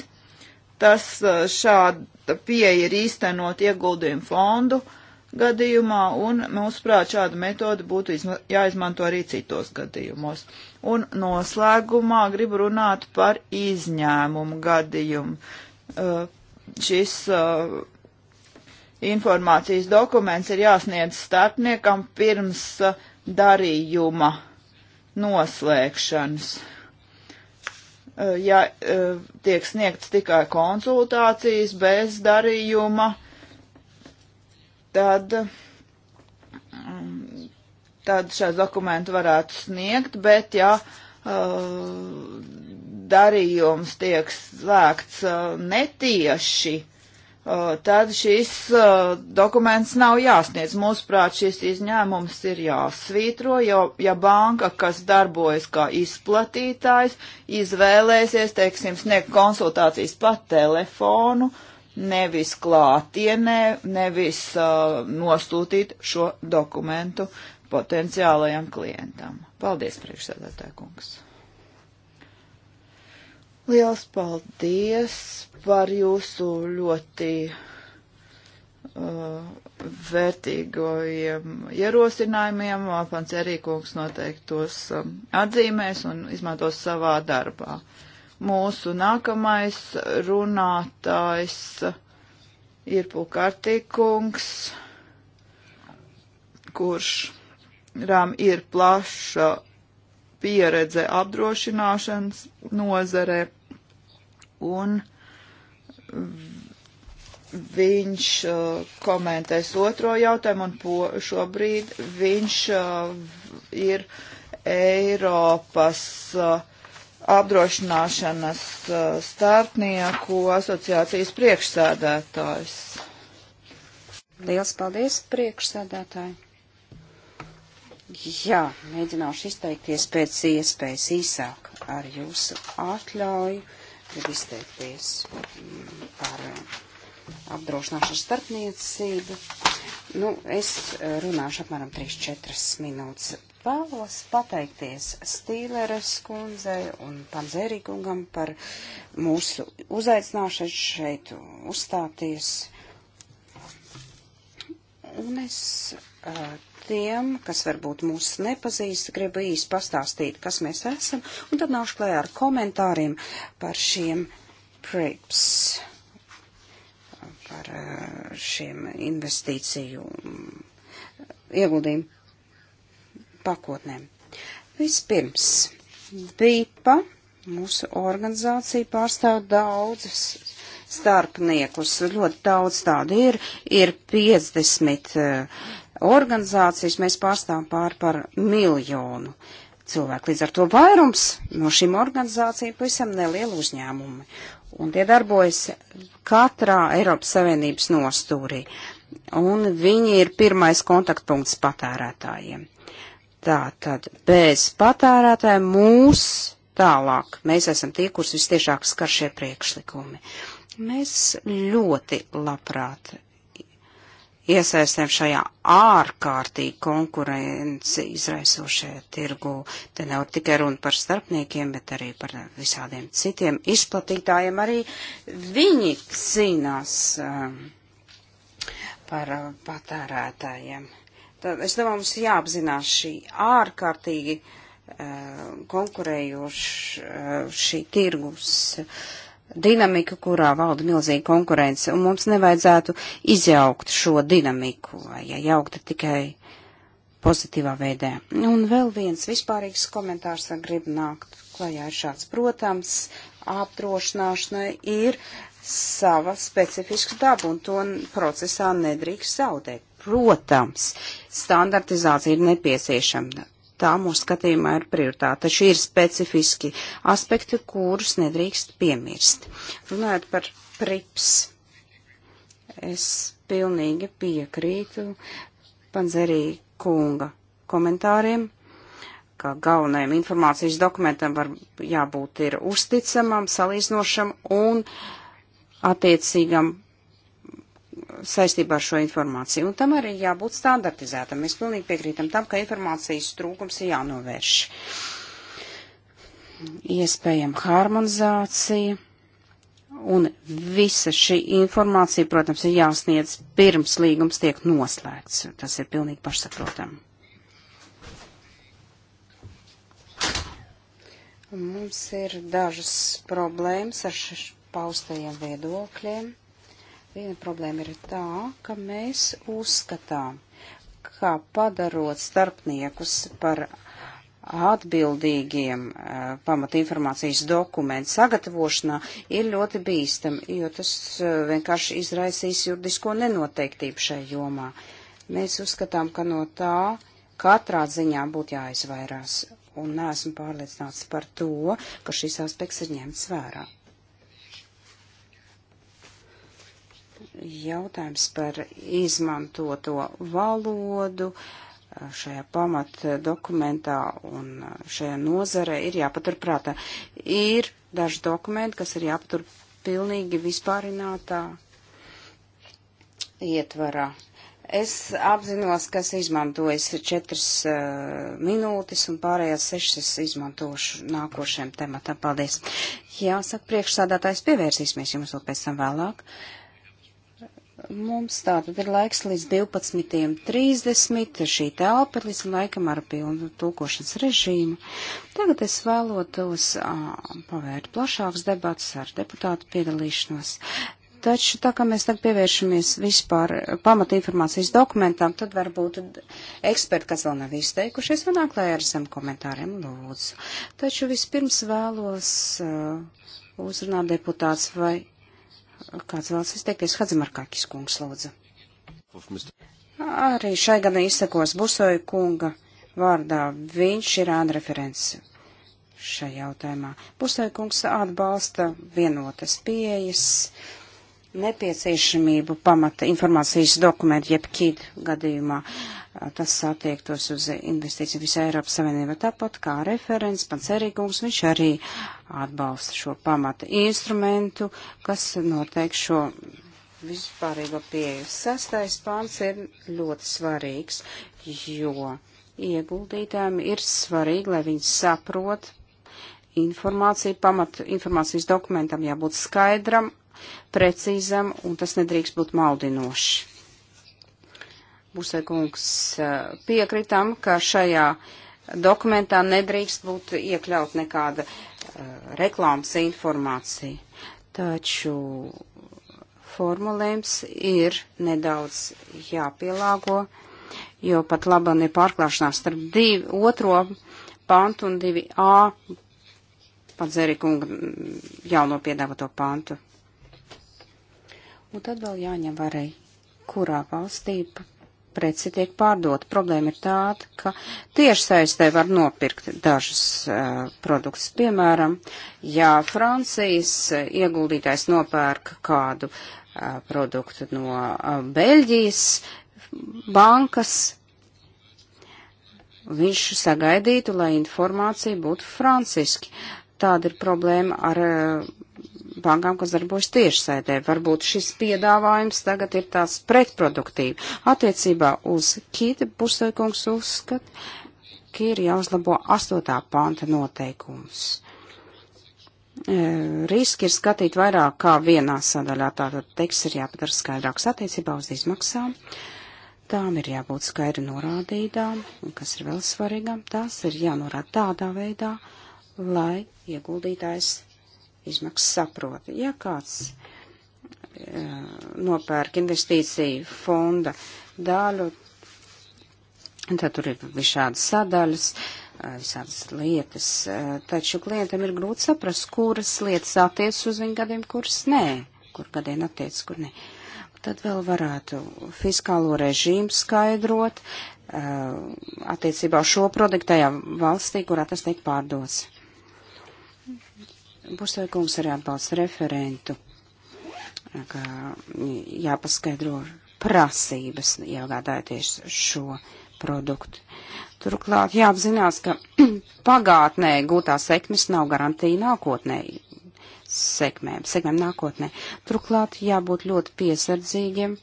Tas uh, šāda pieeja ir īstenot ieguldījumu fondu uh, gadījumā, un mūsuprāt šāda metoda būtu jāizmanto arī citos gadījumos. Un noslēgumā gribu runāt par izņēmumu gadījumu. Uh, šis uh, informācijas dokuments ir jāsniedz starpniekam pirms uh, darījuma noslēgšanas. Uh, ja uh, tiek sniegts tikai konsultācijas bez darījuma, uh, tad, um, tad šādu dokumentu varētu sniegt, bet ja uh, darījums tiek slēgts uh, netieši, uh, tad šis dokuments nav jāsniedz. Mūsuprāt, šis izņēmums ir jāsvītro, jo ja banka, kas darbojas kā izplatītājs, izvēlēsies, teiksim, sniegt konsultācijas pa telefonu, uh, nevis klātienē, nevis uh, nosūtīt šo dokumentu potenciālajam klientam. Paldies, priekšsēdētāj kungs! Liels paldies par jūsu ļoti uh, vērtīgajiem ierosinājumiem. Pants Erīkungs noteikti tos um, atzīmēs un izmantos savā darbā. Uh, Mūsu nākamais runātājs ir Pukartīkungs, kurš rām ir plaša pieredze apdrošināšanas nozare un viņš uh, komentēs otro jautājumu, un po, šobrīd viņš uh, ir Eiropas uh, apdrošināšanas uh, starpnieku asociācijas priekšsēdētājs. Liels paldies, priekšsēdētāji! Jā, mēģināšu izteikties pēc iespējas īsāk ar jūsu atļauju. Gribu izteikties mm, par uh, apdrošināšanas starpniecību. Nu, es runāšu apmēram 3-4 minūtes. Vēlos pateikties Stīleres kundzei un Panzērīkungam par mūsu uzaicināšanu šeit uzstāties. Un es tiem, kas varbūt mūs nepazīst, gribu īsti pastāstīt, kas mēs esam, un tad nāšu klējā ar komentāriem par šiem prips, par šiem investīciju ieguldījumu pakotnēm. Vispirms, BIPA, mūsu organizācija pārstāv daudzas starpniekus, ļoti daudz tādu ir, ir 50 uh, e, organizācijas, mēs pārstāvam pār par miljonu cilvēku. Līdz ar to vairums no šīm organizācijām pavisam nelielu uzņēmumu. Un tie darbojas katrā Eiropas Savienības nostūrī. Un viņi ir pirmais kontaktpunkts patērētājiem. Tā tad bez patērētāja mūs tālāk. Mēs esam tie, kurus vistiešāk skar šie priekšlikumi. Mēs ļoti labprāt iesaistēm šajā ārkārtīgi konkurenci izraisošajā tirgu. Te nav tikai runa par starpniekiem, bet arī par visādiem citiem izplatītājiem. Arī viņi cīnās um, par uh, patērētājiem. Uh, Tad es domāju, mums jāapzinās šī ārkārtīgi eh, konkurējoša eh, šī tirgus eh, dinamika, kurā valda milzīga konkurence, un mums nevajadzētu izjaukt šo dinamiku, vai ja jaukta tikai pozitīvā veidē. Un vēl viens vispārīgs komentārs, ar grib nākt klajā ir šāds, protams, apdrošināšanai ir sava specifiska daba, un to procesā nedrīkst zaudēt. Protams, standartizācija ir nepieciešama. Tā mūsu skatījumā ir prioritāte, taču ir specifiski aspekti, kurus nedrīkst piemirst. Runājot par prips, es pilnīgi piekrītu Panzerī kunga komentāriem, ka galvenajam informācijas dokumentam var jābūt ir uzticamam, salīdzinošam un attiecīgam saistībā ar šo informāciju. Un tam arī jābūt standartizētam. Mēs pilnīgi piekrītam tam, ka informācijas trūkums ir jānovērš. Iespējama harmonizācija. Un visa šī informācija, protams, ir jāsniedz pirms līgums tiek noslēgts. Tas ir pilnīgi pašsaprotami. Mums ir dažas problēmas ar paustajiem viedokļiem. Viena problēma ir tā, ka mēs uzskatām, kā padarot starpniekus par atbildīgiem uh, pamatinformācijas dokumentu sagatavošanā ir ļoti bīstami, jo tas uh, vienkārši izraisīs juridisko nenoteiktību šai jomā. Mēs uzskatām, ka no tā katrā ziņā būtu jāizvairās, un neesmu pārliecināts par to, ka šis aspekts ir ņemts vērā. jautājums par izmantoto valodu šajā pamat dokumentā un šajā nozarē ir jāpaturprātā. Ir daži dokumenti, kas ir jāpatur pilnīgi vispārinātā ietvarā. Es apzinos, ka es izmantoju četras uh, minūtes un pārējās sešas izmantošu nākošajam tematam. Paldies. Jāsaka, priekšsādātājs pievērsīsimies jums vēl pēc tam vēlāk. Uh, Mums tātad ir laiks līdz 12.30, šī telpa ir līdz laikam ar pilnu tūkošanas režīmu. Tagad es vēlotos uh, pavērt plašāks debats ar deputātu piedalīšanos. Taču tā kā mēs tagad pievēršamies vispār pamatinformācijas dokumentam, tad varbūt eksperti, kas vēl nav izteikušies, vēl nāk lai ar zem komentāriem lūdzu. Taču vispirms vēlos uh, uzrunāt deputāts vai Kāds vēlas izteikties? Hadzimarkakis kungs lūdzu. Arī šai gada izsakos Busoju kunga vārdā. Viņš ir ānreferents šajā jautājumā. Busoju kungs atbalsta vienotas pieejas nepieciešamību pamata informācijas dokumentu jeb kīdu gadījumā. Uh, tas attiektos uz investīciju visā Eiropas Savienībā. Tāpat kā referents, pats erīgums, viņš arī atbalsta šo pamata instrumentu, kas noteikti šo vispārīgo pieeju. Sastais pāns ir ļoti svarīgs, jo ieguldītājiem ir svarīgi, lai viņi saprot informāciju, pamatu informācijas dokumentam jābūt skaidram, precīzam, un tas nedrīkst būt maldinoši. Busekungs piekritam, ka šajā dokumentā nedrīkst būt iekļaut nekāda uh, reklāmas informācija. Taču formulējums ir nedaudz jāpielāgo, jo pat laba nepārklāšanās starp divi, otro pantu un divi A padzerikunga mm, jauno piedāvāto pantu. Un tad vēl jāņem varēja, kurā valstī preci tiek pārdota. Problēma ir tāda, ka tiešsaistē var nopirkt dažas uh, produktus. Piemēram, ja Francijas eh, ieguldītājs nopērk kādu uh, produktu no uh, Beļģijas bankas, viņš sagaidītu, lai informācija būtu franciski. Tāda ir problēma ar uh, bankām, kas darbojas tiešsaitē. Varbūt šis piedāvājums tagad ir tāds pretproduktīvi. Attiecībā uz Kīta Bursaikungs uzskat, ka ir jāuzlabo 8. panta noteikums. E, riski ir skatīt vairāk kā vienā sadaļā, tātad teksts ir jāpadara skaidrāks attiecībā uz izmaksām. Tām ir jābūt skaidri norādītām, un kas ir vēl svarīgāk, tās ir jānorāda tādā veidā, lai ieguldītājs izmaksas saprota. Ja kāds e, nopērk investīciju fonda daļu, tad tur ir visādas sadaļas, e, visādas lietas, e, taču klientam ir grūti saprast, kuras lietas attiec uz viņu gadiem, kuras nē, kur gadiem attiec, kur nē. Tad vēl varētu fiskālo režīmu skaidrot attiecībā uz šo produktu tajā valstī, kurā tas tiek pārdots. Bustoikums arī atbalsta referentu, ka jāpaskaidro prasības, jāgādāties šo produktu. Turklāt jāapzinās, ka *clears throat* pagātnē gūtā sekmes nav garantīja nākotnē, sekmēm, sekmēm nākotnē. Turklāt jābūt ļoti piesardzīgiem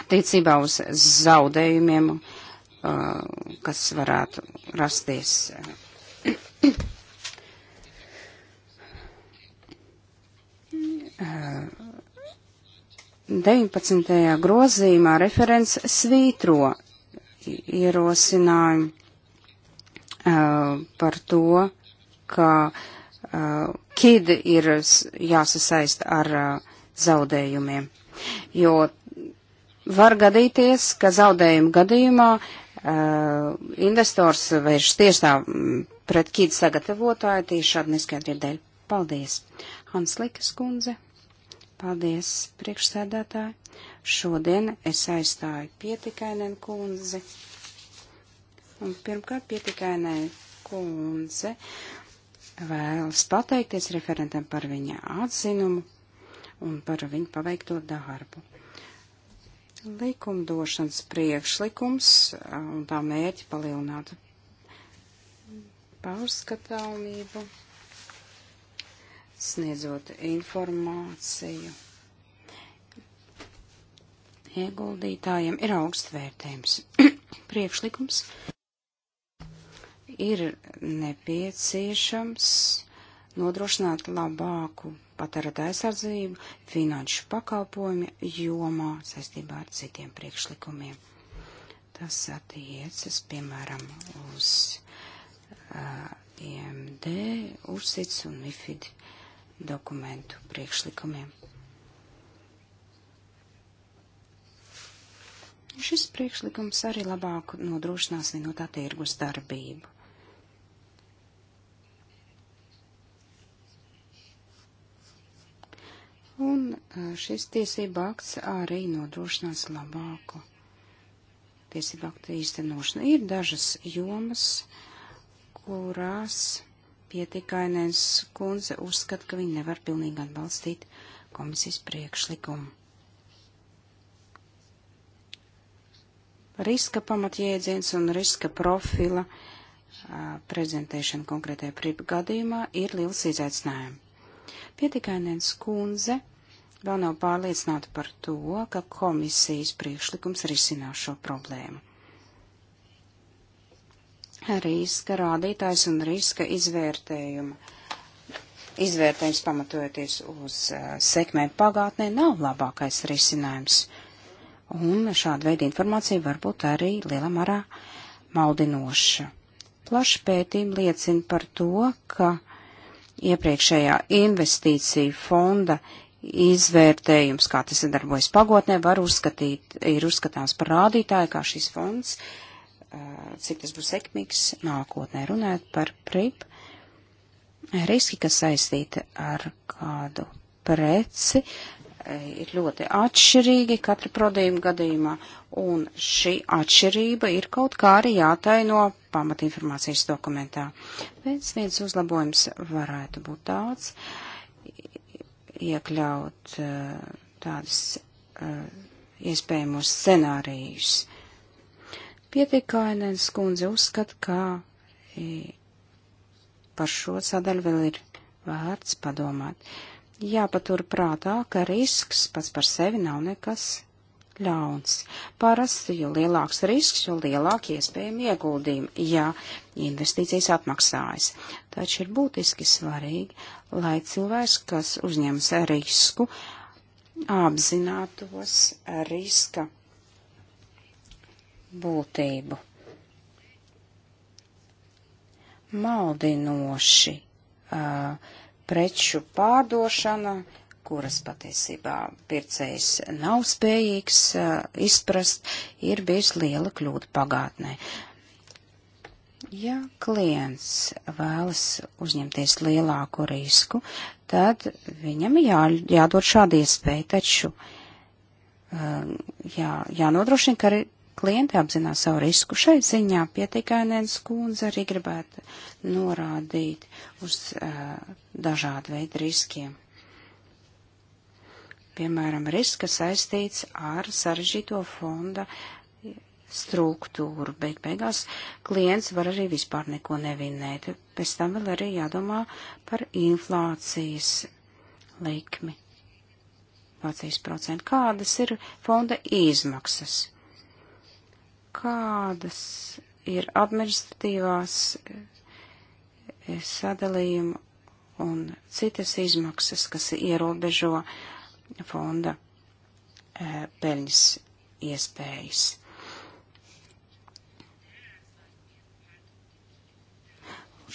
attiecībā uz zaudējumiem, uh, kas varētu rasties *clears throat* 19. Eh, grozījumā referents svītro ierosinājumu eh, par to, ka eh, kidi ir jāsasaist ar zaudējumiem, jo var gadīties, ka zaudējuma gadījumā uh, investors vēršas tiešā mm, pret kīdu sagatavotāju tieši šādu neskaidrību dēļ. Paldies! Hans Likas kundze. Paldies, priekšsēdētāji. Šodien es aizstāju pietikainen kundzi. Un pirmkārt pietikainen kundze vēlas pateikties referentam par viņa atzinumu un par viņu paveikto darbu. Likumdošanas priekšlikums uh, un tā mērķi palielināt pārskatāmību sniedzot informāciju ieguldītājiem, ir augstvērtējums. *clears throat* Priekšlikums ir nepieciešams nodrošināt labāku patērētāju aizsardzību finanšu pakalpojumi jomā saistībā ar citiem priekšlikumiem. Tas attiecas, piemēram, uz uh, IMD, USITS un MIFID dokumentu priekšlikumiem. Šis priekšlikums arī labāk nodrošinās vienotā tirgus darbību. Un e, šis tiesība akts arī nodrošinās labāku tiesību aktu īstenošanu. Ir dažas jomas, kurās Pietikainēns kundze uzskata, ka viņi nevar pilnīgi atbalstīt komisijas priekšlikumu. Riska pamatjēdziens un riska profila a, prezentēšana konkrētajā gadījumā ir liels izaicinājums. Pietikainēns kundze vēl nav pārliecināta par to, ka komisijas priekšlikums risinās šo problēmu riska rādītājs un riska izvērtējuma. Izvērtējums pamatojoties uz uh, sekmēm pagātnē nav labākais risinājums. Un šāda veida informācija var būt arī lielā mērā maldinoša. Plaši pētījumi liecina par to, ka iepriekšējā investīcija fonda izvērtējums, kā tas ir darbojas pagotnē, var uzskatīt, ir uzskatāms par rādītāju, kā šis fonds Eh, cik tas būs sekmīgs nākotnē. Runājot par PRIP, riski, kas saistīti ar kādu preci, eh, ir ļoti atšķirīgi katra prodījuma gadījumā, un šī atšķirība ir kaut kā arī jātaino pamatinformācijas dokumentā. Viens viens uzlabojums varētu būt tāds, iekļaut eh, tādas iespējamos scenārijus Pietikainens kundze uzskata, ka e, par šo sadaļu vēl ir vērts padomāt. Jāpatur prātā, ka risks pats par sevi nav nekas ļauns. Parasti, jo lielāks risks, jo lielāk iespējami ieguldījumi, ja investīcijas atmaksājas. Taču ir būtiski svarīgi, lai cilvēks, kas uzņems risku, apzinātos riska būtību. Maldinoši uh, preču pārdošana, kuras patiesībā pircējs nav spējīgs uh, izprast, ir bijusi liela kļūda pagātnē. Ja klients vēlas uzņemties lielāku risku, tad viņam jā, jādod šāda iespēja, taču uh, jā, jānodrošina, ka arī Klienti apzinās savu risku. Šai ziņā pietikainēns kundze arī gribētu norādīt uz uh, dažādu veidu riskiem. Piemēram, riska saistīts ar sarežģīto fonda struktūru. Beig beigās klients var arī vispār neko nevinēt. Pēc tam vēl arī jādomā par inflācijas likmi. Vācijas procentu. Kādas ir fonda izmaksas? kādas ir administratīvās eh, sadalījuma un citas izmaksas, kas ierobežo fonda eh, peļņas iespējas.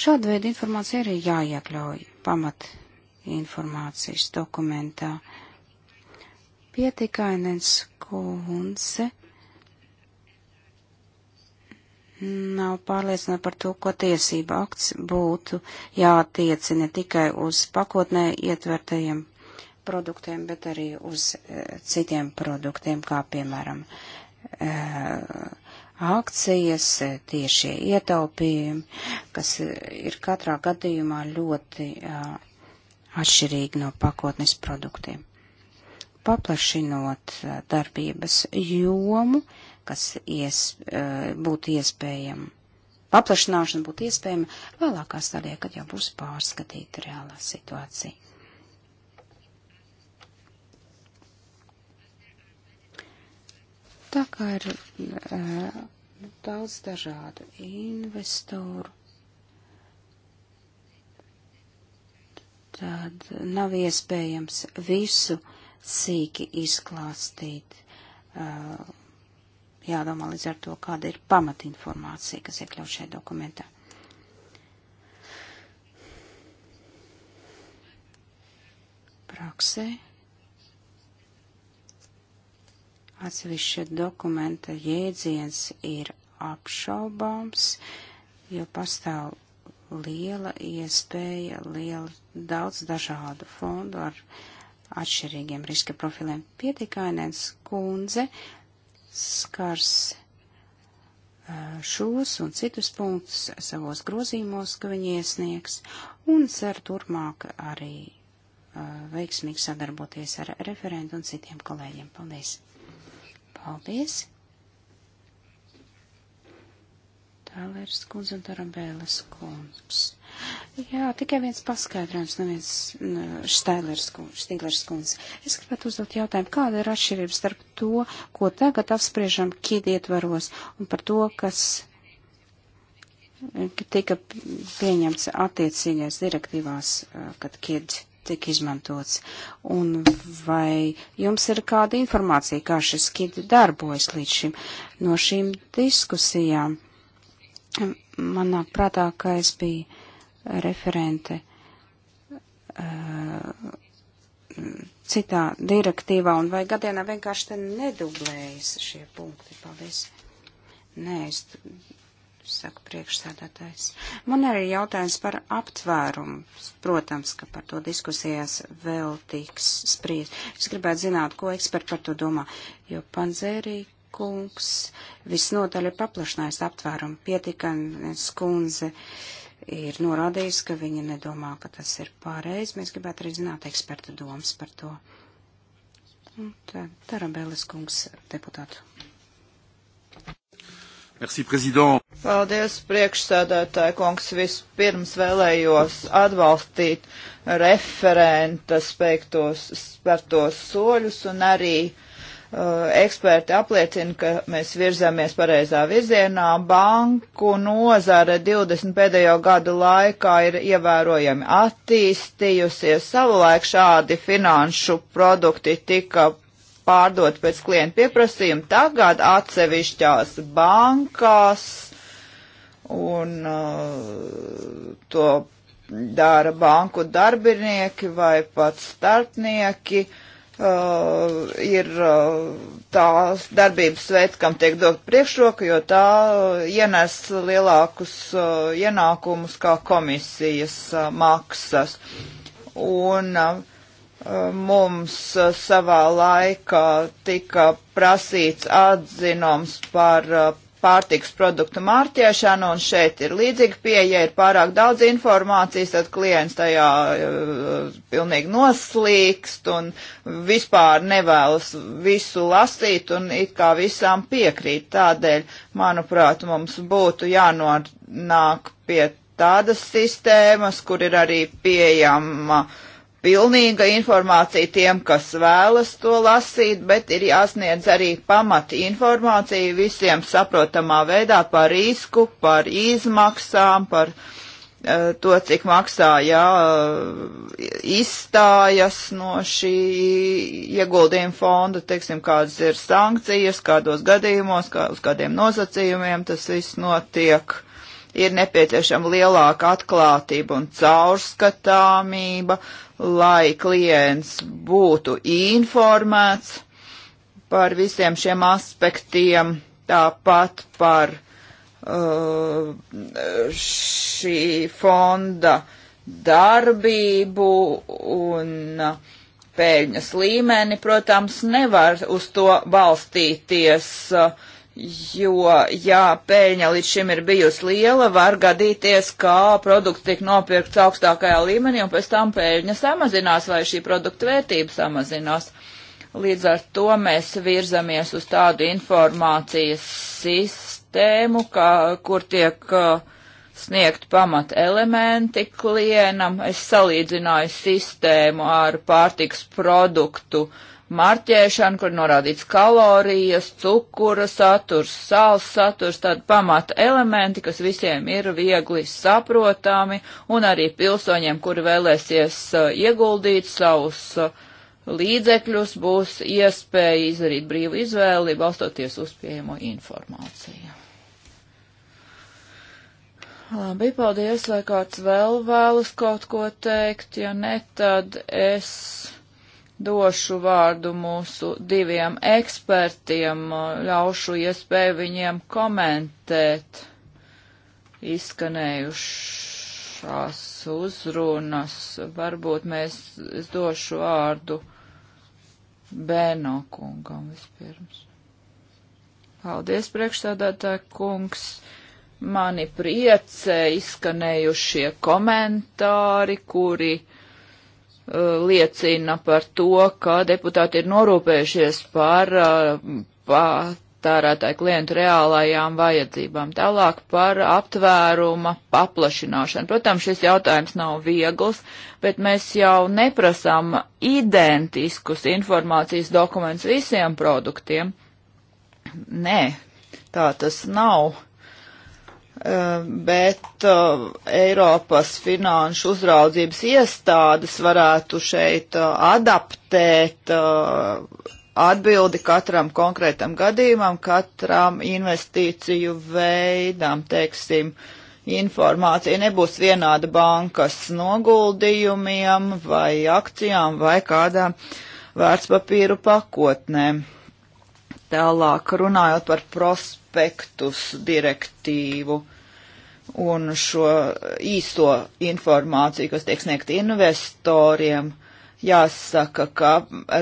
Šāda veida informācija arī jāiekļauj pamat informācijas dokumentā. Pietikainens kundze nav pārliecināta par to, ko tiesība akts būtu jātiecina tikai uz pakotnē ietvertajiem produktiem, bet arī uz e, citiem produktiem, kā piemēram e, akcijas, eh, tiešie ietaupījumi, kas ir katrā gadījumā ļoti e, atšķirīgi no pakotnes produktiem. Paplašinot darbības jomu, e, kas ies, eh, būtu iespējama. Paplašināšana būtu iespējama vēlākā stadijā, kad jau būs pārskatīta reālā situācija. Tā kā ir uh, daudz dažādu investoru, tad nav iespējams visu sīki izklāstīt. Uh, jādomā līdz ar to, kāda ir pamatinformācija, kas iekļaut šajā dokumentā. Praksē atsevišķa dokumenta jēdziens ir apšaubāms, jo pastāv liela iespēja, liela daudz dažādu fondu ar atšķirīgiem riska profiliem. Pietikainēns kundze skars šos un citus punktus savos grozīmos, ka viņi iesniegs, un cer turpmāk arī veiksmīgi sadarboties ar referentu un citiem kolēģiem. Paldies! Paldies! Tālērs kundze un Tarabēlas kungs. Jā, tikai viens paskaidrojums, neviens Štailers kundze. Es gribētu uzdot jautājumu, kāda ir atšķirība starp to, ko tagad apspriežam kid ietvaros, un par to, kas eh, tika pieņemts attiecīgais direktīvās, eh, kad kid tika izmantots. Un vai jums ir kāda informācija, kā šis kid darbojas līdz šim no šīm diskusijām? Manā prātā, ka es biju referente eh, citā direktīvā, un vai gadienā vienkārši te nedublējas šie punkti. Paldies. Nē, es saku priekšsādātājs. Man arī jautājums par aptvērumu. Protams, ka par to diskusijās vēl tiks spriest. Es gribētu zināt, ko eksperti par to domā, jo Panzērī kungs visnotaļ ir paplašinājis aptvērumu. Pietikam, skundze. Uh, ir norādījusi, ka viņa nedomā, ka tas ir pareizi. Mēs gribētu arī zināt eksperta domas par to. Tarabēlis kungs, deputātu. Merci, prezident. Paldies, priekšsēdētāji kungs. Vispirms vēlējos atbalstīt referentas spērtos soļus un arī uh, Eh, eksperti apliecina, ka mēs virzāmies pareizā virzienā. Banku nozara 20 pēdējo gadu laikā ir ievērojami attīstījusies. Savulaik šādi finanšu produkti tika pārdot pēc klienta pieprasījuma. Tagad atsevišķās bankās un uh, to dara banku darbinieki vai pat starpnieki. Uh, uh, ir uh, eh, tās darbības veids, kam tiek dot priekšroka, jo tā uh, ienes lielākus uh, ienākumus kā komisijas uh, maksas. Un uh, mums uh, savā laikā tika prasīts atzinoms par uh, pārtiks produktu mārķēšanu, un šeit ir līdzīga pieeja, ja ir pārāk daudz informācijas, tad klients tajā uh, pilnīgi noslīkst un vispār nevēlas visu lasīt un it kā visām piekrīt. Tādēļ, manuprāt, mums būtu jānonāk pie tādas sistēmas, kur ir arī pieejama uh, pilnīga informācija tiem, kas vēlas to lasīt, bet ir jāsniedz arī pamati informācija visiem saprotamā veidā par risku, par izmaksām, par uh, to, cik maksā jā, eh, izstājas no šī ieguldījuma fonda, teiksim, kādas ir sankcijas, kādos gadījumos, kā, uz kādiem nosacījumiem tas viss notiek ir nepieciešama lielāka atklātība un caurskatāmība, lai klients būtu informēts par visiem šiem aspektiem, tāpat par uh, šī fonda darbību un uh, pēļņas līmeni, protams, nevar uz to balstīties uh, jo, ja pēļņa līdz šim ir bijusi liela, var gadīties, ka produkts tiek nopirkts augstākajā līmenī un pēc tam pēļņa samazinās vai šī produkta vērtība samazinās. Līdz ar to mēs virzamies uz tādu informācijas sistēmu, ka, kur tiek uh, sniegt pamat elementi klienam. Es salīdzināju sistēmu ar pārtiks produktu uh, marķēšana, kur norādīts kalorijas, cukura saturs, sāls saturs, tādi pamata elementi, kas visiem ir viegli saprotami, un arī pilsoņiem, kuri vēlēsies uh, ieguldīt savus uh, līdzekļus, būs iespēja izdarīt brīvu izvēli, balstoties uz pieejamo informāciju. Labi, paldies, vai kāds vēl vēlas kaut ko teikt, ja ne, tad es došu vārdu mūsu diviem ekspertiem, ļaušu iespēju viņiem komentēt izskanējušās uzrunas. Varbūt mēs, es došu vārdu Bēno kungam vispirms. Paldies, priekšsādātāja kungs. Mani priecē izskanējušie komentāri, kuri Eh, liecina par to, ka deputāti ir norūpējušies par eh, patērētāju klientu reālajām vajadzībām. Tālāk par aptvēruma paplašināšanu. Protams, šis jautājums nav viegls, bet mēs jau neprasām identiskus informācijas dokumentus visiem produktiem. Nē, tā tas nav. Eh, bet eh, Eiropas finanšu uzraudzības iestādes varētu šeit eh, adaptēt atbildi katram konkrētam gadījumam, katram investīciju veidam, teiksim, informācija nebūs vienāda bankas noguldījumiem vai akcijām vai kādām vērtspapīru pakotnēm. Tālāk runājot par prospektus direktīvu un šo īso informāciju, kas tiek sniegt investoriem, jāsaka, ka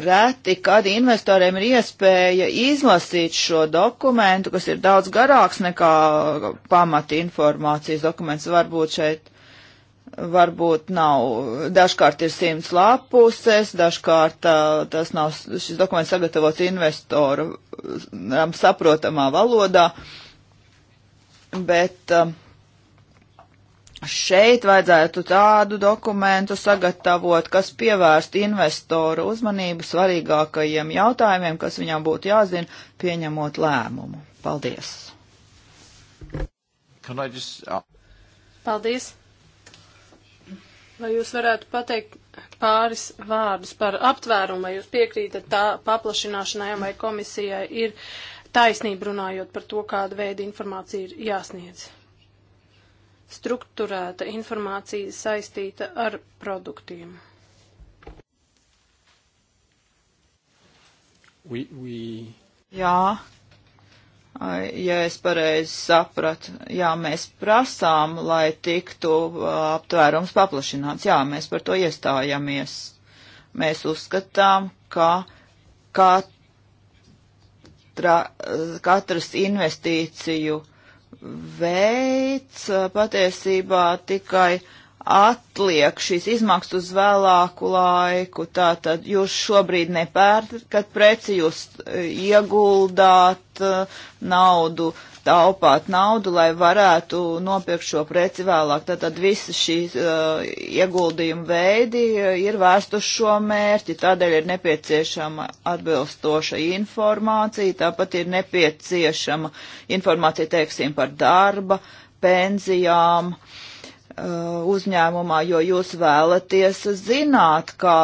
reti, kad investoriem ir iespēja izlasīt šo dokumentu, kas ir daudz garāks nekā pamata informācijas dokuments, varbūt šeit varbūt nav, dažkārt ir simts lapuses, dažkārt tas nav, šis dokuments sagatavots investoram saprotamā valodā, bet uh, Šeit vajadzētu tādu dokumentu sagatavot, kas pievērst investoru uzmanību svarīgākajiem jautājumiem, kas viņam būtu jāzina, pieņemot lēmumu. Paldies! Just... Uh, Paldies! Vai jūs varētu pateikt pāris vārdus par aptvērumu, vai jūs piekrītat tā paplašināšanai, vai komisijai ir taisnība runājot par to, kādu veidu informācija ir jāsniedz? strukturēta informācija saistīta ar produktiem. We, we... Jā, ja es pareizi sapratu, jā, mēs prasām, lai tiktu uh, aptvērums paplašināts. Jā, mēs par to iestājamies. Mēs uzskatām, ka katra, katras investīciju veids patiesībā tikai atliek šīs izmaksas uz vēlāku laiku. Tātad jūs šobrīd nepērkat preci, jūs ieguldāt naudu taupāt naudu, lai varētu nopirkt šo preci vēlāk. Tātad visi šīs uh, ieguldījuma veidi uh, ir vērst uz šo mērķi, tādēļ ir nepieciešama atbilstoša informācija, tāpat ir nepieciešama informācija, teiksim, par darba, pensijām uh, uzņēmumā, jo jūs vēlaties zināt, kā,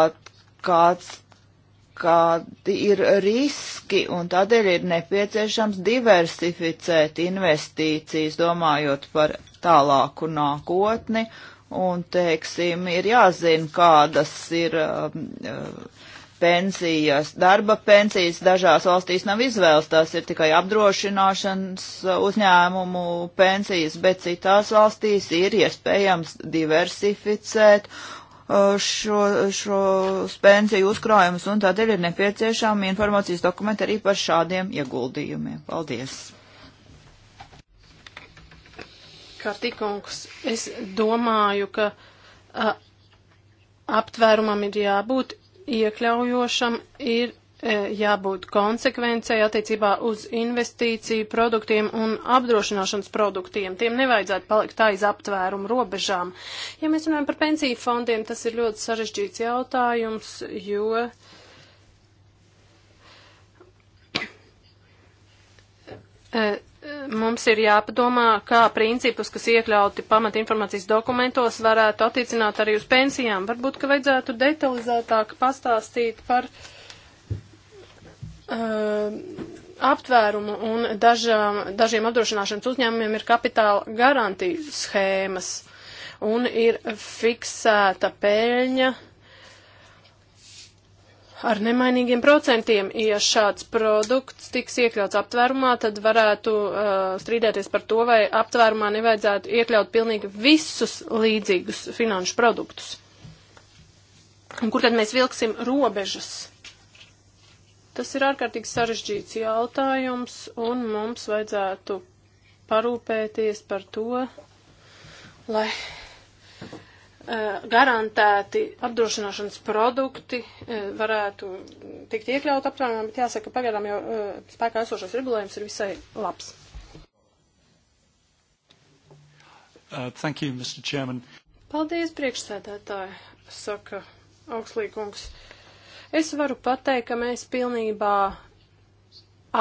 kāds kādi ir riski, un tādēļ ir nepieciešams diversificēt investīcijas, domājot par tālāku nākotni, un, teiksim, ir jāzina, kādas ir um, uh, pensijas, darba pensijas dažās valstīs nav izvēles, tās ir tikai apdrošināšanas uh, uzņēmumu pensijas, bet citās valstīs ir iespējams diversificēt šo, šos pensiju uzkrājumus, un tādēļ ir nepieciešama informācijas dokumenta arī par šādiem ieguldījumiem. Paldies! Kartikungs, es domāju, ka a, aptvērumam ir jābūt iekļaujošam, ir E, jābūt konsekvencei attiecībā uz investīciju produktiem un apdrošināšanas produktiem. Tiem nevajadzētu palikt aiz aptvērumu robežām. Ja mēs runājam par pensiju fondiem, tas ir ļoti sarežģīts jautājums, jo. E, mums ir jāpadomā, kā principus, kas iekļauti pamatinformācijas dokumentos, varētu attiecināt arī uz pensijām. Varbūt, ka vajadzētu detalizētāk pastāstīt par uh, uh, aptvērumu un dažām, dažiem apdrošināšanas uzņēmumiem ir kapitāla garantiju schēmas un ir fiksēta peļņa ar nemainīgiem procentiem. Ja šāds produkts tiks iekļauts aptvērumā, tad varētu uh, strīdēties par to, vai aptvērumā nevajadzētu iekļaut pilnīgi visus līdzīgus finanšu produktus. Un kur tad mēs vilksim robežas? Tas ir ārkārtīgi sarežģīts jautājums, un mums vajadzētu parūpēties par to, lai e, garantēti apdrošināšanas produkti e, varētu tikt iekļaut aptvērumā, bet jāsaka, pagaidām jau e, spēkā esošais regulējums ir visai labs. Uh, thank you, Mr. Chairman. Paldies, priekšsēdētāji, saka augstlīgums. Uh, Es varu pateikt, ka mēs pilnībā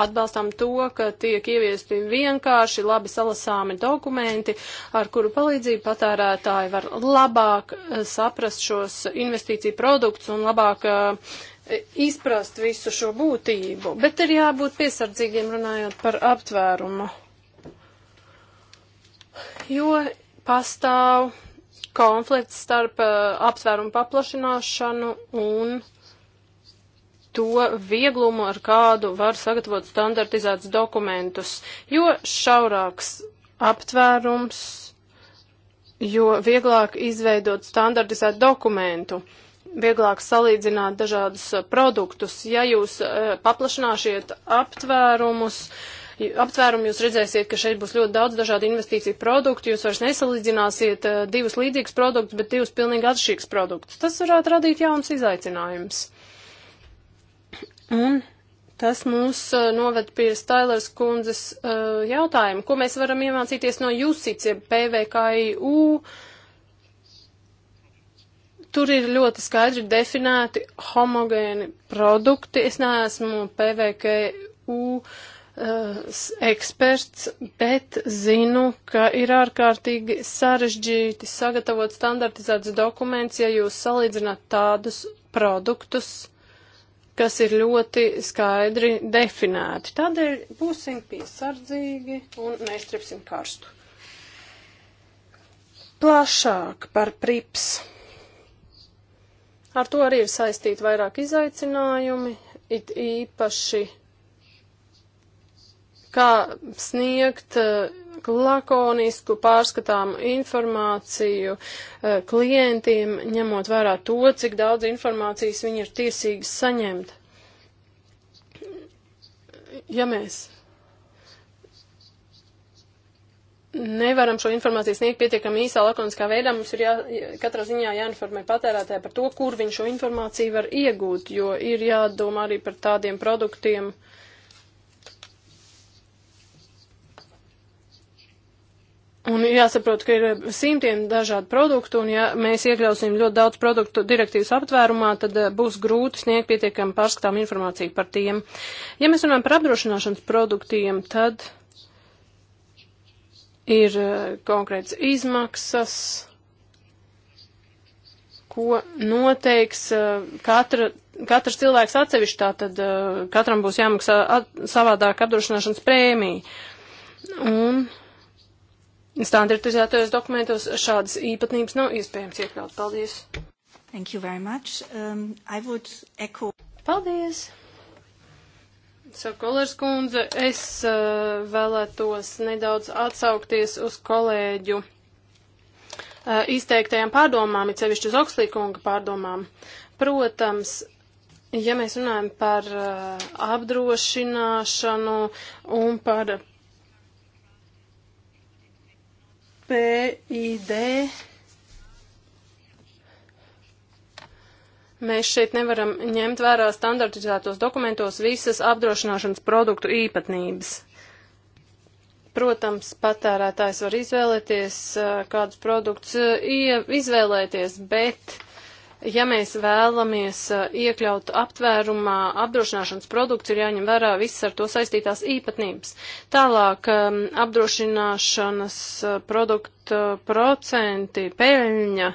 atbalstam to, ka tiek ieviesti vienkārši, labi salasāmi dokumenti, ar kuru palīdzību patērētāji var labāk eh, saprast šos investīciju produktus un labāk uh, izprast visu šo būtību, bet ir jābūt piesardzīgiem runājot par aptvērumu. Jo pastāv konflikts starp uh, aptvērumu paplašināšanu un uh, to vieglumu, ar kādu var sagatavot standartizētus dokumentus, jo šaurāks aptvērums, jo vieglāk izveidot standartizētu dokumentu vieglāk salīdzināt dažādus produktus. Ja jūs e, paplašināsiet aptvērumus, aptvērumu jūs redzēsiet, ka šeit būs ļoti daudz dažādu investīciju produktu, jūs vairs nesalīdzināsiet e, divus līdzīgus produktus, bet divus pilnīgi atšķirīgus produktus. Tas varētu radīt jauns izaicinājums. Un tas mūs uh, noved pie Stailers kundzes uh, jautājuma, ko mēs varam iemācīties no UCITS, jeb PVKIU. Tur ir ļoti skaidri definēti homogēni produkti. Es neesmu PVKU uh, eh, eksperts, bet zinu, ka ir ārkārtīgi sarežģīti sagatavot standartizētus dokumentus, ja jūs salīdzināt tādus produktus, kas ir ļoti skaidri definēti. Tādēļ būsim piesardzīgi un neiztrepsim karstu. Plašāk par prips. Ar to arī ir saistīti vairāk izaicinājumi, it īpaši kā sniegt eh, lakonisku pārskatāmu informāciju eh, klientiem, ņemot vērā to, cik daudz informācijas viņi ir tiesīgi saņemt. Ja mēs nevaram šo informāciju sniegt pietiekami īsā lakoniskā veidā, mums ir jā, katrā ziņā jāinformē patērētāji par to, kur viņš šo informāciju var iegūt, jo ir jādomā arī par tādiem produktiem, uh, Un jāsaprot, ka ir simtiem dažādu produktu, un ja mēs iekļausim ļoti daudz produktu direktīvas aptvērumā, tad eh, būs grūti sniegt pietiekami pārskatām informāciju par tiem. Ja mēs runājam par apdrošināšanas produktiem, tad ir eh, konkrēts izmaksas, ko noteiks eh, katra katrs cilvēks atsevišķi, tā tad uh, katram būs jāmaksā at, savādāk apdrošināšanas prēmija. Un Standartizētajos dokumentos šādas īpatnības nav iespējams iekļaut. Paldies! Thank you very much. Um, I would echo. Paldies! Saka Kolers kundze, es uh, vēlētos nedaudz atsaukties uz kolēģu uh, izteiktajām pārdomām, it sevišķi uz Okslīkunga pārdomām. Protams, ja mēs runājam par uh, apdrošināšanu un par PID. Mēs šeit nevaram ņemt vērā standartizētos dokumentos visas apdrošināšanas produktu īpatnības. Protams, patērētājs var izvēlēties, eh, kādus produktus eh, izvēlēties, bet uh, ja mēs vēlamies eh, iekļaut aptvērumā apdrošināšanas produkts, ir jāņem vērā visas ar to saistītās īpatnības. Tālāk ehm, apdrošināšanas eh, produktu eh, procenti, peļņa.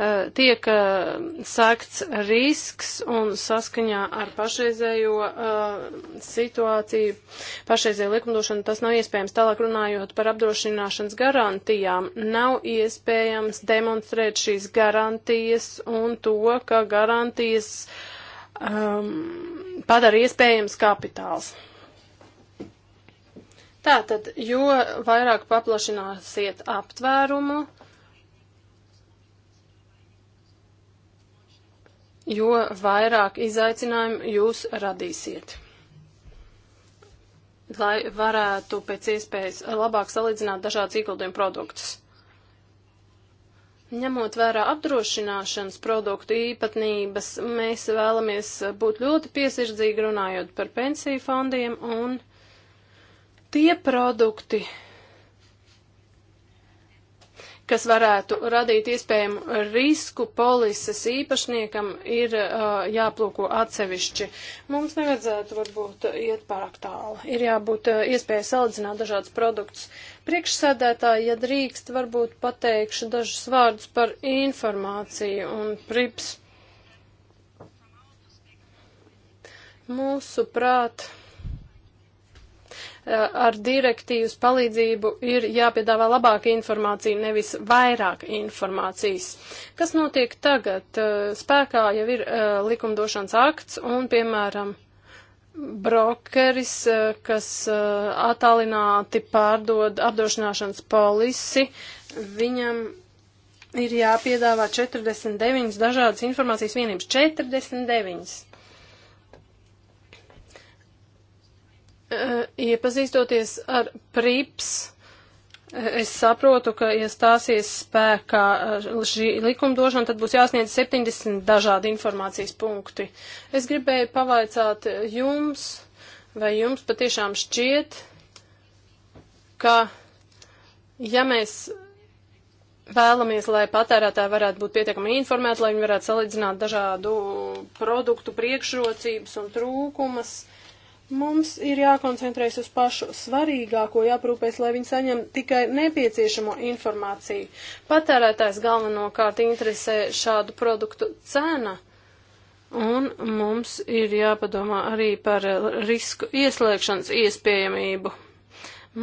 Eh, tiek eh, sākts risks un saskaņā ar pašreizējo eh, situāciju, pašreizēju likumdošanu tas nav iespējams. Tālāk runājot par apdrošināšanas garantijām, nav iespējams demonstrēt šīs garantijas un to, ka garantijas um, padara iespējams kapitāls. Tātad, jo vairāk paplašināsiet aptvērumu, jo vairāk izaicinājumu jūs radīsiet. Lai varētu pēc iespējas labāk salīdzināt dažādas ieguldījumu produktus. Ņemot vērā apdrošināšanas produktu īpatnības, mēs vēlamies būt ļoti piesardzīgi runājot par pensiju fondiem un tie produkti, kas varētu radīt iespējamu risku polises īpašniekam, ir uh, jāplūko atsevišķi. Mums nevajadzētu varbūt iet pārāk tālu. Ir jābūt uh, iespēja salīdzināt dažādus produktus. Priekšsēdētāji, ja drīkst, varbūt pateikšu dažus vārdus par informāciju un prips. Mūsu prāt. Eh, ar direktīvas palīdzību ir jāpiedāvā labāka informācija, nevis vairāk informācijas. Kas notiek tagad? Eh, spēkā jau ir eh, likumdošanas akts un, piemēram, brokeris, kas attālināti pārdod apdrošināšanas polisi, viņam ir jāpiedāvā 49 dažādas informācijas vienības. 49! Eh, iepazīstoties ar PRIPS, eh, es saprotu, ka, ja stāsies spēkā eh, šī likumdošana, tad būs jāsniedz 70 dažādi informācijas punkti. Es gribēju pavaicāt jums, vai jums patiešām šķiet, ka, ja mēs vēlamies, lai patērētāji varētu būt pietiekami informēti, lai viņi varētu salīdzināt dažādu produktu priekšrocības un trūkumas, uh, Mums ir jākoncentrējas uz pašu svarīgāko, jāprūpēs, lai viņi saņem tikai nepieciešamo informāciju. Patērētājs galvenokārt interesē šādu produktu cena, un mums ir jāpadomā arī par risku ieslēgšanas iespējamību.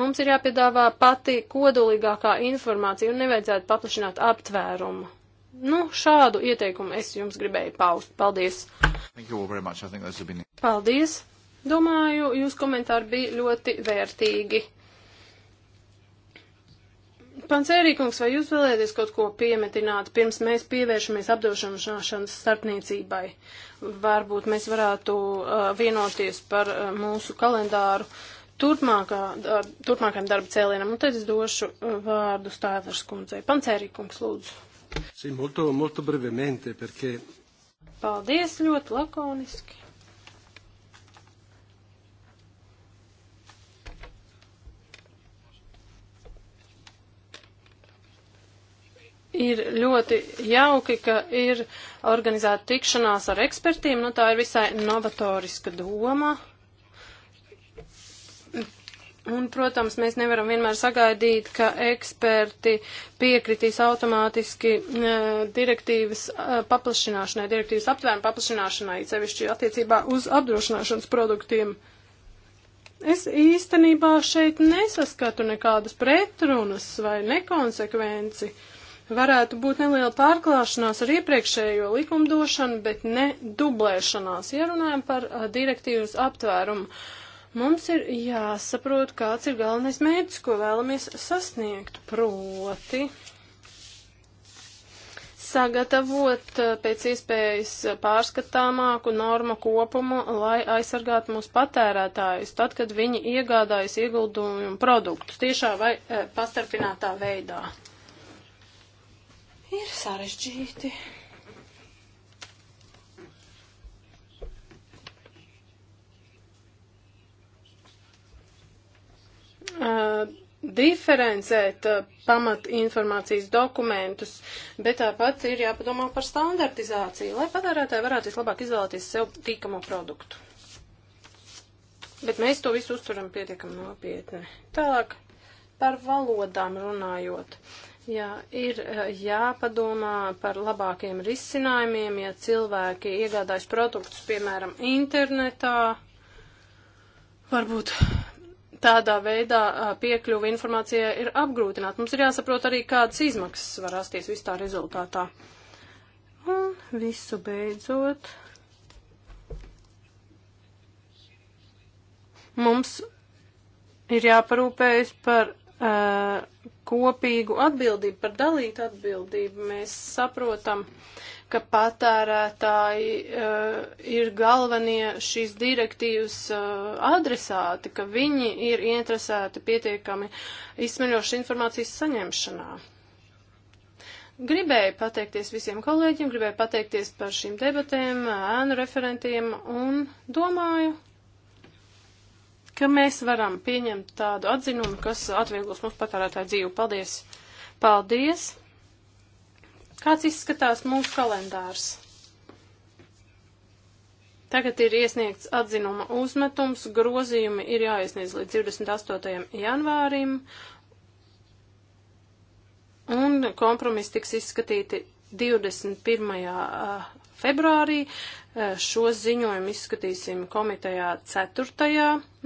Mums ir jāpiedāvā pati kodolīgākā informācija un nevajadzētu paplašināt aptvērumu. Nu, šādu ieteikumu es jums gribēju paust. Paldies! Been... Paldies! Domāju, jūs komentāri bija ļoti vērtīgi. Pancērīkungs, vai jūs vēlēties kaut ko piemetināt, pirms mēs pievēršamies apdrošināšanas starpniecībai? Varbūt mēs varētu uh, vienoties par uh, mūsu kalendāru turpmākā, dar, turpmākajam darba cēlienam, un tad es došu uh, vārdu Stāvars kundzei. Pancērīkungs, lūdzu. Sì, molto, molto brevemente, perché... Paldies, ļoti lakoniski. ir ļoti jauki, ka ir organizēta tikšanās ar ekspertiem. Nu, tā ir visai novatoriska doma. Un, protams, mēs nevaram vienmēr sagaidīt, ka eksperti piekritīs automātiski e, direktīvas e, paplašināšanai, direktīvas aptvērumu paplašināšanai, sevišķi attiecībā uz apdrošināšanas produktiem. Es īstenībā šeit nesaskatu nekādas pretrunas vai nekonsekvenci. Uh, varētu būt neliela pārklāšanās ar iepriekšējo likumdošanu, bet ne dublēšanās. Ja runājam par uh, direktīvas aptvērumu, mums ir jāsaprot, kāds ir galvenais mērķis, ko vēlamies sasniegt. Proti sagatavot uh, pēc iespējas pārskatāmāku normu kopumu, lai aizsargātu mūsu patērētājus, tad, kad viņi iegādājas ieguldījumu produktus tiešā vai uh, pastarpinātā veidā ir sarežģīti. Uh, diferencēt uh, pamat informācijas dokumentus, bet tāpat ir jāpadomā par standartizāciju, lai patērētāji varētu vislabāk izvēlēties sev tīkamo produktu. Bet mēs to visu uzturam pietiekami nopietni. Tālāk par valodām runājot. Uh, Jā, ir eh, jāpadomā par labākiem risinājumiem, ja cilvēki iegādājas produktus, piemēram, internetā, varbūt tādā veidā eh, piekļuva informācijai ir apgrūtināta. Mums ir jāsaprot arī, kādas izmaksas var rasties vis tā rezultātā. Un visu beidzot. Mums ir jāparūpējas par uh, kopīgu atbildību, par dalītu atbildību. Mēs saprotam, ka patērētāji uh, ir galvenie šīs direktīvas uh, adresāti, ka viņi ir interesēti pietiekami izsmeļošu informācijas saņemšanā. Gribēju pateikties visiem kolēģiem, gribēju pateikties par šīm debatēm, ēnu referentiem un domāju, ka mēs varam pieņemt tādu atzinumu, kas atvieglos mūsu patērētāju dzīvi. Paldies! Paldies! Kāds izskatās mūsu kalendārs? Tagad ir iesniegts atzinuma uzmetums, grozījumi ir jāiesniedz līdz 28. janvārim, un kompromiss tiks izskatīti 21. Eh, februārī. Šo ziņojumu izskatīsim komitejā 4.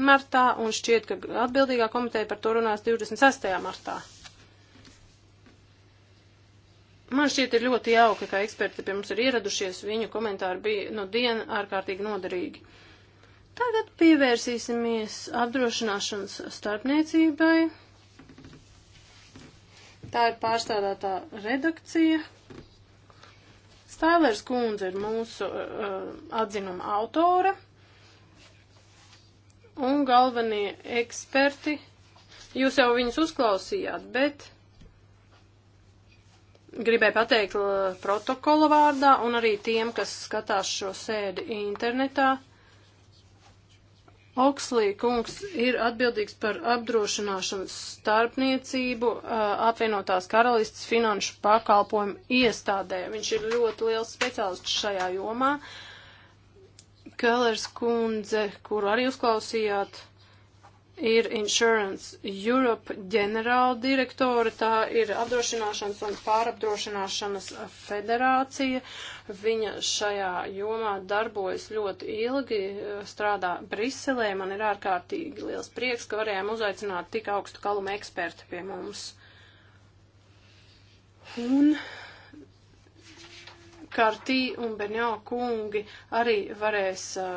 martā un šķiet, ka atbildīgā komiteja par to runās 26. martā. Man šķiet ir ļoti jauki, ka eksperti pie mums ir ieradušies, viņu komentāri bija no nu, diena ārkārtīgi noderīgi. Tagad pievērsīsimies apdrošināšanas starpniecībai. Tā ir pārstādātā redakcija, Stailers kundze ir mūsu uh, uh, atzinuma autore un galvenie eksperti. Jūs jau viņus uzklausījāt, bet gribēju pateikt uh, protokola vārdā un arī tiem, kas skatās šo sēdi internetā. Augslī kungs ir atbildīgs par apdrošināšanas starpniecību apvienotās karalistas finanšu pakalpojumu iestādē. Viņš ir ļoti liels speciālists šajā jomā. Kellers kundze, kuru arī uzklausījāt, ir Insurance Europe ģenerāla direktore, tā ir apdrošināšanas un pārapdrošināšanas federācija. Viņa šajā jomā darbojas ļoti ilgi, strādā Briselē. Man ir ārkārtīgi liels prieks, ka varējām uzaicināt tik augstu kalumu ekspertu pie mums. Un Kartī un Benjo kungi arī varēs uh,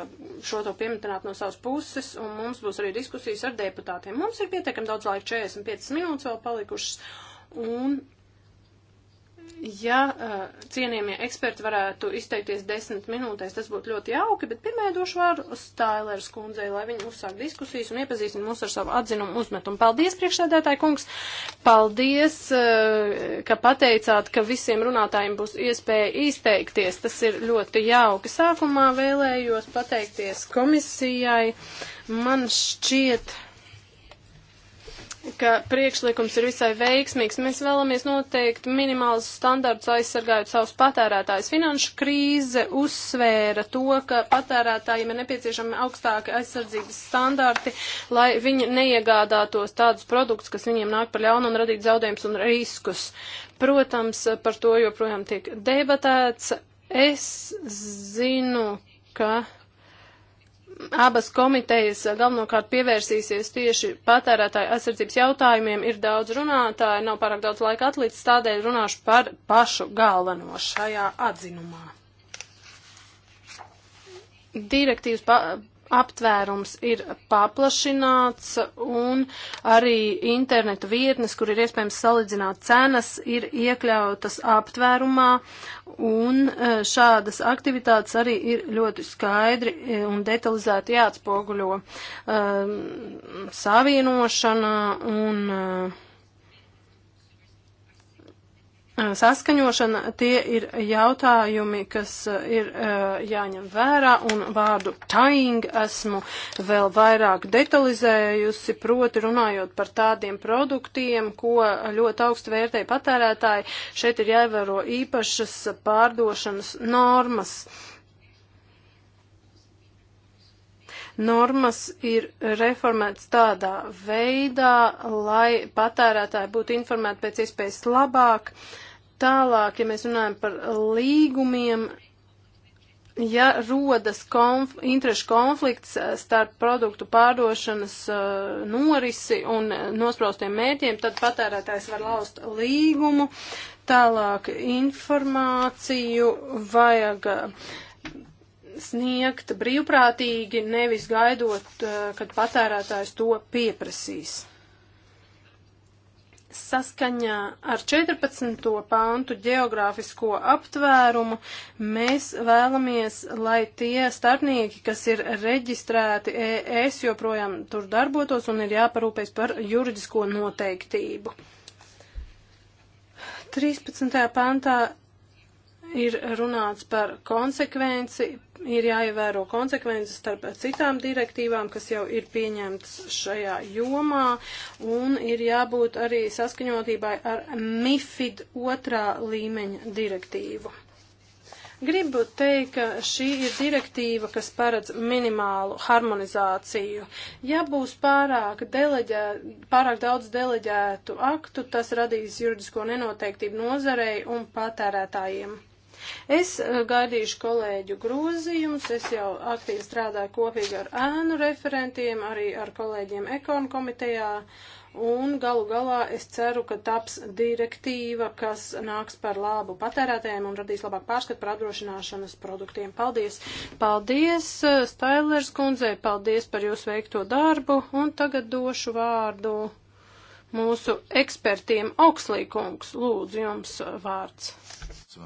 šo to pieminēt no savas puses, un mums būs arī diskusijas ar deputātiem. Mums ir pietiekami daudz laika, 45 minūtes vēl palikušas, un ja uh, cienījamie eksperti varētu izteikties desmit minūtēs, tas būtu ļoti jauki, bet pirmajā došu vārdu Stailers kundzei, lai viņi uzsāk diskusijas un iepazīstina mūs ar savu atzinumu uzmetumu. Paldies, priekšsēdētāji kungs! Paldies, uh, ka pateicāt, ka visiem runātājiem būs iespēja izteikties. Tas ir ļoti jauki. Sākumā vēlējos pateikties komisijai. Man šķiet, ka priekšlikums ir visai veiksmīgs. Mēs vēlamies noteikt minimālus standartus aizsargājot savus patērētājus. Finanšu krīze uzsvēra to, ka patērētājiem ir nepieciešami augstāki aizsardzības standarti, lai viņi neiegādātos tādus produktus, kas viņiem nāk par ļaunu un radīt zaudējumus un riskus. Protams, par to joprojām tiek debatēts. Es zinu, ka abas komitejas eh, galvenokārt pievērsīsies tieši patērētāju aizsardzības jautājumiem. Ir daudz runātāju, nav pārāk daudz laika atlicis, tādēļ runāšu par pašu galveno šajā atzinumā. Direktīvas pa aptvērums ir paplašināts un arī interneta vietnes, kur ir iespējams salīdzināt cenas, ir iekļautas aptvērumā un e, šādas aktivitātes arī ir ļoti skaidri e, un detalizēti jāatspoguļo um, savienošana un uh, Mm, saskaņošana, tie ir jautājumi, kas eh, ir eh, jāņem vērā, un vārdu tying esmu vēl vairāk detalizējusi, proti runājot par tādiem produktiem, ko ļoti augstu vērtē patērētāji, šeit ir jāievēro īpašas pārdošanas normas. normas ir reformētas tādā veidā, lai patērētāji būtu informēti pēc iespējas labāk. Uh, Tālāk, ja mēs runājam par līgumiem, ja rodas konf interešu konflikts eh, starp produktu pārdošanas uh, norisi un nospraustiem mērķiem, tad patērētājs var laust līgumu. Tālāk informāciju vajag eh, sniegt brīvprātīgi, nevis gaidot, uh, kad patērētājs to pieprasīs. Saskaņā ar 14. pāntu geogrāfisko aptvērumu mēs vēlamies, lai tie starpnieki, kas ir reģistrēti ES, joprojām tur darbotos un ir jāparūpēs par juridisko noteiktību. 13. pāntā ir runāts par konsekvenci, ir jāievēro konsekvences starp citām direktīvām, kas jau ir pieņemtas šajā jomā, un ir jābūt arī saskaņotībai ar MIFID otrā līmeņa direktīvu. Gribu teikt, ka šī ir direktīva, kas paredz minimālu harmonizāciju. Ja būs pārāk, deleģē, pārāk daudz deleģētu aktu, tas radīs juridisko nenoteiktību nozarei un patērētājiem. Es eh, gaidīšu kolēģu grozījumus, es jau aktīvi strādāju kopīgi ar ēnu referentiem, arī ar kolēģiem ekonu komitejā, un galu galā es ceru, ka taps direktīva, kas nāks par labu patērētājiem un radīs labāk pārskatu par apdrošināšanas produktiem. Paldies! Paldies, eh, Stailers kundzei, paldies par jūsu veikto darbu, un tagad došu vārdu mūsu ekspertiem. Augslīkungs, lūdzu, jums eh, vārds. So,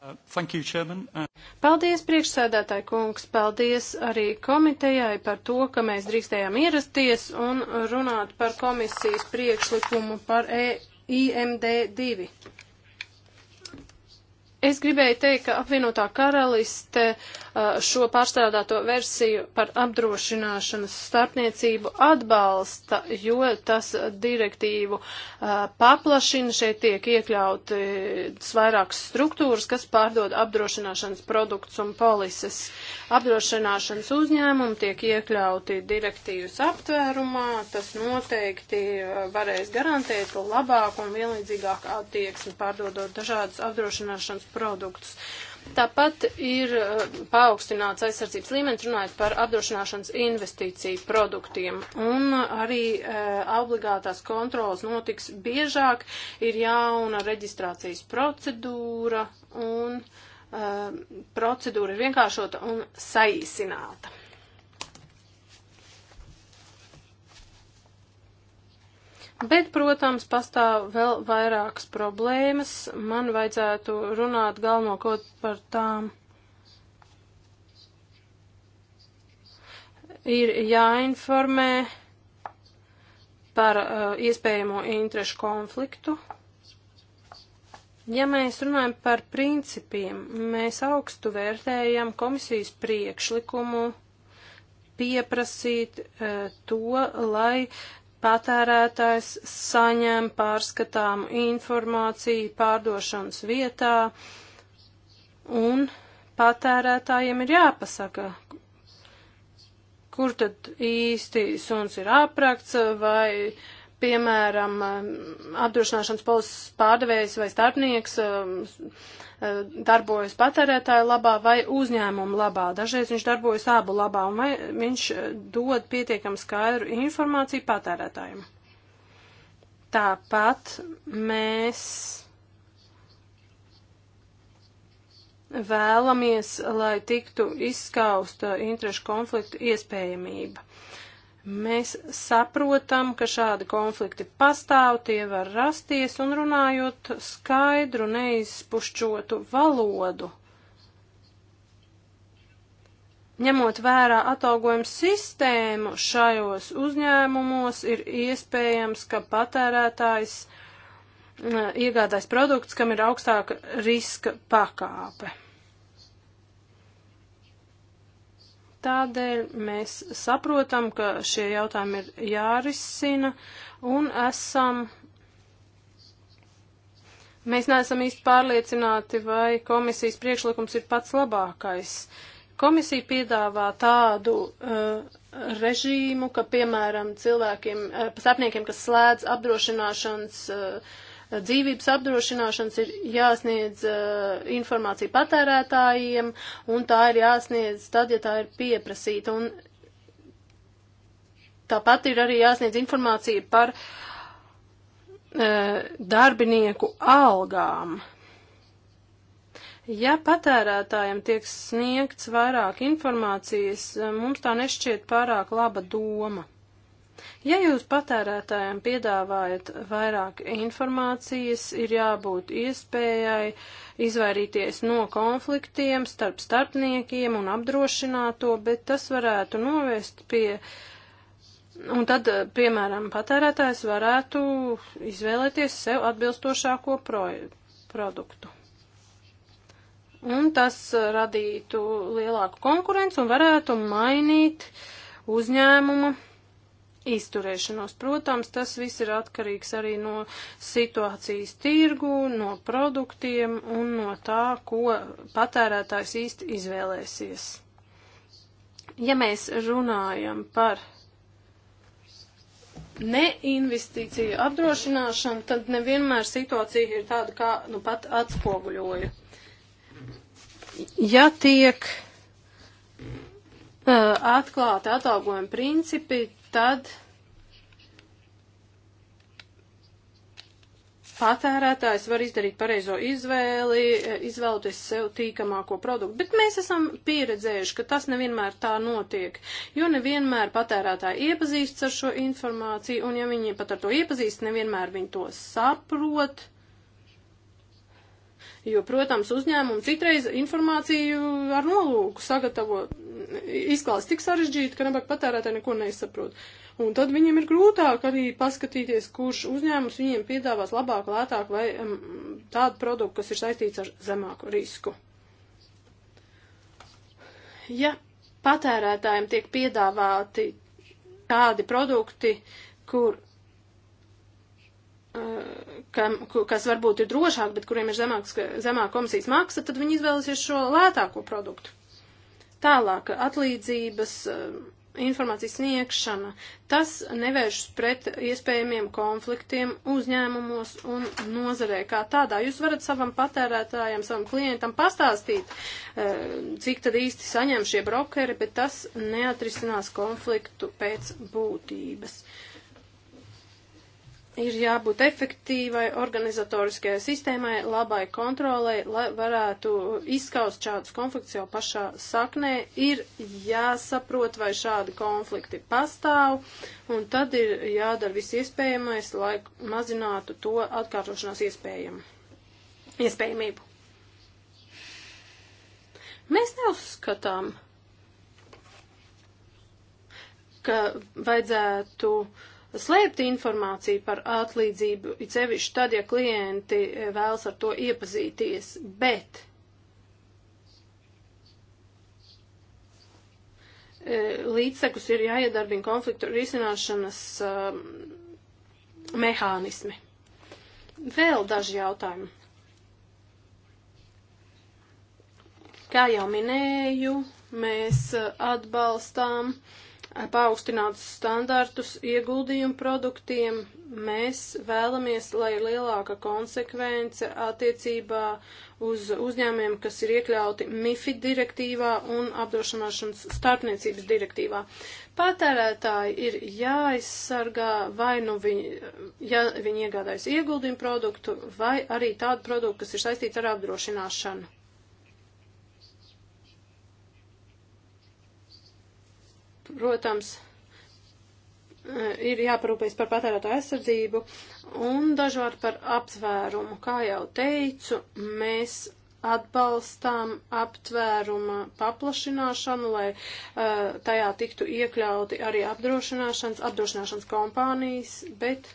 Uh, thank you, Chairman. Uh, paldies, priekšsēdētāji kungs, paldies arī komitejai par to, ka mēs drīkstējām ierasties un runāt par komisijas priekšlikumu par e IMD2. Es gribēju teikt, ka apvienotā karaliste uh, šo pārstrādāto versiju par apdrošināšanas starpniecību atbalsta, jo tas direktīvu uh, paplašina. Šeit tiek iekļauti vairākas struktūras, kas pārdod apdrošināšanas produkts un polises. Apdrošināšanas uzņēmumi tiek iekļauti direktīvas aptvērumā. Tas noteikti uh, varēs garantēt labāku un vienlīdzīgāku attieksmi pārdodot dažādas apdrošināšanas produktus. Tāpat ir uh, paaugstināts aizsardzības līmenis, runājot par apdrošināšanas investīciju produktiem. Un arī e, obligātās kontrolas notiks biežāk, ir jauna reģistrācijas procedūra un e, procedūra ir vienkāršota un saīsināta. Bet, protams, pastāv vēl vairākas problēmas. Man vajadzētu runāt galvenokārt par tām. Ir jāinformē par uh, iespējamo interešu konfliktu. Ja mēs runājam par principiem, mēs augstu vērtējam komisijas priekšlikumu pieprasīt uh, to, lai patērētājs saņem pārskatāmu informāciju pārdošanas vietā, un patērētājiem ir jāpasaka, kur tad īsti suns ir aprakts vai uh, piemēram, eh, apdrošināšanas polises pārdevējs vai starpnieks eh, eh, darbojas patērētāju labā vai uzņēmumu labā. Dažreiz viņš darbojas abu labā un vai viņš dod pietiekam skaidru informāciju patērētājiem. Tāpat mēs vēlamies, lai tiktu izskausta interešu konfliktu iespējamība. Uh, Mēs saprotam, ka šādi konflikti pastāv, tie var rasties un runājot skaidru, neizpušķotu valodu. Ņemot vērā atalgojumu sistēmu šajos uzņēmumos, ir iespējams, ka patērētājs eh, iegādājas produkts, kam ir augstāka riska pakāpe. Tādēļ mēs saprotam, ka šie jautājumi ir jārisina un esam. Mēs neesam īsti pārliecināti, vai komisijas priekšlikums ir pats labākais. Komisija piedāvā tādu uh, režīmu, ka, piemēram, cilvēkiem, uh, sapniekiem, kas slēdz apdrošināšanas uh, dzīvības apdrošināšanas ir jāsniedz uh, informācija patērētājiem, un tā ir jāsniedz tad, ja tā ir pieprasīta. Un tāpat ir arī jāsniedz informācija par uh, darbinieku algām. Ja patērētājiem tiek sniegts vairāk informācijas, mums tā nešķiet pārāk laba doma. Ja jūs patērētājiem piedāvājat vairāk informācijas, ir jābūt iespējai izvairīties no konfliktiem starp starpniekiem un apdrošināto, bet tas varētu novest pie. Un tad, piemēram, patērētājs varētu izvēlēties sev atbilstošāko pro produktu un tas radītu lielāku konkurenci un varētu mainīt uzņēmuma izturēšanos. Protams, tas viss ir atkarīgs arī no situācijas tirgu, no produktiem un no tā, ko patērētājs īsti izvēlēsies. Ja mēs runājam par neinvestīciju apdrošināšanu, tad nevienmēr situācija ir tāda, kā nu pat atspoguļoju. Ja tiek eh, atklāti atalgojuma principi, tad patērētājs var izdarīt pareizo izvēli, izvēloties sev tīkamāko produktu. Bet mēs esam pieredzējuši, ka tas nevienmēr tā notiek, jo nevienmēr patērētāji iepazīstas ar šo informāciju, un ja viņi pat ar to iepazīstas, nevienmēr viņi to saprot. Jo, protams, uzņēmumu citreiz informāciju ar nolūku sagatavot izklāsts tik sarežģīti, ka nabaga patērētāji neko nesaprot. Un tad viņiem ir grūtāk arī paskatīties, kurš uzņēmums viņiem piedāvās labāk, lētāk vai um, tādu produktu, kas ir saistīts ar zemāku risku. Ja patērētājiem tiek piedāvāti tādi produkti, kur eh, kam, kas varbūt ir drošāk, bet kuriem ir zemāks, zemāka komisijas maksa, tad viņi izvēlasies šo lētāko produktu. Tālāk atlīdzības eh, informācijas sniegšana, tas nevēršas pret iespējamiem konfliktiem uzņēmumos un nozarē kā tādā. Jūs varat savam patērētājam, savam klientam pastāstīt, eh, cik tad īsti saņem šie brokeri, bet tas neatrisinās konfliktu pēc būtības. Uh, ir jābūt efektīvai organizatoriskajai sistēmai, labai kontrolai, lai varētu izskaust šādus konfliktus jau pašā saknē. Ir jāsaprot, vai šādi konflikti pastāv, un tad ir jādara viss iespējamais, lai mazinātu to atkārtošanās iespējam. iespējamību. Mēs neuzskatām, ka vajadzētu uh, slēpt informāciju par atlīdzību, it sevišķi tad, ja klienti e, vēlas ar to iepazīties, bet e, līdzsekus ir jāiedarbina konfliktu risināšanas um, mehānismi. Vēl daži jautājumi. Kā jau minēju, mēs e, atbalstām uh, paaugstinātus standartus ieguldījumu produktiem. Mēs vēlamies, lai ir lielāka konsekvence attiecībā uz uzņēmiem, kas ir iekļauti MIFID direktīvā un apdrošināšanas starpniecības direktīvā. Patērētāji ir jāaizsargā vai nu viņi, ja viņi iegādājas ieguldījumu produktu vai arī tādu produktu, kas ir saistīts ar apdrošināšanu. protams, e, ir jāparūpējas par patērētāju aizsardzību un dažvār par aptvērumu. Kā jau teicu, mēs atbalstām aptvēruma paplašināšanu, lai uh, tajā tiktu iekļauti arī apdrošināšanas, apdrošināšanas kompānijas, bet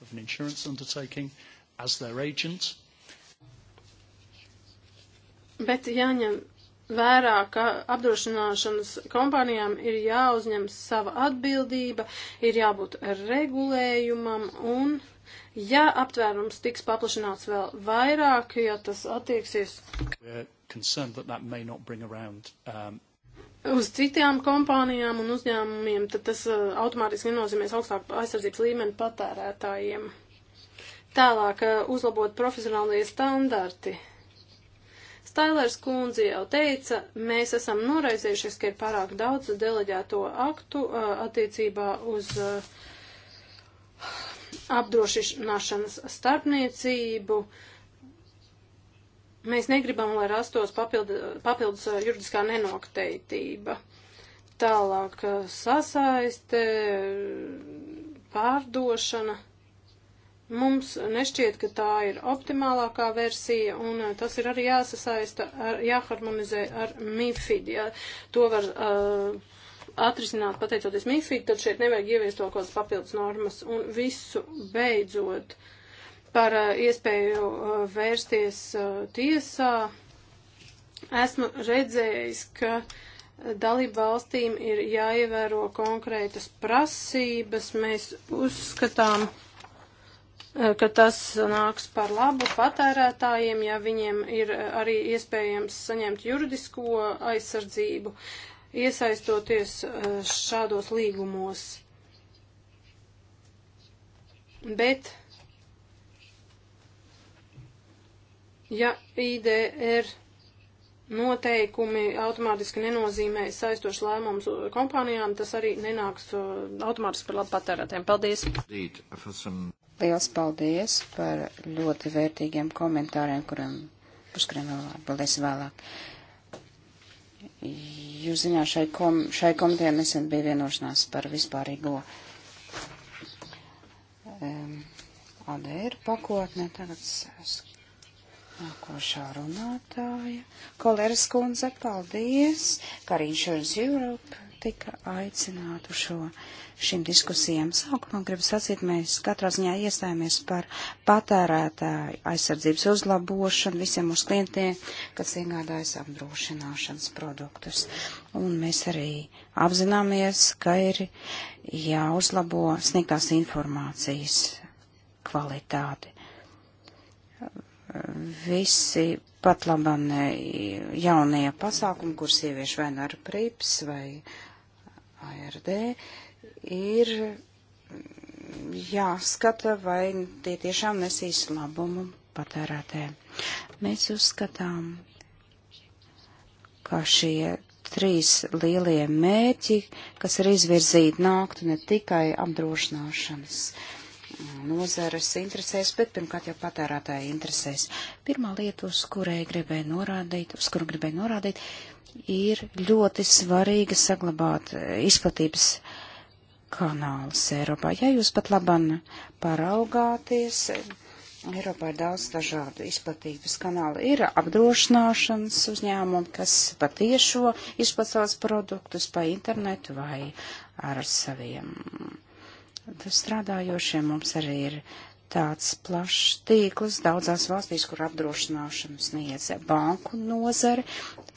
of an insurance undertaking as their agent Bet jāņem vērā, ka apdrošināšanas kompānijām ir jāuzņem sava atbildība, ir jābūt regulējumam un, ja aptvērums tiks paplašināts vēl vairāk, ja tas attieksies that that around, um... uz citām kompānijām un uzņēmumiem, tad tas uh, automātiski nenozīmēs augstāku aizsardzības līmeni patērētājiem. Tālāk uh, uzlabot profesionālie standarti. Stailers kundze jau teica, mēs esam noraizējušies, ka ir pārāk daudz deleģēto aktu uh, attiecībā uz uh, apdrošināšanas starpniecību. Mēs negribam, lai rastos papildu, papildus uh, juridiskā nenokteidība. Tālāk uh, sasaiste, pārdošana. Mums nešķiet, ka tā ir optimālākā versija, un eh, tas ir arī jāsasaista, ar, jāharmonizē ar MIFID. Ja to var uh, atrisināt pateicoties MIFID, tad šeit nevajag ieviest to kādas papildus normas. Un visu beidzot par uh, iespēju uh, vērsties uh, tiesā, esmu redzējis, ka uh, dalību valstīm ir jāievēro konkrētas prasības. Mēs uzskatām, ka tas nāks par labu patērētājiem, ja viņiem ir arī iespējams saņemt juridisko aizsardzību, iesaistoties eh, šādos līgumos. Bet, ja IDR noteikumi automātiski nenozīmē saistošu lēmumus kompānijām, tas arī nenāks eh, automātiski par labu patērētājiem. Paldies! Liels paldies par ļoti vērtīgiem komentāriem, kuriem, uz kuriem vēl atbildēs vēlāk. Jūs zināt, šai, kom, šai komitē nesen bija vienošanās par vispārīgo um, adēru pakotnē. Tagad nākošā runātāja. Koleras kundze, paldies. Kariņš Europe tika aicināti šo šīm diskusijām. Sākumā gribu sacīt, mēs katrā ziņā iestājāmies par patērētāju aizsardzības uzlabošanu visiem mūsu klientiem, kas iegādājas apdrošināšanas produktus. Un mēs arī apzināmies, ka ir jāuzlabo sniegtās informācijas kvalitāti. Visi pat labam jaunie pasākumi, kurus ievieš vai nu ar prips vai uh, ARD, ir jāskata, vai tie tiešām nesīs labumu patērētē. Mēs uzskatām, ka šie trīs lielie mērķi, kas ir izvirzīti, nāktu ne tikai apdrošināšanas uh, nozares interesēs, bet pirmkārt jau patērētāja interesēs. Pirmā lieta, uz kurai gribēju norādīt, uz kuru gribēju norādīt, ir ļoti svarīga saglabāt eh, izplatības kanālus Eiropā. Ja jūs pat laban paraugāties, Eiropā ir daudz dažādu izplatības kanālu. Ir apdrošināšanas uzņēmumi, kas patiešo izplatās produktus pa internetu vai ar saviem strādājošiem. Mums arī ir tāds plašs tīkls daudzās valstīs, kur apdrošināšanu sniedz banku nozare,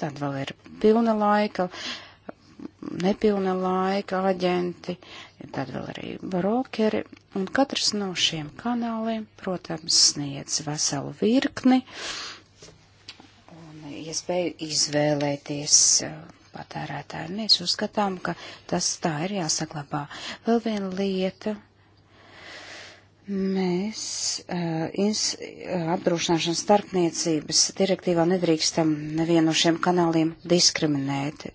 tad vēl ir pilna laika, nepilna laika aģenti, tad vēl arī brokeri, un katrs no šiem kanāliem, protams, sniedz veselu virkni un iespēju izvēlēties. Uh, patērētāji. Mēs uzskatām, ka tas tā ir jāsaglabā. Vēl viena lieta. Mēs uh, ins, uh, apdrošināšanas starpniecības direktīvā nedrīkstam nevienu no šiem kanāliem diskriminēt.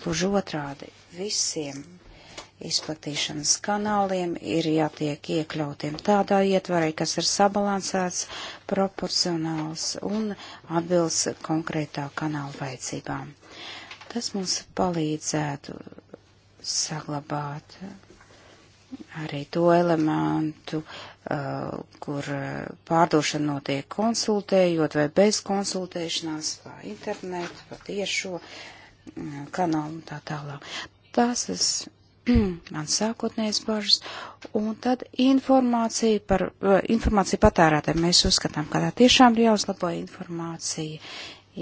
Gluži otrādi, visiem izplatīšanas kanāliem ir jātiek iekļautiem tādā ietvarē, kas ir sabalansēts, proporcionāls un atbilst konkrētā kanāla vajadzībām. Tas mums palīdzētu saglabāt arī to elementu, uh, kur uh, pārdošana notiek konsultējot vai bez konsultēšanās, pa internetu, pa tiešo uh, kanālu un tā tālāk. Tas es *clears throat* man sākotnējas bažas, un tad informācija par informāciju patērētājiem. Mēs uzskatām, ka tā tiešām ir jāuzlabo informācija,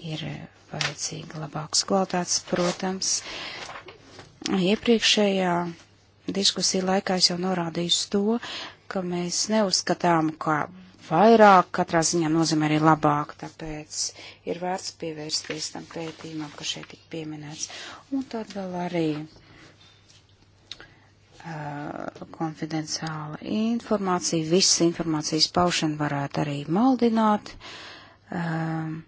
ir vajadzīga labāks kvalitātes, protams. Iepriekšējā diskusija laikā es jau norādīju to, ka mēs neuzskatām, ka vairāk katrā ziņā nozīmē arī labāk, tāpēc ir vērts pievērsties tam pētījumam, kas šeit tik pieminēts. Un tad vēl arī uh, konfidenciāla informācija, visas informācijas paušana varētu arī maldināt. Um, uh,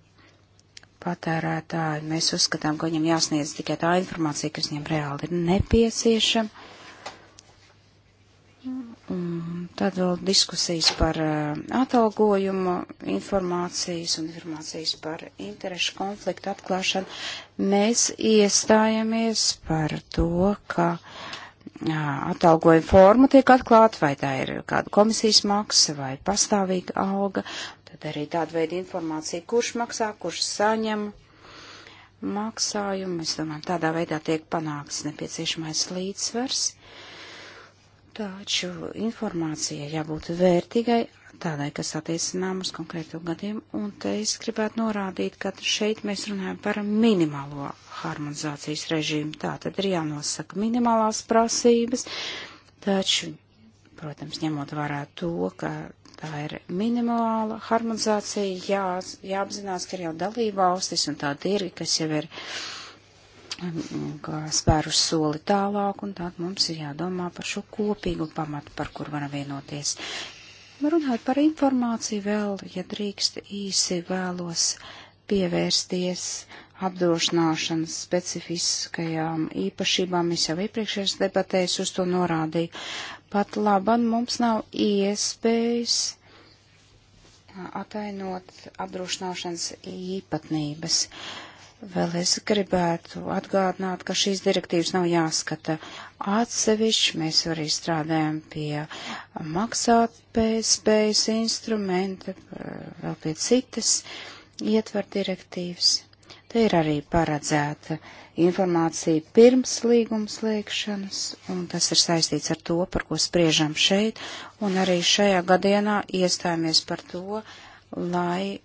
patērētāji. Mēs uzskatām, ka viņam jāsniedz tikai tā informācija, kas viņam reāli ir nepieciešama. Un tad vēl diskusijas par eh, atalgojumu, informācijas un informācijas par interešu konfliktu atklāšanu. Mēs iestājamies par to, ka jā, eh, atalgojuma forma tiek atklāta, vai tā ir kāda komisijas maksa vai pastāvīga auga tad arī tāda veida informācija, kurš maksā, kurš saņem maksājumu. Es domāju, tādā veidā tiek panāks nepieciešamais līdzsvers. Taču informācija jābūt vērtīgai, tādai, kas attiecinām uz konkrētu gadījumu, un te es gribētu norādīt, ka šeit mēs runājam par minimālo harmonizācijas režīmu. Tā tad ir jānosaka minimālās prasības, taču, protams, ņemot vērā to, ka Tā ir minimāla harmonizācija, jā, jāapzinās, ka ir jau dalība valstis un tā dirgi, kas jau ir mm, spērus soli tālāk, un tātad mums ir jādomā par šo kopīgu pamatu, par kur varam vienoties. Runājot par informāciju vēl, ja drīkst īsi vēlos pievērsties apdrošināšanas specifiskajām īpašībām. Es jau iepriekšējās debatēs uz to norādīju. Pat laban mums nav iespējas atainot apdrošināšanas īpatnības. Vēl es gribētu atgādināt, ka šīs direktīvas nav jāskata atsevišķi. Mēs arī strādājam pie maksātspējas instrumenta, vēl pie citas ietver direktīvas. Te ir arī paredzēta uh, informāciju pirms līguma slēgšanas, un tas ir saistīts ar to, par ko spriežam šeit, un arī šajā gadienā iestājāmies par to, lai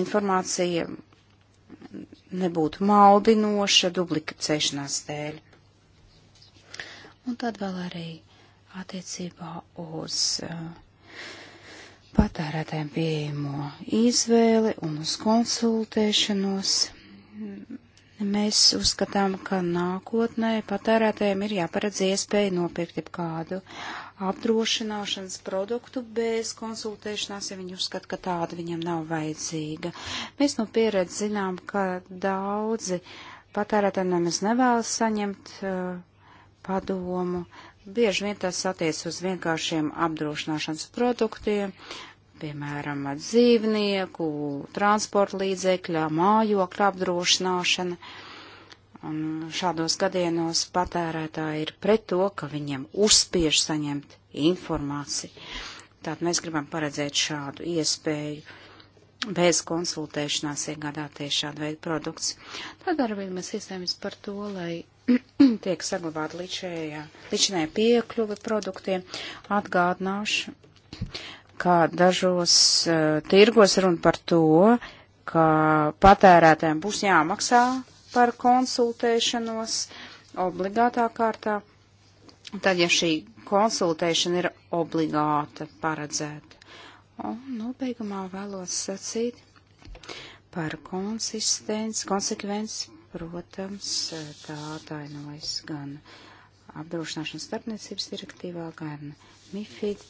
informācija nebūtu maldinoša duplicēšanās dēļ. Un tad vēl arī attiecībā uz uh, patērētēm pieejamo izvēli un uz konsultēšanos Mēs uzskatām, ka nākotnē patērētājiem ir jāparedz iespēja nopirkt kādu apdrošināšanas produktu bez konsultēšanās, ja viņi uzskata, ka tāda viņam nav vajadzīga. Mēs no pieredzes zinām, ka daudzi patērētāji nemaz nevēlas saņemt uh, padomu. Bieži vien tas attiec uz vienkāršiem apdrošināšanas produktiem, piemēram, dzīvnieku, transporta līdzekļa, mājokļa apdrošināšana. Un šādos gadienos patērētāji ir pret to, ka viņiem uzspiež saņemt informāciju. Tātad mēs gribam paredzēt šādu iespēju bez konsultēšanās iegādāties šādu veidu produkts. Tad arī mēs iestājāmies par to, lai *clears throat* tiek saglabāta līdzinējā piekļuve produktiem. Atgādināšu, kā dažos uh, tirgos runa par to, ka patērētēm būs jāmaksā par konsultēšanos obligātā kārtā. Tad, ja šī konsultēšana ir obligāta paredzēta. Un nobeigumā nu, vēlos sacīt par konsistenci, konsekvenci, protams, e, tā atainojas gan apdrošināšanas starpniecības direktīvā, gan MIFID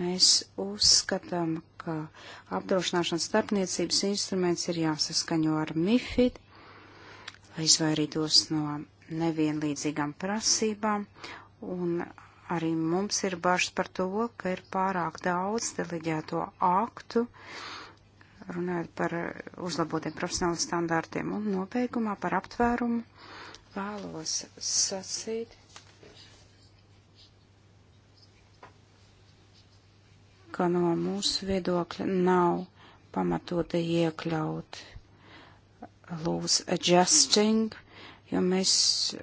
Mēs uzskatām, ka apdrošināšanas starpniecības instruments ir jāsaskaņo ar MIFID, lai izvairītos no nevienlīdzīgām prasībām, un arī mums ir bažas par to, ka ir pārāk daudz deleģēto aktu, runājot par uzlabotiem profesionāliem standārtiem, un nobeigumā par aptvērumu vēlos sacīt ka no mūsu viedokļa nav pamatoti iekļaut lose adjusting, jo mēs,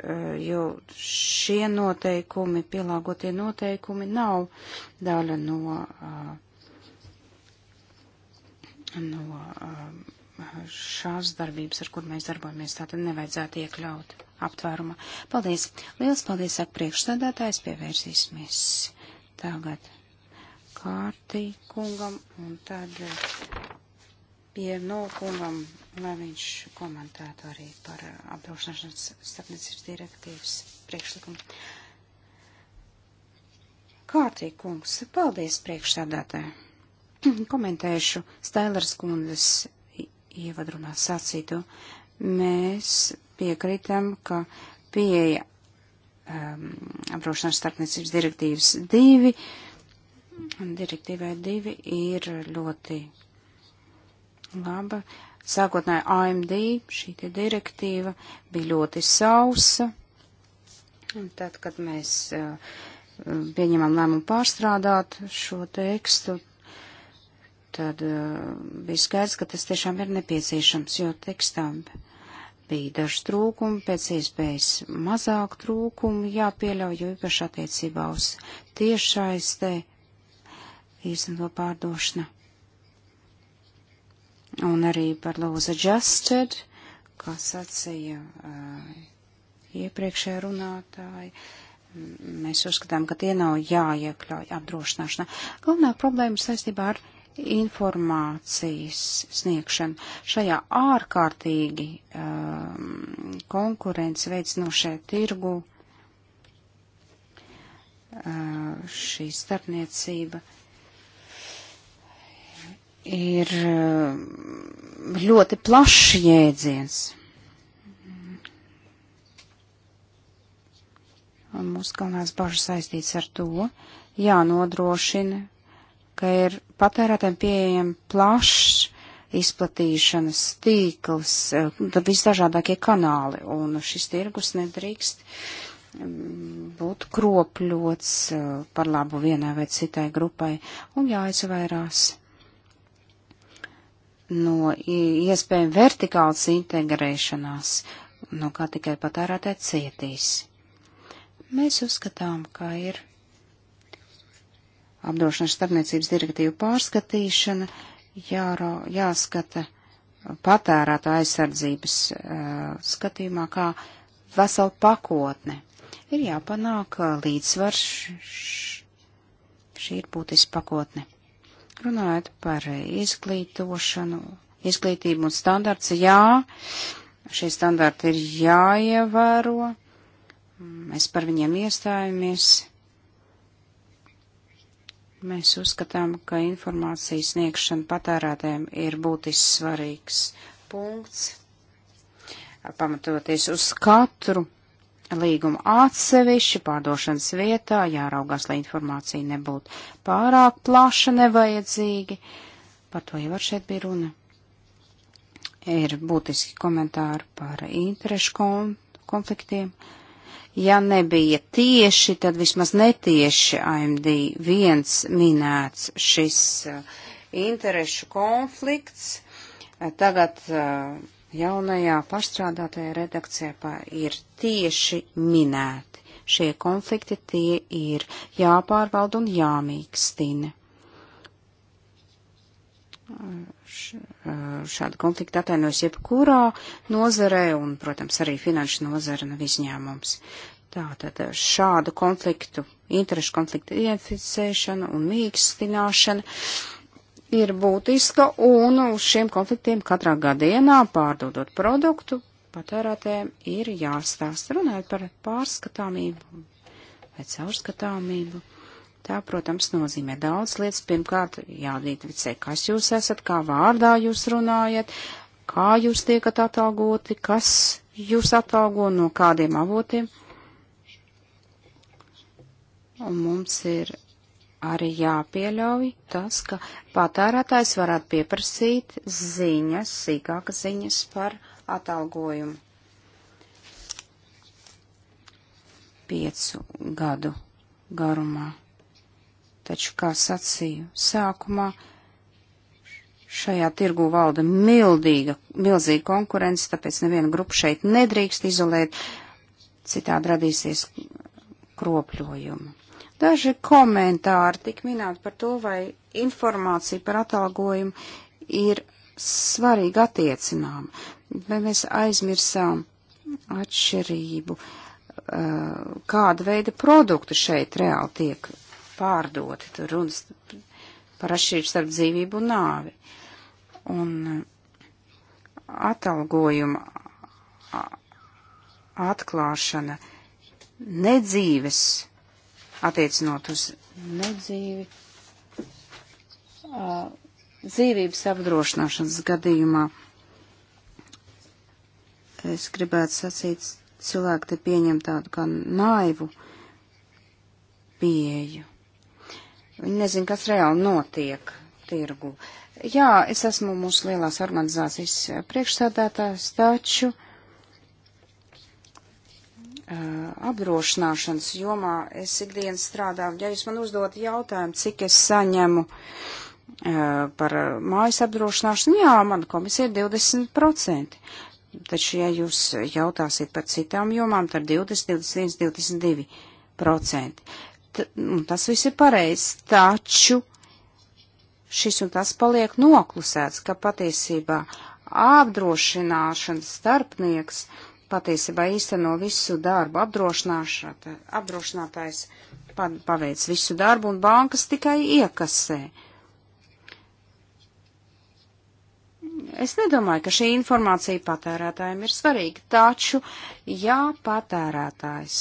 eh, jo šie noteikumi, pielāgotie noteikumi nav daļa no, eh, no eh, šās darbības, ar kur mēs darbojamies, tātad nevajadzētu iekļaut aptvērumā. Paldies! Liels paldies, saka priekšstādātājs, pievērsīsimies tagad kārtī kungam un tad eh, pie no kungam, lai viņš komentētu arī par eh, apdrošināšanas starpniecības direktīvas priekšlikumu. Kārtī kungs, paldies priekšsādātē. *clears throat* Komentēšu Stēlers kundas ievadrunā sacītu. Mēs piekritam, ka pieeja um, apdrošināšanas starpniecības direktīvas divi Direktīvai 2 ir ļoti laba. Sākotnēji AMD šī direktīva bija ļoti sausa. Un tad, kad mēs uh, pieņemam lēmumu pārstrādāt šo tekstu, tad uh, bija skaidrs, ka tas tiešām ir nepieciešams, jo tekstām bija daži trūkumi, pēc iespējas mazāk trūkumu jāpieļauj, jo īpaši attiecībā uz tiešsaistē īsteno pārdošana. Un arī par Lūza Adjusted, kā sacīja uh, iepriekšējā runātāja. Mēs uzskatām, ka tie nav jāiekļauj apdrošināšanā. Galvenā problēma saistībā ar informācijas sniegšanu šajā ārkārtīgi um, konkurence veicinošajā tirgu uh, šī starpniecība uh, ir eh, ļoti plašs jēdziens. Un mūsu galvenās bažas saistīts ar to, jānodrošina, ka ir patērētājiem pieejam plašs izplatīšanas tīkls, eh, visdažādākie kanāli, un šis tirgus nedrīkst mm, būt kropļots eh, par labu vienai vai citai grupai, un jāizvairās no iespējama vertikālas integrēšanās, no kā tikai patērētē cietīs. Mēs uzskatām, ka ir apdrošināšanas starpniecības direktīvu pārskatīšana, jāro, jāskata patērētā aizsardzības uh, skatījumā kā vesela pakotne. Ir jāpanāk līdzsvars, šī ir būtiska pakotne. Runājot par izglītošanu, izglītību un standarts, jā, šie standarti ir jāievēro, mēs par viņiem iestājamies. Mēs uzskatām, ka informācijas sniegšana patērētēm ir būtisks svarīgs punkts, pamatoties uz katru līgumu atsevišķi pārdošanas vietā, jāraugās, lai informācija nebūtu pārāk plaša nevajadzīgi. Par to jau ar šeit bija runa. Ir būtiski komentāri par interešu konfliktiem. Ja nebija tieši, tad vismaz netieši AMD viens minēts šis uh, interešu konflikts. Tagad uh, jaunajā pārstrādātajā redakcijā ir tieši minēti. Šie konflikti tie ir jāpārvalda un jāmīkstina. Šādi konflikti atainojas jebkurā nozarē, un, protams, arī finanšu nozara nav izņēmums. Tātad šādu konfliktu, interešu konfliktu identificēšana un mīkstināšana ir būtiska un uz šiem konfliktiem katrā gadienā pārdodot produktu patērētēm ir jāstāst runāt par pārskatāmību vai caurskatāmību. Tā, protams, nozīmē daudz lietas. Pirmkārt, jāidentificē, kas jūs esat, kā vārdā jūs runājat, kā jūs tiekat atalgoti, kas jūs atalgo no kādiem avotiem. Un mums ir arī jāpieļauj tas, ka patērētājs varētu pieprasīt ziņas, sīkākas ziņas par atalgojumu. Piecu gadu garumā. Taču, kā sacīju sākumā, šajā tirgu valda mildīga, milzīga konkurence, tāpēc nevienu grupu šeit nedrīkst izolēt, citādi radīsies kropļojumi. Daži komentāri tik minēti par to, vai informācija par atalgojumu ir svarīgi attiecinām, bet mēs aizmirsām atšķirību, eh, kāda veida produkti šeit reāli tiek pārdoti. Tur runas par atšķirību starp dzīvību un nāvi. Un eh, atalgojuma atklāšana nedzīves attiecinot uz nedzīvi. Uh, dzīvības apdrošināšanas gadījumā es gribētu sacīt, cilvēki te pieņem tādu kā naivu pieeju. Viņi nezin, kas reāli notiek tirgu. Jā, es esmu mūsu lielās organizācijas priekšsādātājs, taču uh, Uh, apdrošināšanas jomā es ikdienas strādāju. Ja jūs man uzdot jautājumu, cik es saņemu uh, par mājas apdrošināšanu, jā, man komisija ir 20%. Taču, ja jūs jautāsiet par citām jomām, tad 20, 21, 22%. T un tas viss ir pareizi, taču šis un tas paliek noklusēts, ka patiesībā apdrošināšanas starpnieks uh, patiesībā īsteno visu darbu, apdrošinātājs paveic visu darbu un bankas tikai iekasē. Es nedomāju, ka šī informācija patērētājiem ir svarīga, taču, ja patērētājs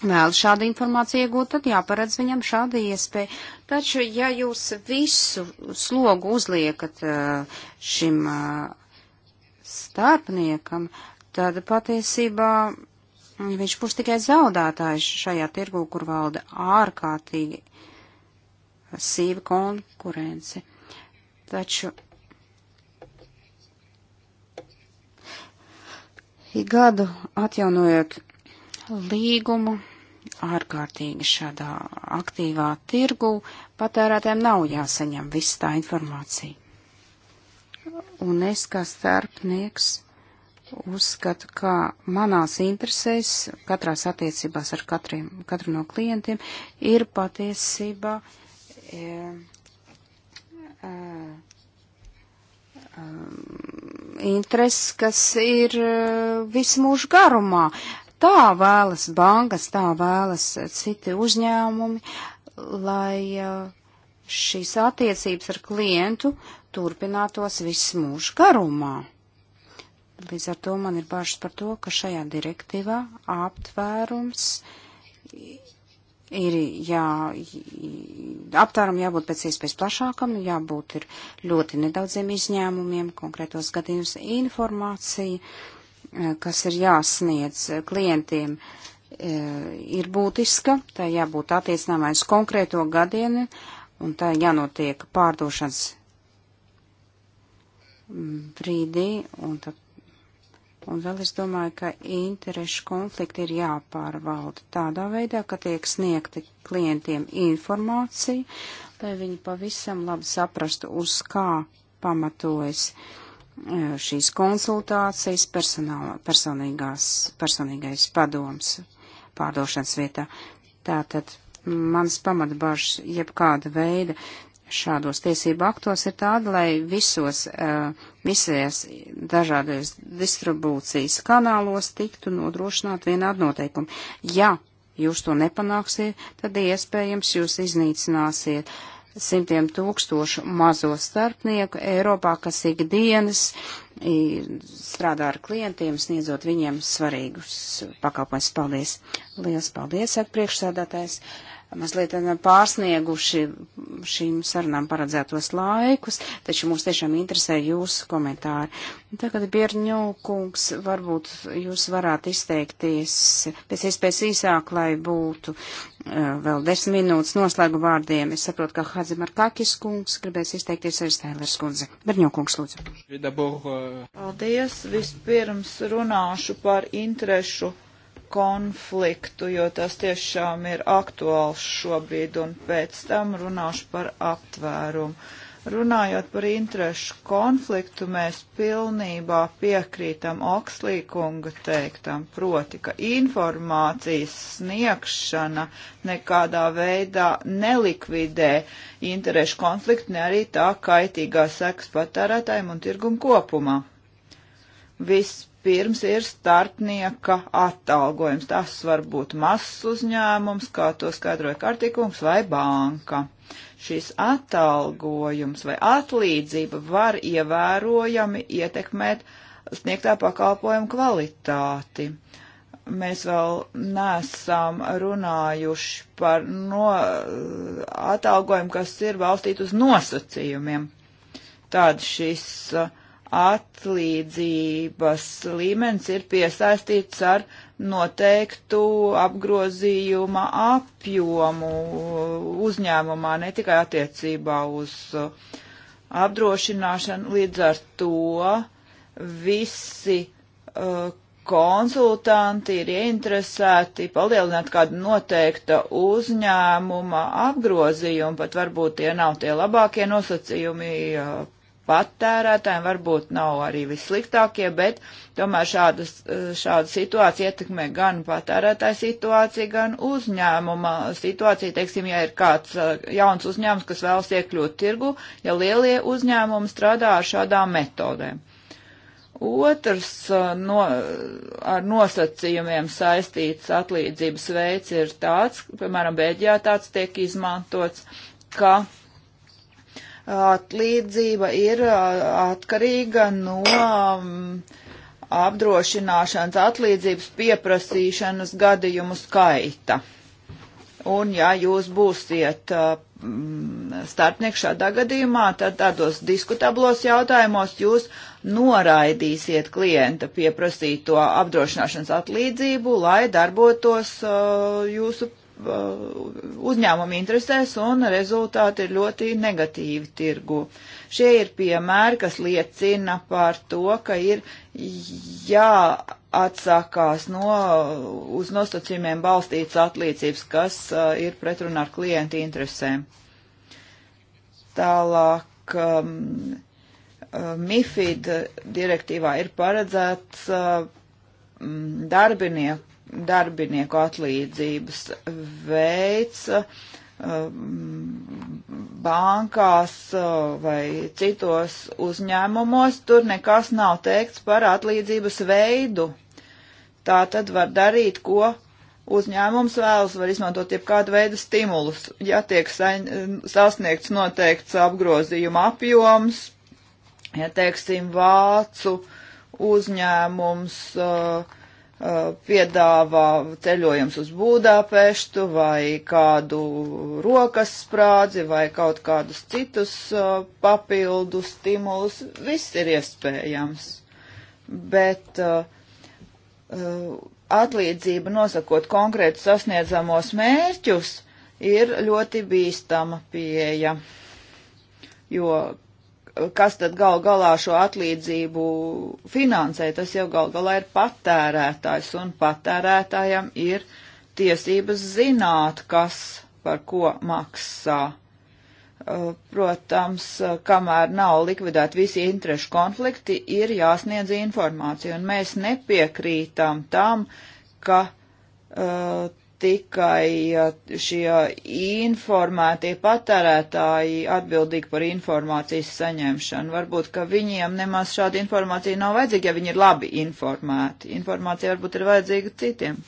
vēl šādu informāciju iegūt, tad jāparedz viņam šāda iespēja. Taču, ja jūs visu slogu uzliekat eh, šim eh, starpniekam, tad patiesībā viņš būs tikai zaudētājs šajā tirgu, kur valda ārkārtīgi sīva konkurence. Taču ik gadu atjaunojot līgumu ārkārtīgi šādā aktīvā tirgu, patērētēm nav jāsaņem viss tā informācija un es kā starpnieks uzskatu, ka manās interesēs, katrās attiecībās ar katriem, katru no klientiem, ir patiesībā e, e, e, intereses, kas ir e, visu mūžu garumā. Tā vēlas bankas, tā vēlas citi uzņēmumi, lai e, šīs attiecības ar klientu turpinātos visu mūžu garumā. Līdz ar to man ir bažas par to, ka šajā direktīvā aptvērums ir jā, aptvērumu jābūt pēc iespējas plašākam, jābūt ir ļoti nedaudziem izņēmumiem, konkrētos gadījums informācija, eh, kas ir jāsniedz klientiem, eh, ir būtiska, tā jābūt attiecināmais konkrēto gadienu, un tā jānotiek pārdošanas Mm, brīdī, un, tad, un vēl es domāju, ka interešu konflikti ir jāpārvalda tādā veidā, ka tiek sniegta klientiem informācija, lai viņi pavisam labi saprastu, uz kā pamatojas e, šīs konsultācijas personīgais padoms pārdošanas vietā. Tātad mans pamatbažas jebkāda veida šādos tiesību aktos ir tāda, lai visos, eh, visajās dažādajos distribūcijas kanālos tiktu nodrošināt vienādi noteikumi. Ja jūs to nepanāksiet, tad iespējams jūs iznīcināsiet simtiem tūkstošu mazo starpnieku Eiropā, kas ikdienas strādā ar klientiem, sniedzot viņiem svarīgus pakalpojumus. Paldies! Lielas paldies, atpriekšsēdētājs! mazliet eh, pārsnieguši šīm sarunām paredzētos laikus, taču mūs tiešām interesē jūsu komentāri. Tagad, Bierņo kungs, varbūt jūs varētu izteikties pēc iespējas īsāk, lai būtu uh, vēl desmit minūtes noslēgu vārdiem. Es saprotu, ka Hadzimar Kakis kungs gribēs izteikties arī Stēlers kundze. Bierņo kungs, lūdzu. Eh, Paldies. Vispirms runāšu par interešu konfliktu, jo tas tiešām ir aktuāls šobrīd, un pēc tam runāšu par aptvērumu. Runājot par interešu konfliktu, mēs pilnībā piekrītam Okslīkunga teiktam, proti, ka informācijas sniegšana nekādā veidā nelikvidē interešu konfliktu, ne arī tā kaitīgā sekas patērētājiem un tirgum kopumā. Viss Pirms ir starpnieka atalgojums. Tas var būt mazs uzņēmums, kā to skaidroja kārtīkums, vai banka. Šis atalgojums vai atlīdzība var ievērojami ietekmēt sniegtā pakalpojuma kvalitāti mēs vēl nesam runājuši par no, atalgojumu, kas ir balstīt uz nosacījumiem. Tad šis uh, atlīdzības līmenis ir piesaistīts ar noteiktu apgrozījuma apjomu uzņēmumā, ne tikai attiecībā uz uh, apdrošināšanu. Līdz ar to visi uh, konsultanti ir ieinteresēti palielināt kādu noteikta uzņēmuma apgrozījumu, pat varbūt tie nav tie labākie nosacījumi uh, patērētājiem varbūt nav arī vissliktākie, bet tomēr šāda, šāda situācija ietekmē gan patērētāja situāciju, gan uzņēmuma situāciju. Teiksim, ja ir kāds uh, jauns uzņēmums, kas vēlas iekļūt tirgu, ja lielie uzņēmumi strādā ar šādām metodēm. Otrs uh, no, ar nosacījumiem saistīts atlīdzības veids ir tāds, piemēram, Bēģijā tāds tiek izmantots, ka atlīdzība ir atkarīga no apdrošināšanas atlīdzības pieprasīšanas gadījumu skaita. Un ja jūs būsiet starpnieks šādā gadījumā, tad tādos diskutablos jautājumos jūs noraidīsiet klienta pieprasīto apdrošināšanas atlīdzību, lai darbotos jūsu Uh, uzņēmumu interesēs un rezultāti ir ļoti negatīvi tirgu. Šie ir piemēri, kas liecina par to, ka ir jāatsakās no uz nosacījumiem balstītas atlīdzības, kas uh, ir pretrunā ar klientu interesēm. Tālāk. Um, uh, MIFID direktīvā ir paredzēts uh, darbinieku darbinieku atlīdzības veids uh, bankās uh, vai citos uzņēmumos, tur nekas nav teikts par atlīdzības veidu. Tā tad var darīt, ko uzņēmums vēlas, var izmantot jebkādu veidu stimulus. Ja tiek sasniegts noteikts apgrozījuma apjoms, ja teiksim, vācu uzņēmums uh, Uh, piedāvā ceļojums uz Būdāpeštu vai kādu rokas sprādzi vai kaut kādus citus uh, papildu stimulus. Viss ir iespējams. Bet uh, atlīdzība nosakot konkrētu sasniedzamos mērķus ir ļoti bīstama pieeja, jo kas tad gal galā šo atlīdzību finansē, tas jau gal galā ir patērētājs, un patērētājam ir tiesības zināt, kas par ko maksā. Protams, kamēr nav likvidēti visi interešu konflikti, ir jāsniedz informācija, un mēs nepiekrītam tam, ka uh, tikai šie informētie patērētāji atbildīgi par informācijas saņemšanu. Varbūt, ka viņiem nemaz šāda informācija nav vajadzīga, ja viņi ir labi informēti. Informācija varbūt ir vajadzīga citiem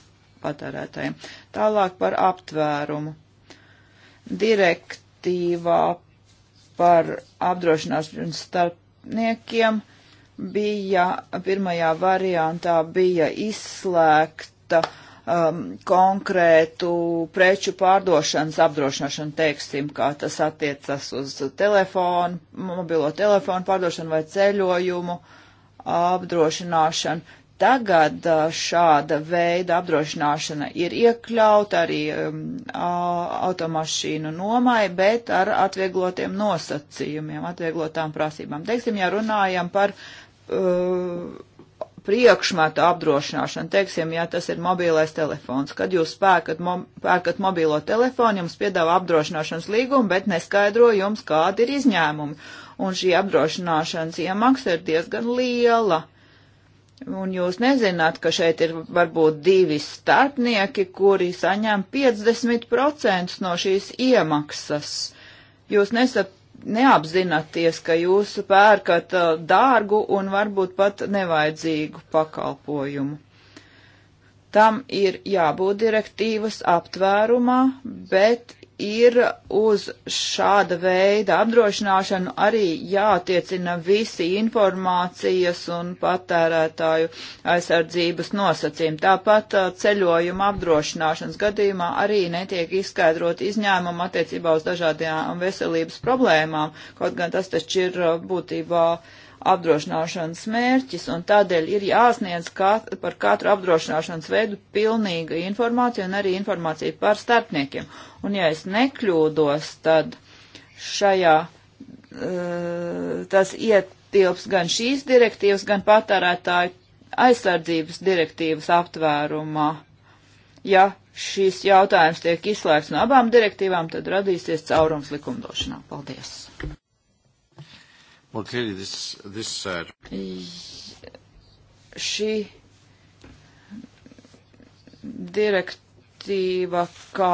patērētājiem. Tālāk par aptvērumu. Direktīvā par apdrošināšanas starpniekiem bija, pirmajā variantā bija izslēgta uh, um, konkrētu preču pārdošanas apdrošināšanu, teiksim, kā tas attiecas uz telefonu, mobilo telefonu pārdošanu vai ceļojumu apdrošināšanu. Tagad uh, šāda veida apdrošināšana ir iekļauta arī um, automašīnu nomai, bet ar atvieglotiem nosacījumiem, atvieglotām prasībām. Teiksim, ja runājam par uh, priekšmetu apdrošināšana, teiksim, ja tas ir mobilais telefons, kad jūs pērkat, mo pērkat mobilo telefonu, jums piedāvā apdrošināšanas līgumu, bet neskaidro jums, kādi ir izņēmumi. Un šī apdrošināšanas iemaksa ir diezgan liela. Un jūs nezināt, ka šeit ir varbūt divi starpnieki, kuri saņem 50% no šīs iemaksas. Jūs nesat neapzināties, ka jūs pērkat uh, dārgu un varbūt pat nevajadzīgu pakalpojumu. Tam ir jābūt direktīvas aptvērumā, bet ir uz šāda veida apdrošināšanu arī jātiecina visi informācijas un patērētāju aizsardzības nosacījumi. Tāpat uh, ceļojuma apdrošināšanas gadījumā arī netiek izskaidrot izņēmumu attiecībā uz dažādajām veselības problēmām, kaut gan tas taču ir uh, būtībā uh, apdrošināšanas mērķis, un tādēļ ir jāsniedz kat, par katru apdrošināšanas veidu pilnīga informācija un arī informācija par starpniekiem. Un ja es nekļūdos, tad šajā uh, tas ietilps gan šīs direktīvas, gan patērētāju aizsardzības direktīvas aptvērumā. Ja šīs jautājums tiek izslēgts no abām direktīvām, tad radīsies caurums likumdošanā. Paldies! Well, clearly this, this, uh... Šī direktīva, kā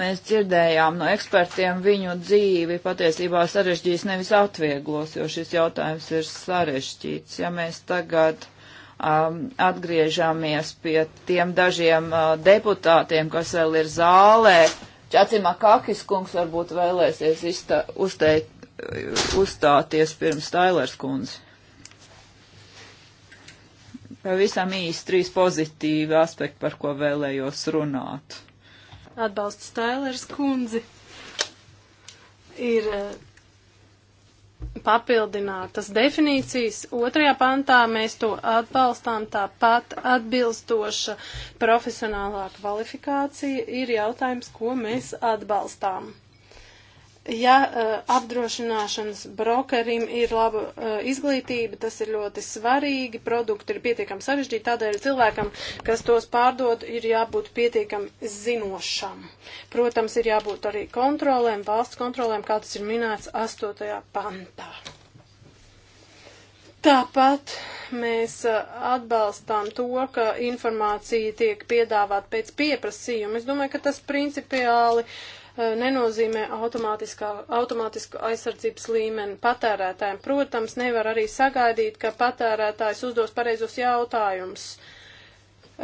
mēs dzirdējām no ekspertiem, viņu dzīvi patiesībā sarežģīs nevis atvieglos, jo šis jautājums ir sarežģīts. Ja mēs tagad um, atgriežamies pie tiem dažiem uh, deputātiem, kas vēl ir zālē, Čacimā Kakis kungs varbūt vēlēsies izta, uzteikt uzstāties pirms Tailers kundze. Pavisam īsti trīs pozitīvi aspekti, par ko vēlējos runāt. Atbalsts Tailers kundzi ir eh, papildinātas definīcijas. Otrajā pantā mēs to atbalstām tāpat atbilstoša profesionālā kvalifikācija ir jautājums, ko mēs atbalstām. Ja uh, apdrošināšanas brokerim ir laba uh, izglītība, tas ir ļoti svarīgi, produkti ir pietiekami sarežģīti, tādēļ cilvēkam, kas tos pārdod, ir jābūt pietiekami zinošam. Protams, ir jābūt arī kontrolēm, valsts kontrolēm, kā tas ir minēts 8. pantā. Tāpat mēs eh, atbalstām to, ka informācija tiek piedāvāta pēc pieprasījuma. Es domāju, ka tas principiāli uh, Eh, nenozīmē automātisku aizsardzības līmeni patērētājiem. Protams, nevar arī sagaidīt, ka patērētājs uzdos pareizos jautājumus.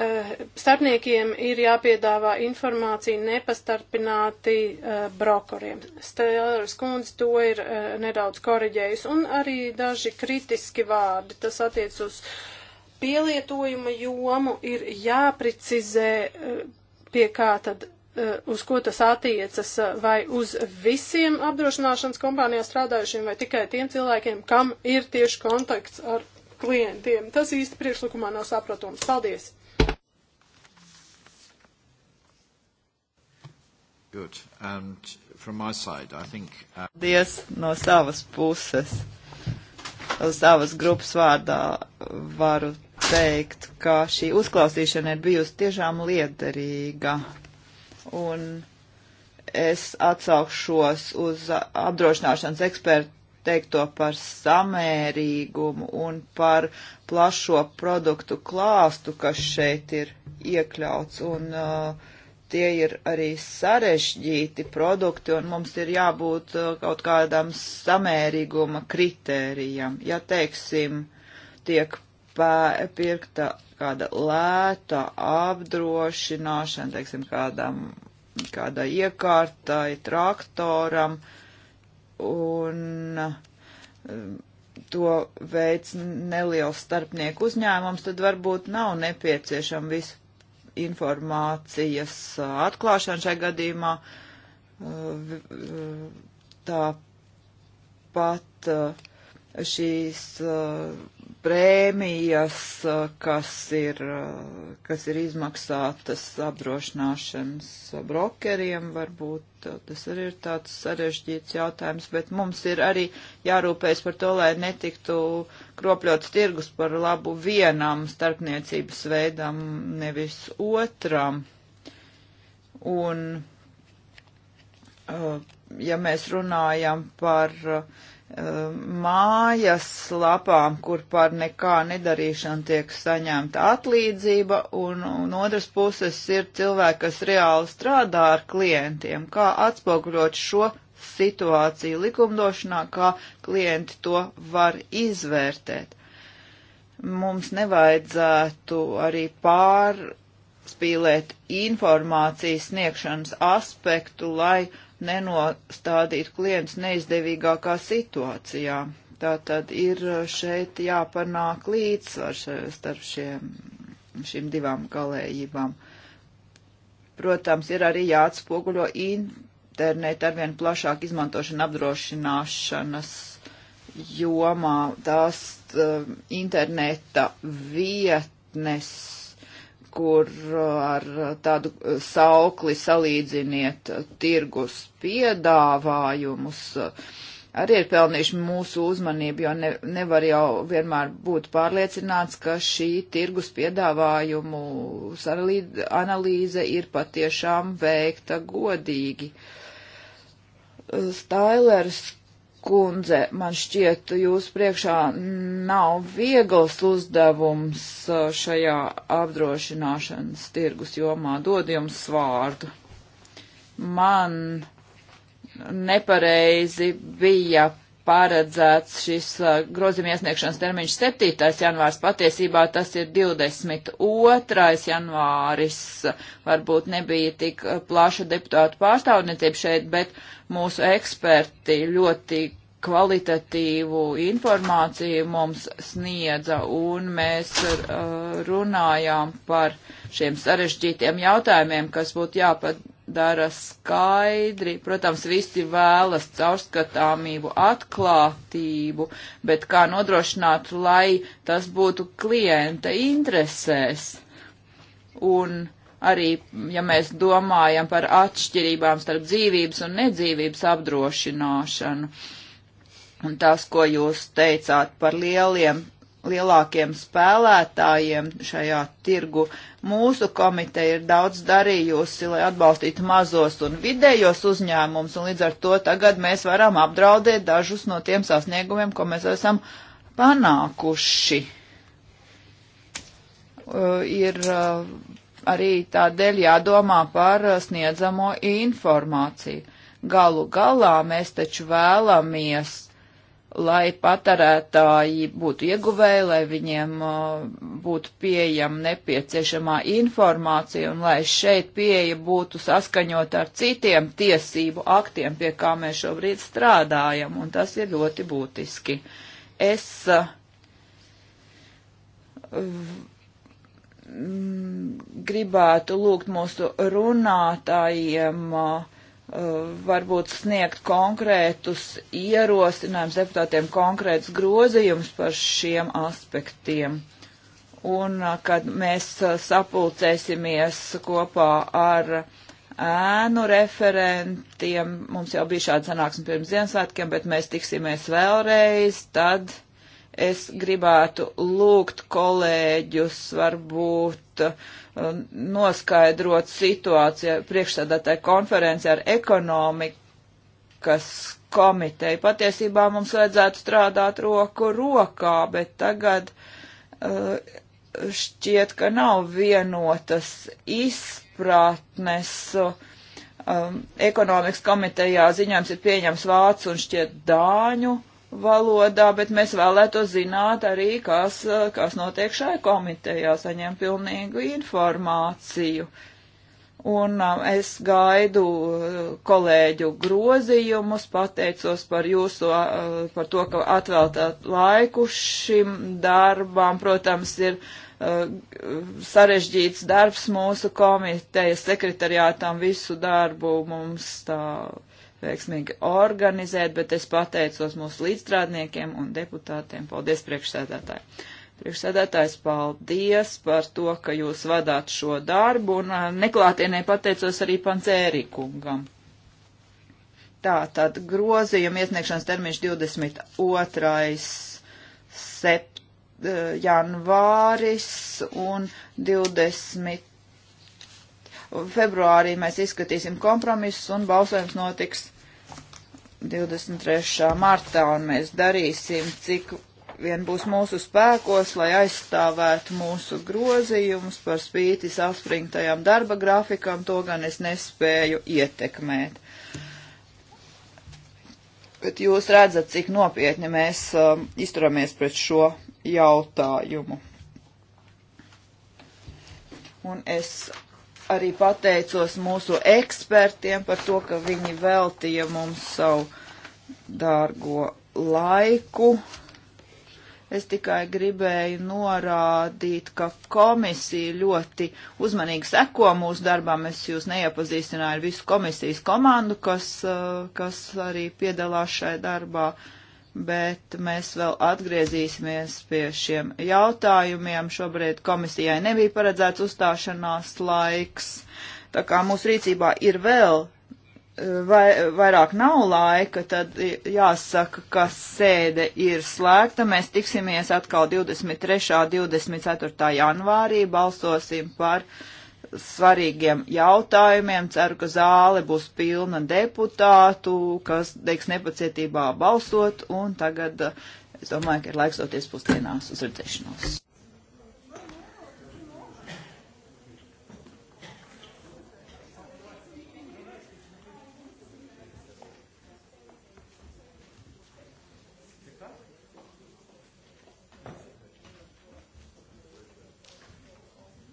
Eh, starpniekiem ir jāpiedāvā informācija nepastarpināti eh, brokeriem. Stēlers kundze to ir nedaudz koriģējis un arī daži kritiski vārdi. Tas attiec uz pielietojuma jomu ir jāprecizē pie kā tad Eh, uz ko tas attiecas, eh, vai uz visiem apdrošināšanas kompānijā strādājušiem, vai tikai tiem cilvēkiem, kam ir tieši kontakts ar klientiem. Tas īsti priekšlikumā nav saprotams. Paldies! Good. And from my side, I think... Uh... Paldies no savas puses. Uz savas grupas vārdā varu teikt, ka šī uzklausīšana ir bijusi tiešām liederīga un es atsaukšos uz apdrošināšanas ekspertu teikto par samērīgumu un par plašo produktu klāstu, kas šeit ir iekļauts. Un, uh, tie ir arī sarežģīti produkti, un mums ir jābūt uh, kaut kādam samērīguma kritērijam. Ja, teiksim, tiek pērkta kāda lēta apdrošināšana, teiksim, kādam, kādai iekārtai, traktoram, un um, to veids neliels starpnieku uzņēmums, tad varbūt nav nepieciešama visu informācijas atklāšana šajā gadījumā. Uh, uh, tāpat uh, šīs uh, prēmijas, uh, kas ir, uh, kas ir izmaksātas apdrošināšanas brokeriem, varbūt tas arī ir tāds sarežģīts jautājums, bet mums ir arī jārūpējas par to, lai netiktu kropļots tirgus par labu vienam starpniecības veidam, nevis otram. Un, ja mēs runājam par uh, mājas lapām, kur par nekā nedarīšanu tiek saņemta atlīdzība, un, un otras puses ir cilvēki, kas reāli strādā ar klientiem. Kā atspoguļot šo situāciju likumdošanā, kā klienti to var izvērtēt? Mums nevajadzētu arī pārspīlēt informācijas sniegšanas aspektu, lai uh, nenostādītu klientus neizdevīgākā situācijā. Tā tad ir eh, šeit jāpanāk līdzsvars starp šiem, šīm divām galējībām. Protams, ir arī jāatspoguļo interneta arvien plašāk izmantošana apdrošināšanas jomā. Tās uh, interneta vietnes kur uh, ar uh, tādu uh, saukli salīdziniet tirgus piedāvājumus, arī ir pelnījuši mūsu uzmanību, jo ne, nevar jau vienmēr būt pārliecināts, ka šī tirgus piedāvājumu analīze ir patiešām veikta godīgi. Stailers kundze, man šķiet, jūs priekšā nav viegls uzdevums uh, šajā apdrošināšanas tirgus jomā. Dod jums vārdu. Man nepareizi bija paredzēts šis grozījuma iesniegšanas termiņš 7. janvārs. Patiesībā tas ir 22. janvāris. Varbūt nebija tik plaša deputātu pārstāvniecība šeit, bet mūsu eksperti ļoti kvalitatīvu informāciju mums sniedza un mēs runājām par šiem sarežģītiem jautājumiem, kas būtu jāpad jādara skaidri. Protams, visi vēlas caurskatāmību, atklātību, bet kā nodrošināt, lai tas būtu klienta interesēs. Un arī, ja mēs domājam par atšķirībām starp dzīvības un nedzīvības apdrošināšanu. Un tas, ko jūs teicāt par lieliem lielākiem spēlētājiem šajā tirgu. Mūsu komiteja ir daudz darījusi, lai atbalstītu mazos un vidējos uzņēmumus, un līdz ar to tagad mēs varam apdraudēt dažus no tiem sasniegumiem, ko mēs esam panākuši. Uh, ir uh, arī tādēļ jādomā par uh, sniedzamo informāciju. Galu galā mēs taču vēlamies lai patarētāji būtu ieguvēji, lai viņiem uh, būtu pieejama nepieciešamā informācija un lai šeit pieeja būtu saskaņot ar citiem tiesību aktiem, pie kā mēs šobrīd strādājam, un tas ir ļoti būtiski. Es uh, gribētu lūgt mūsu runātājiem uh, varbūt sniegt konkrētus ierosinājumus deputātiem, konkrētus grozījumus par šiem aspektiem. Un kad mēs sapulcēsimies kopā ar ēnu referentiem, mums jau bija šāda sanāksme pirms Ziemassvētkiem, bet mēs tiksimies vēlreiz, tad es gribētu lūgt kolēģus varbūt uh, noskaidrot situāciju priekšsēdētāju konferenci ar ekonomikas komiteju. Patiesībā mums vajadzētu strādāt roku rokā, bet tagad uh, šķiet, ka nav vienotas izpratnes. Uh, um, ekonomikas komitejā ziņojums ir pieņems vācu un šķiet dāņu uh, valodā, bet mēs vēlētos zināt arī, kas, eh, kas notiek šai komitejā, saņem pilnīgu informāciju. Un eh, es gaidu eh, kolēģu grozījumus, pateicos par jūsu, par to, ka atvēltāt laiku šim darbam. Protams, ir sarežģīts darbs mūsu komitejas sekretariātām visu darbu mums tā veiksmīgi organizēt, bet es pateicos mūsu līdzstrādniekiem un deputātiem. Paldies, priekšsēdētāji! Priekšsēdētājs, paldies par to, ka jūs vadāt šo darbu, un neklātienē pateicos arī pancēri kungam. Tā, tad grozījuma iesniegšanas termiņš 22. Sept, janvāris un 20. februārī mēs izskatīsim kompromisus un balsojums notiks 23. martā, un mēs darīsim, cik vien būs mūsu spēkos, lai aizstāvētu mūsu grozījumus par spīti saspringtajām darba grafikam, to gan es nespēju ietekmēt. Bet jūs redzat, cik nopietni mēs um, izturamies pret šo jautājumu. Un es arī pateicos mūsu ekspertiem par to, ka viņi veltīja mums savu dārgo laiku. Es tikai gribēju norādīt, ka komisija ļoti uzmanīgi seko mūsu darbām. Es jūs neiepazīstināju ar visu komisijas komandu, kas, eh, kas arī piedalās šai darbā. Uh, bet mēs vēl atgriezīsimies pie šiem jautājumiem. Šobrīd komisijai nebija paredzēts uzstāšanās laiks, tā kā mūsu rīcībā ir vēl eh, vai, vairāk nav laika, tad jāsaka, ka sēde ir slēgta. Mēs tiksimies atkal 23. un 24. janvārī, balsosim par svarīgiem jautājumiem. Ceru, ka zāle būs pilna deputātu, kas teiks nepacietībā balsot, un tagad eh, es domāju, ka ir laiks doties pusdienās uz redzēšanos.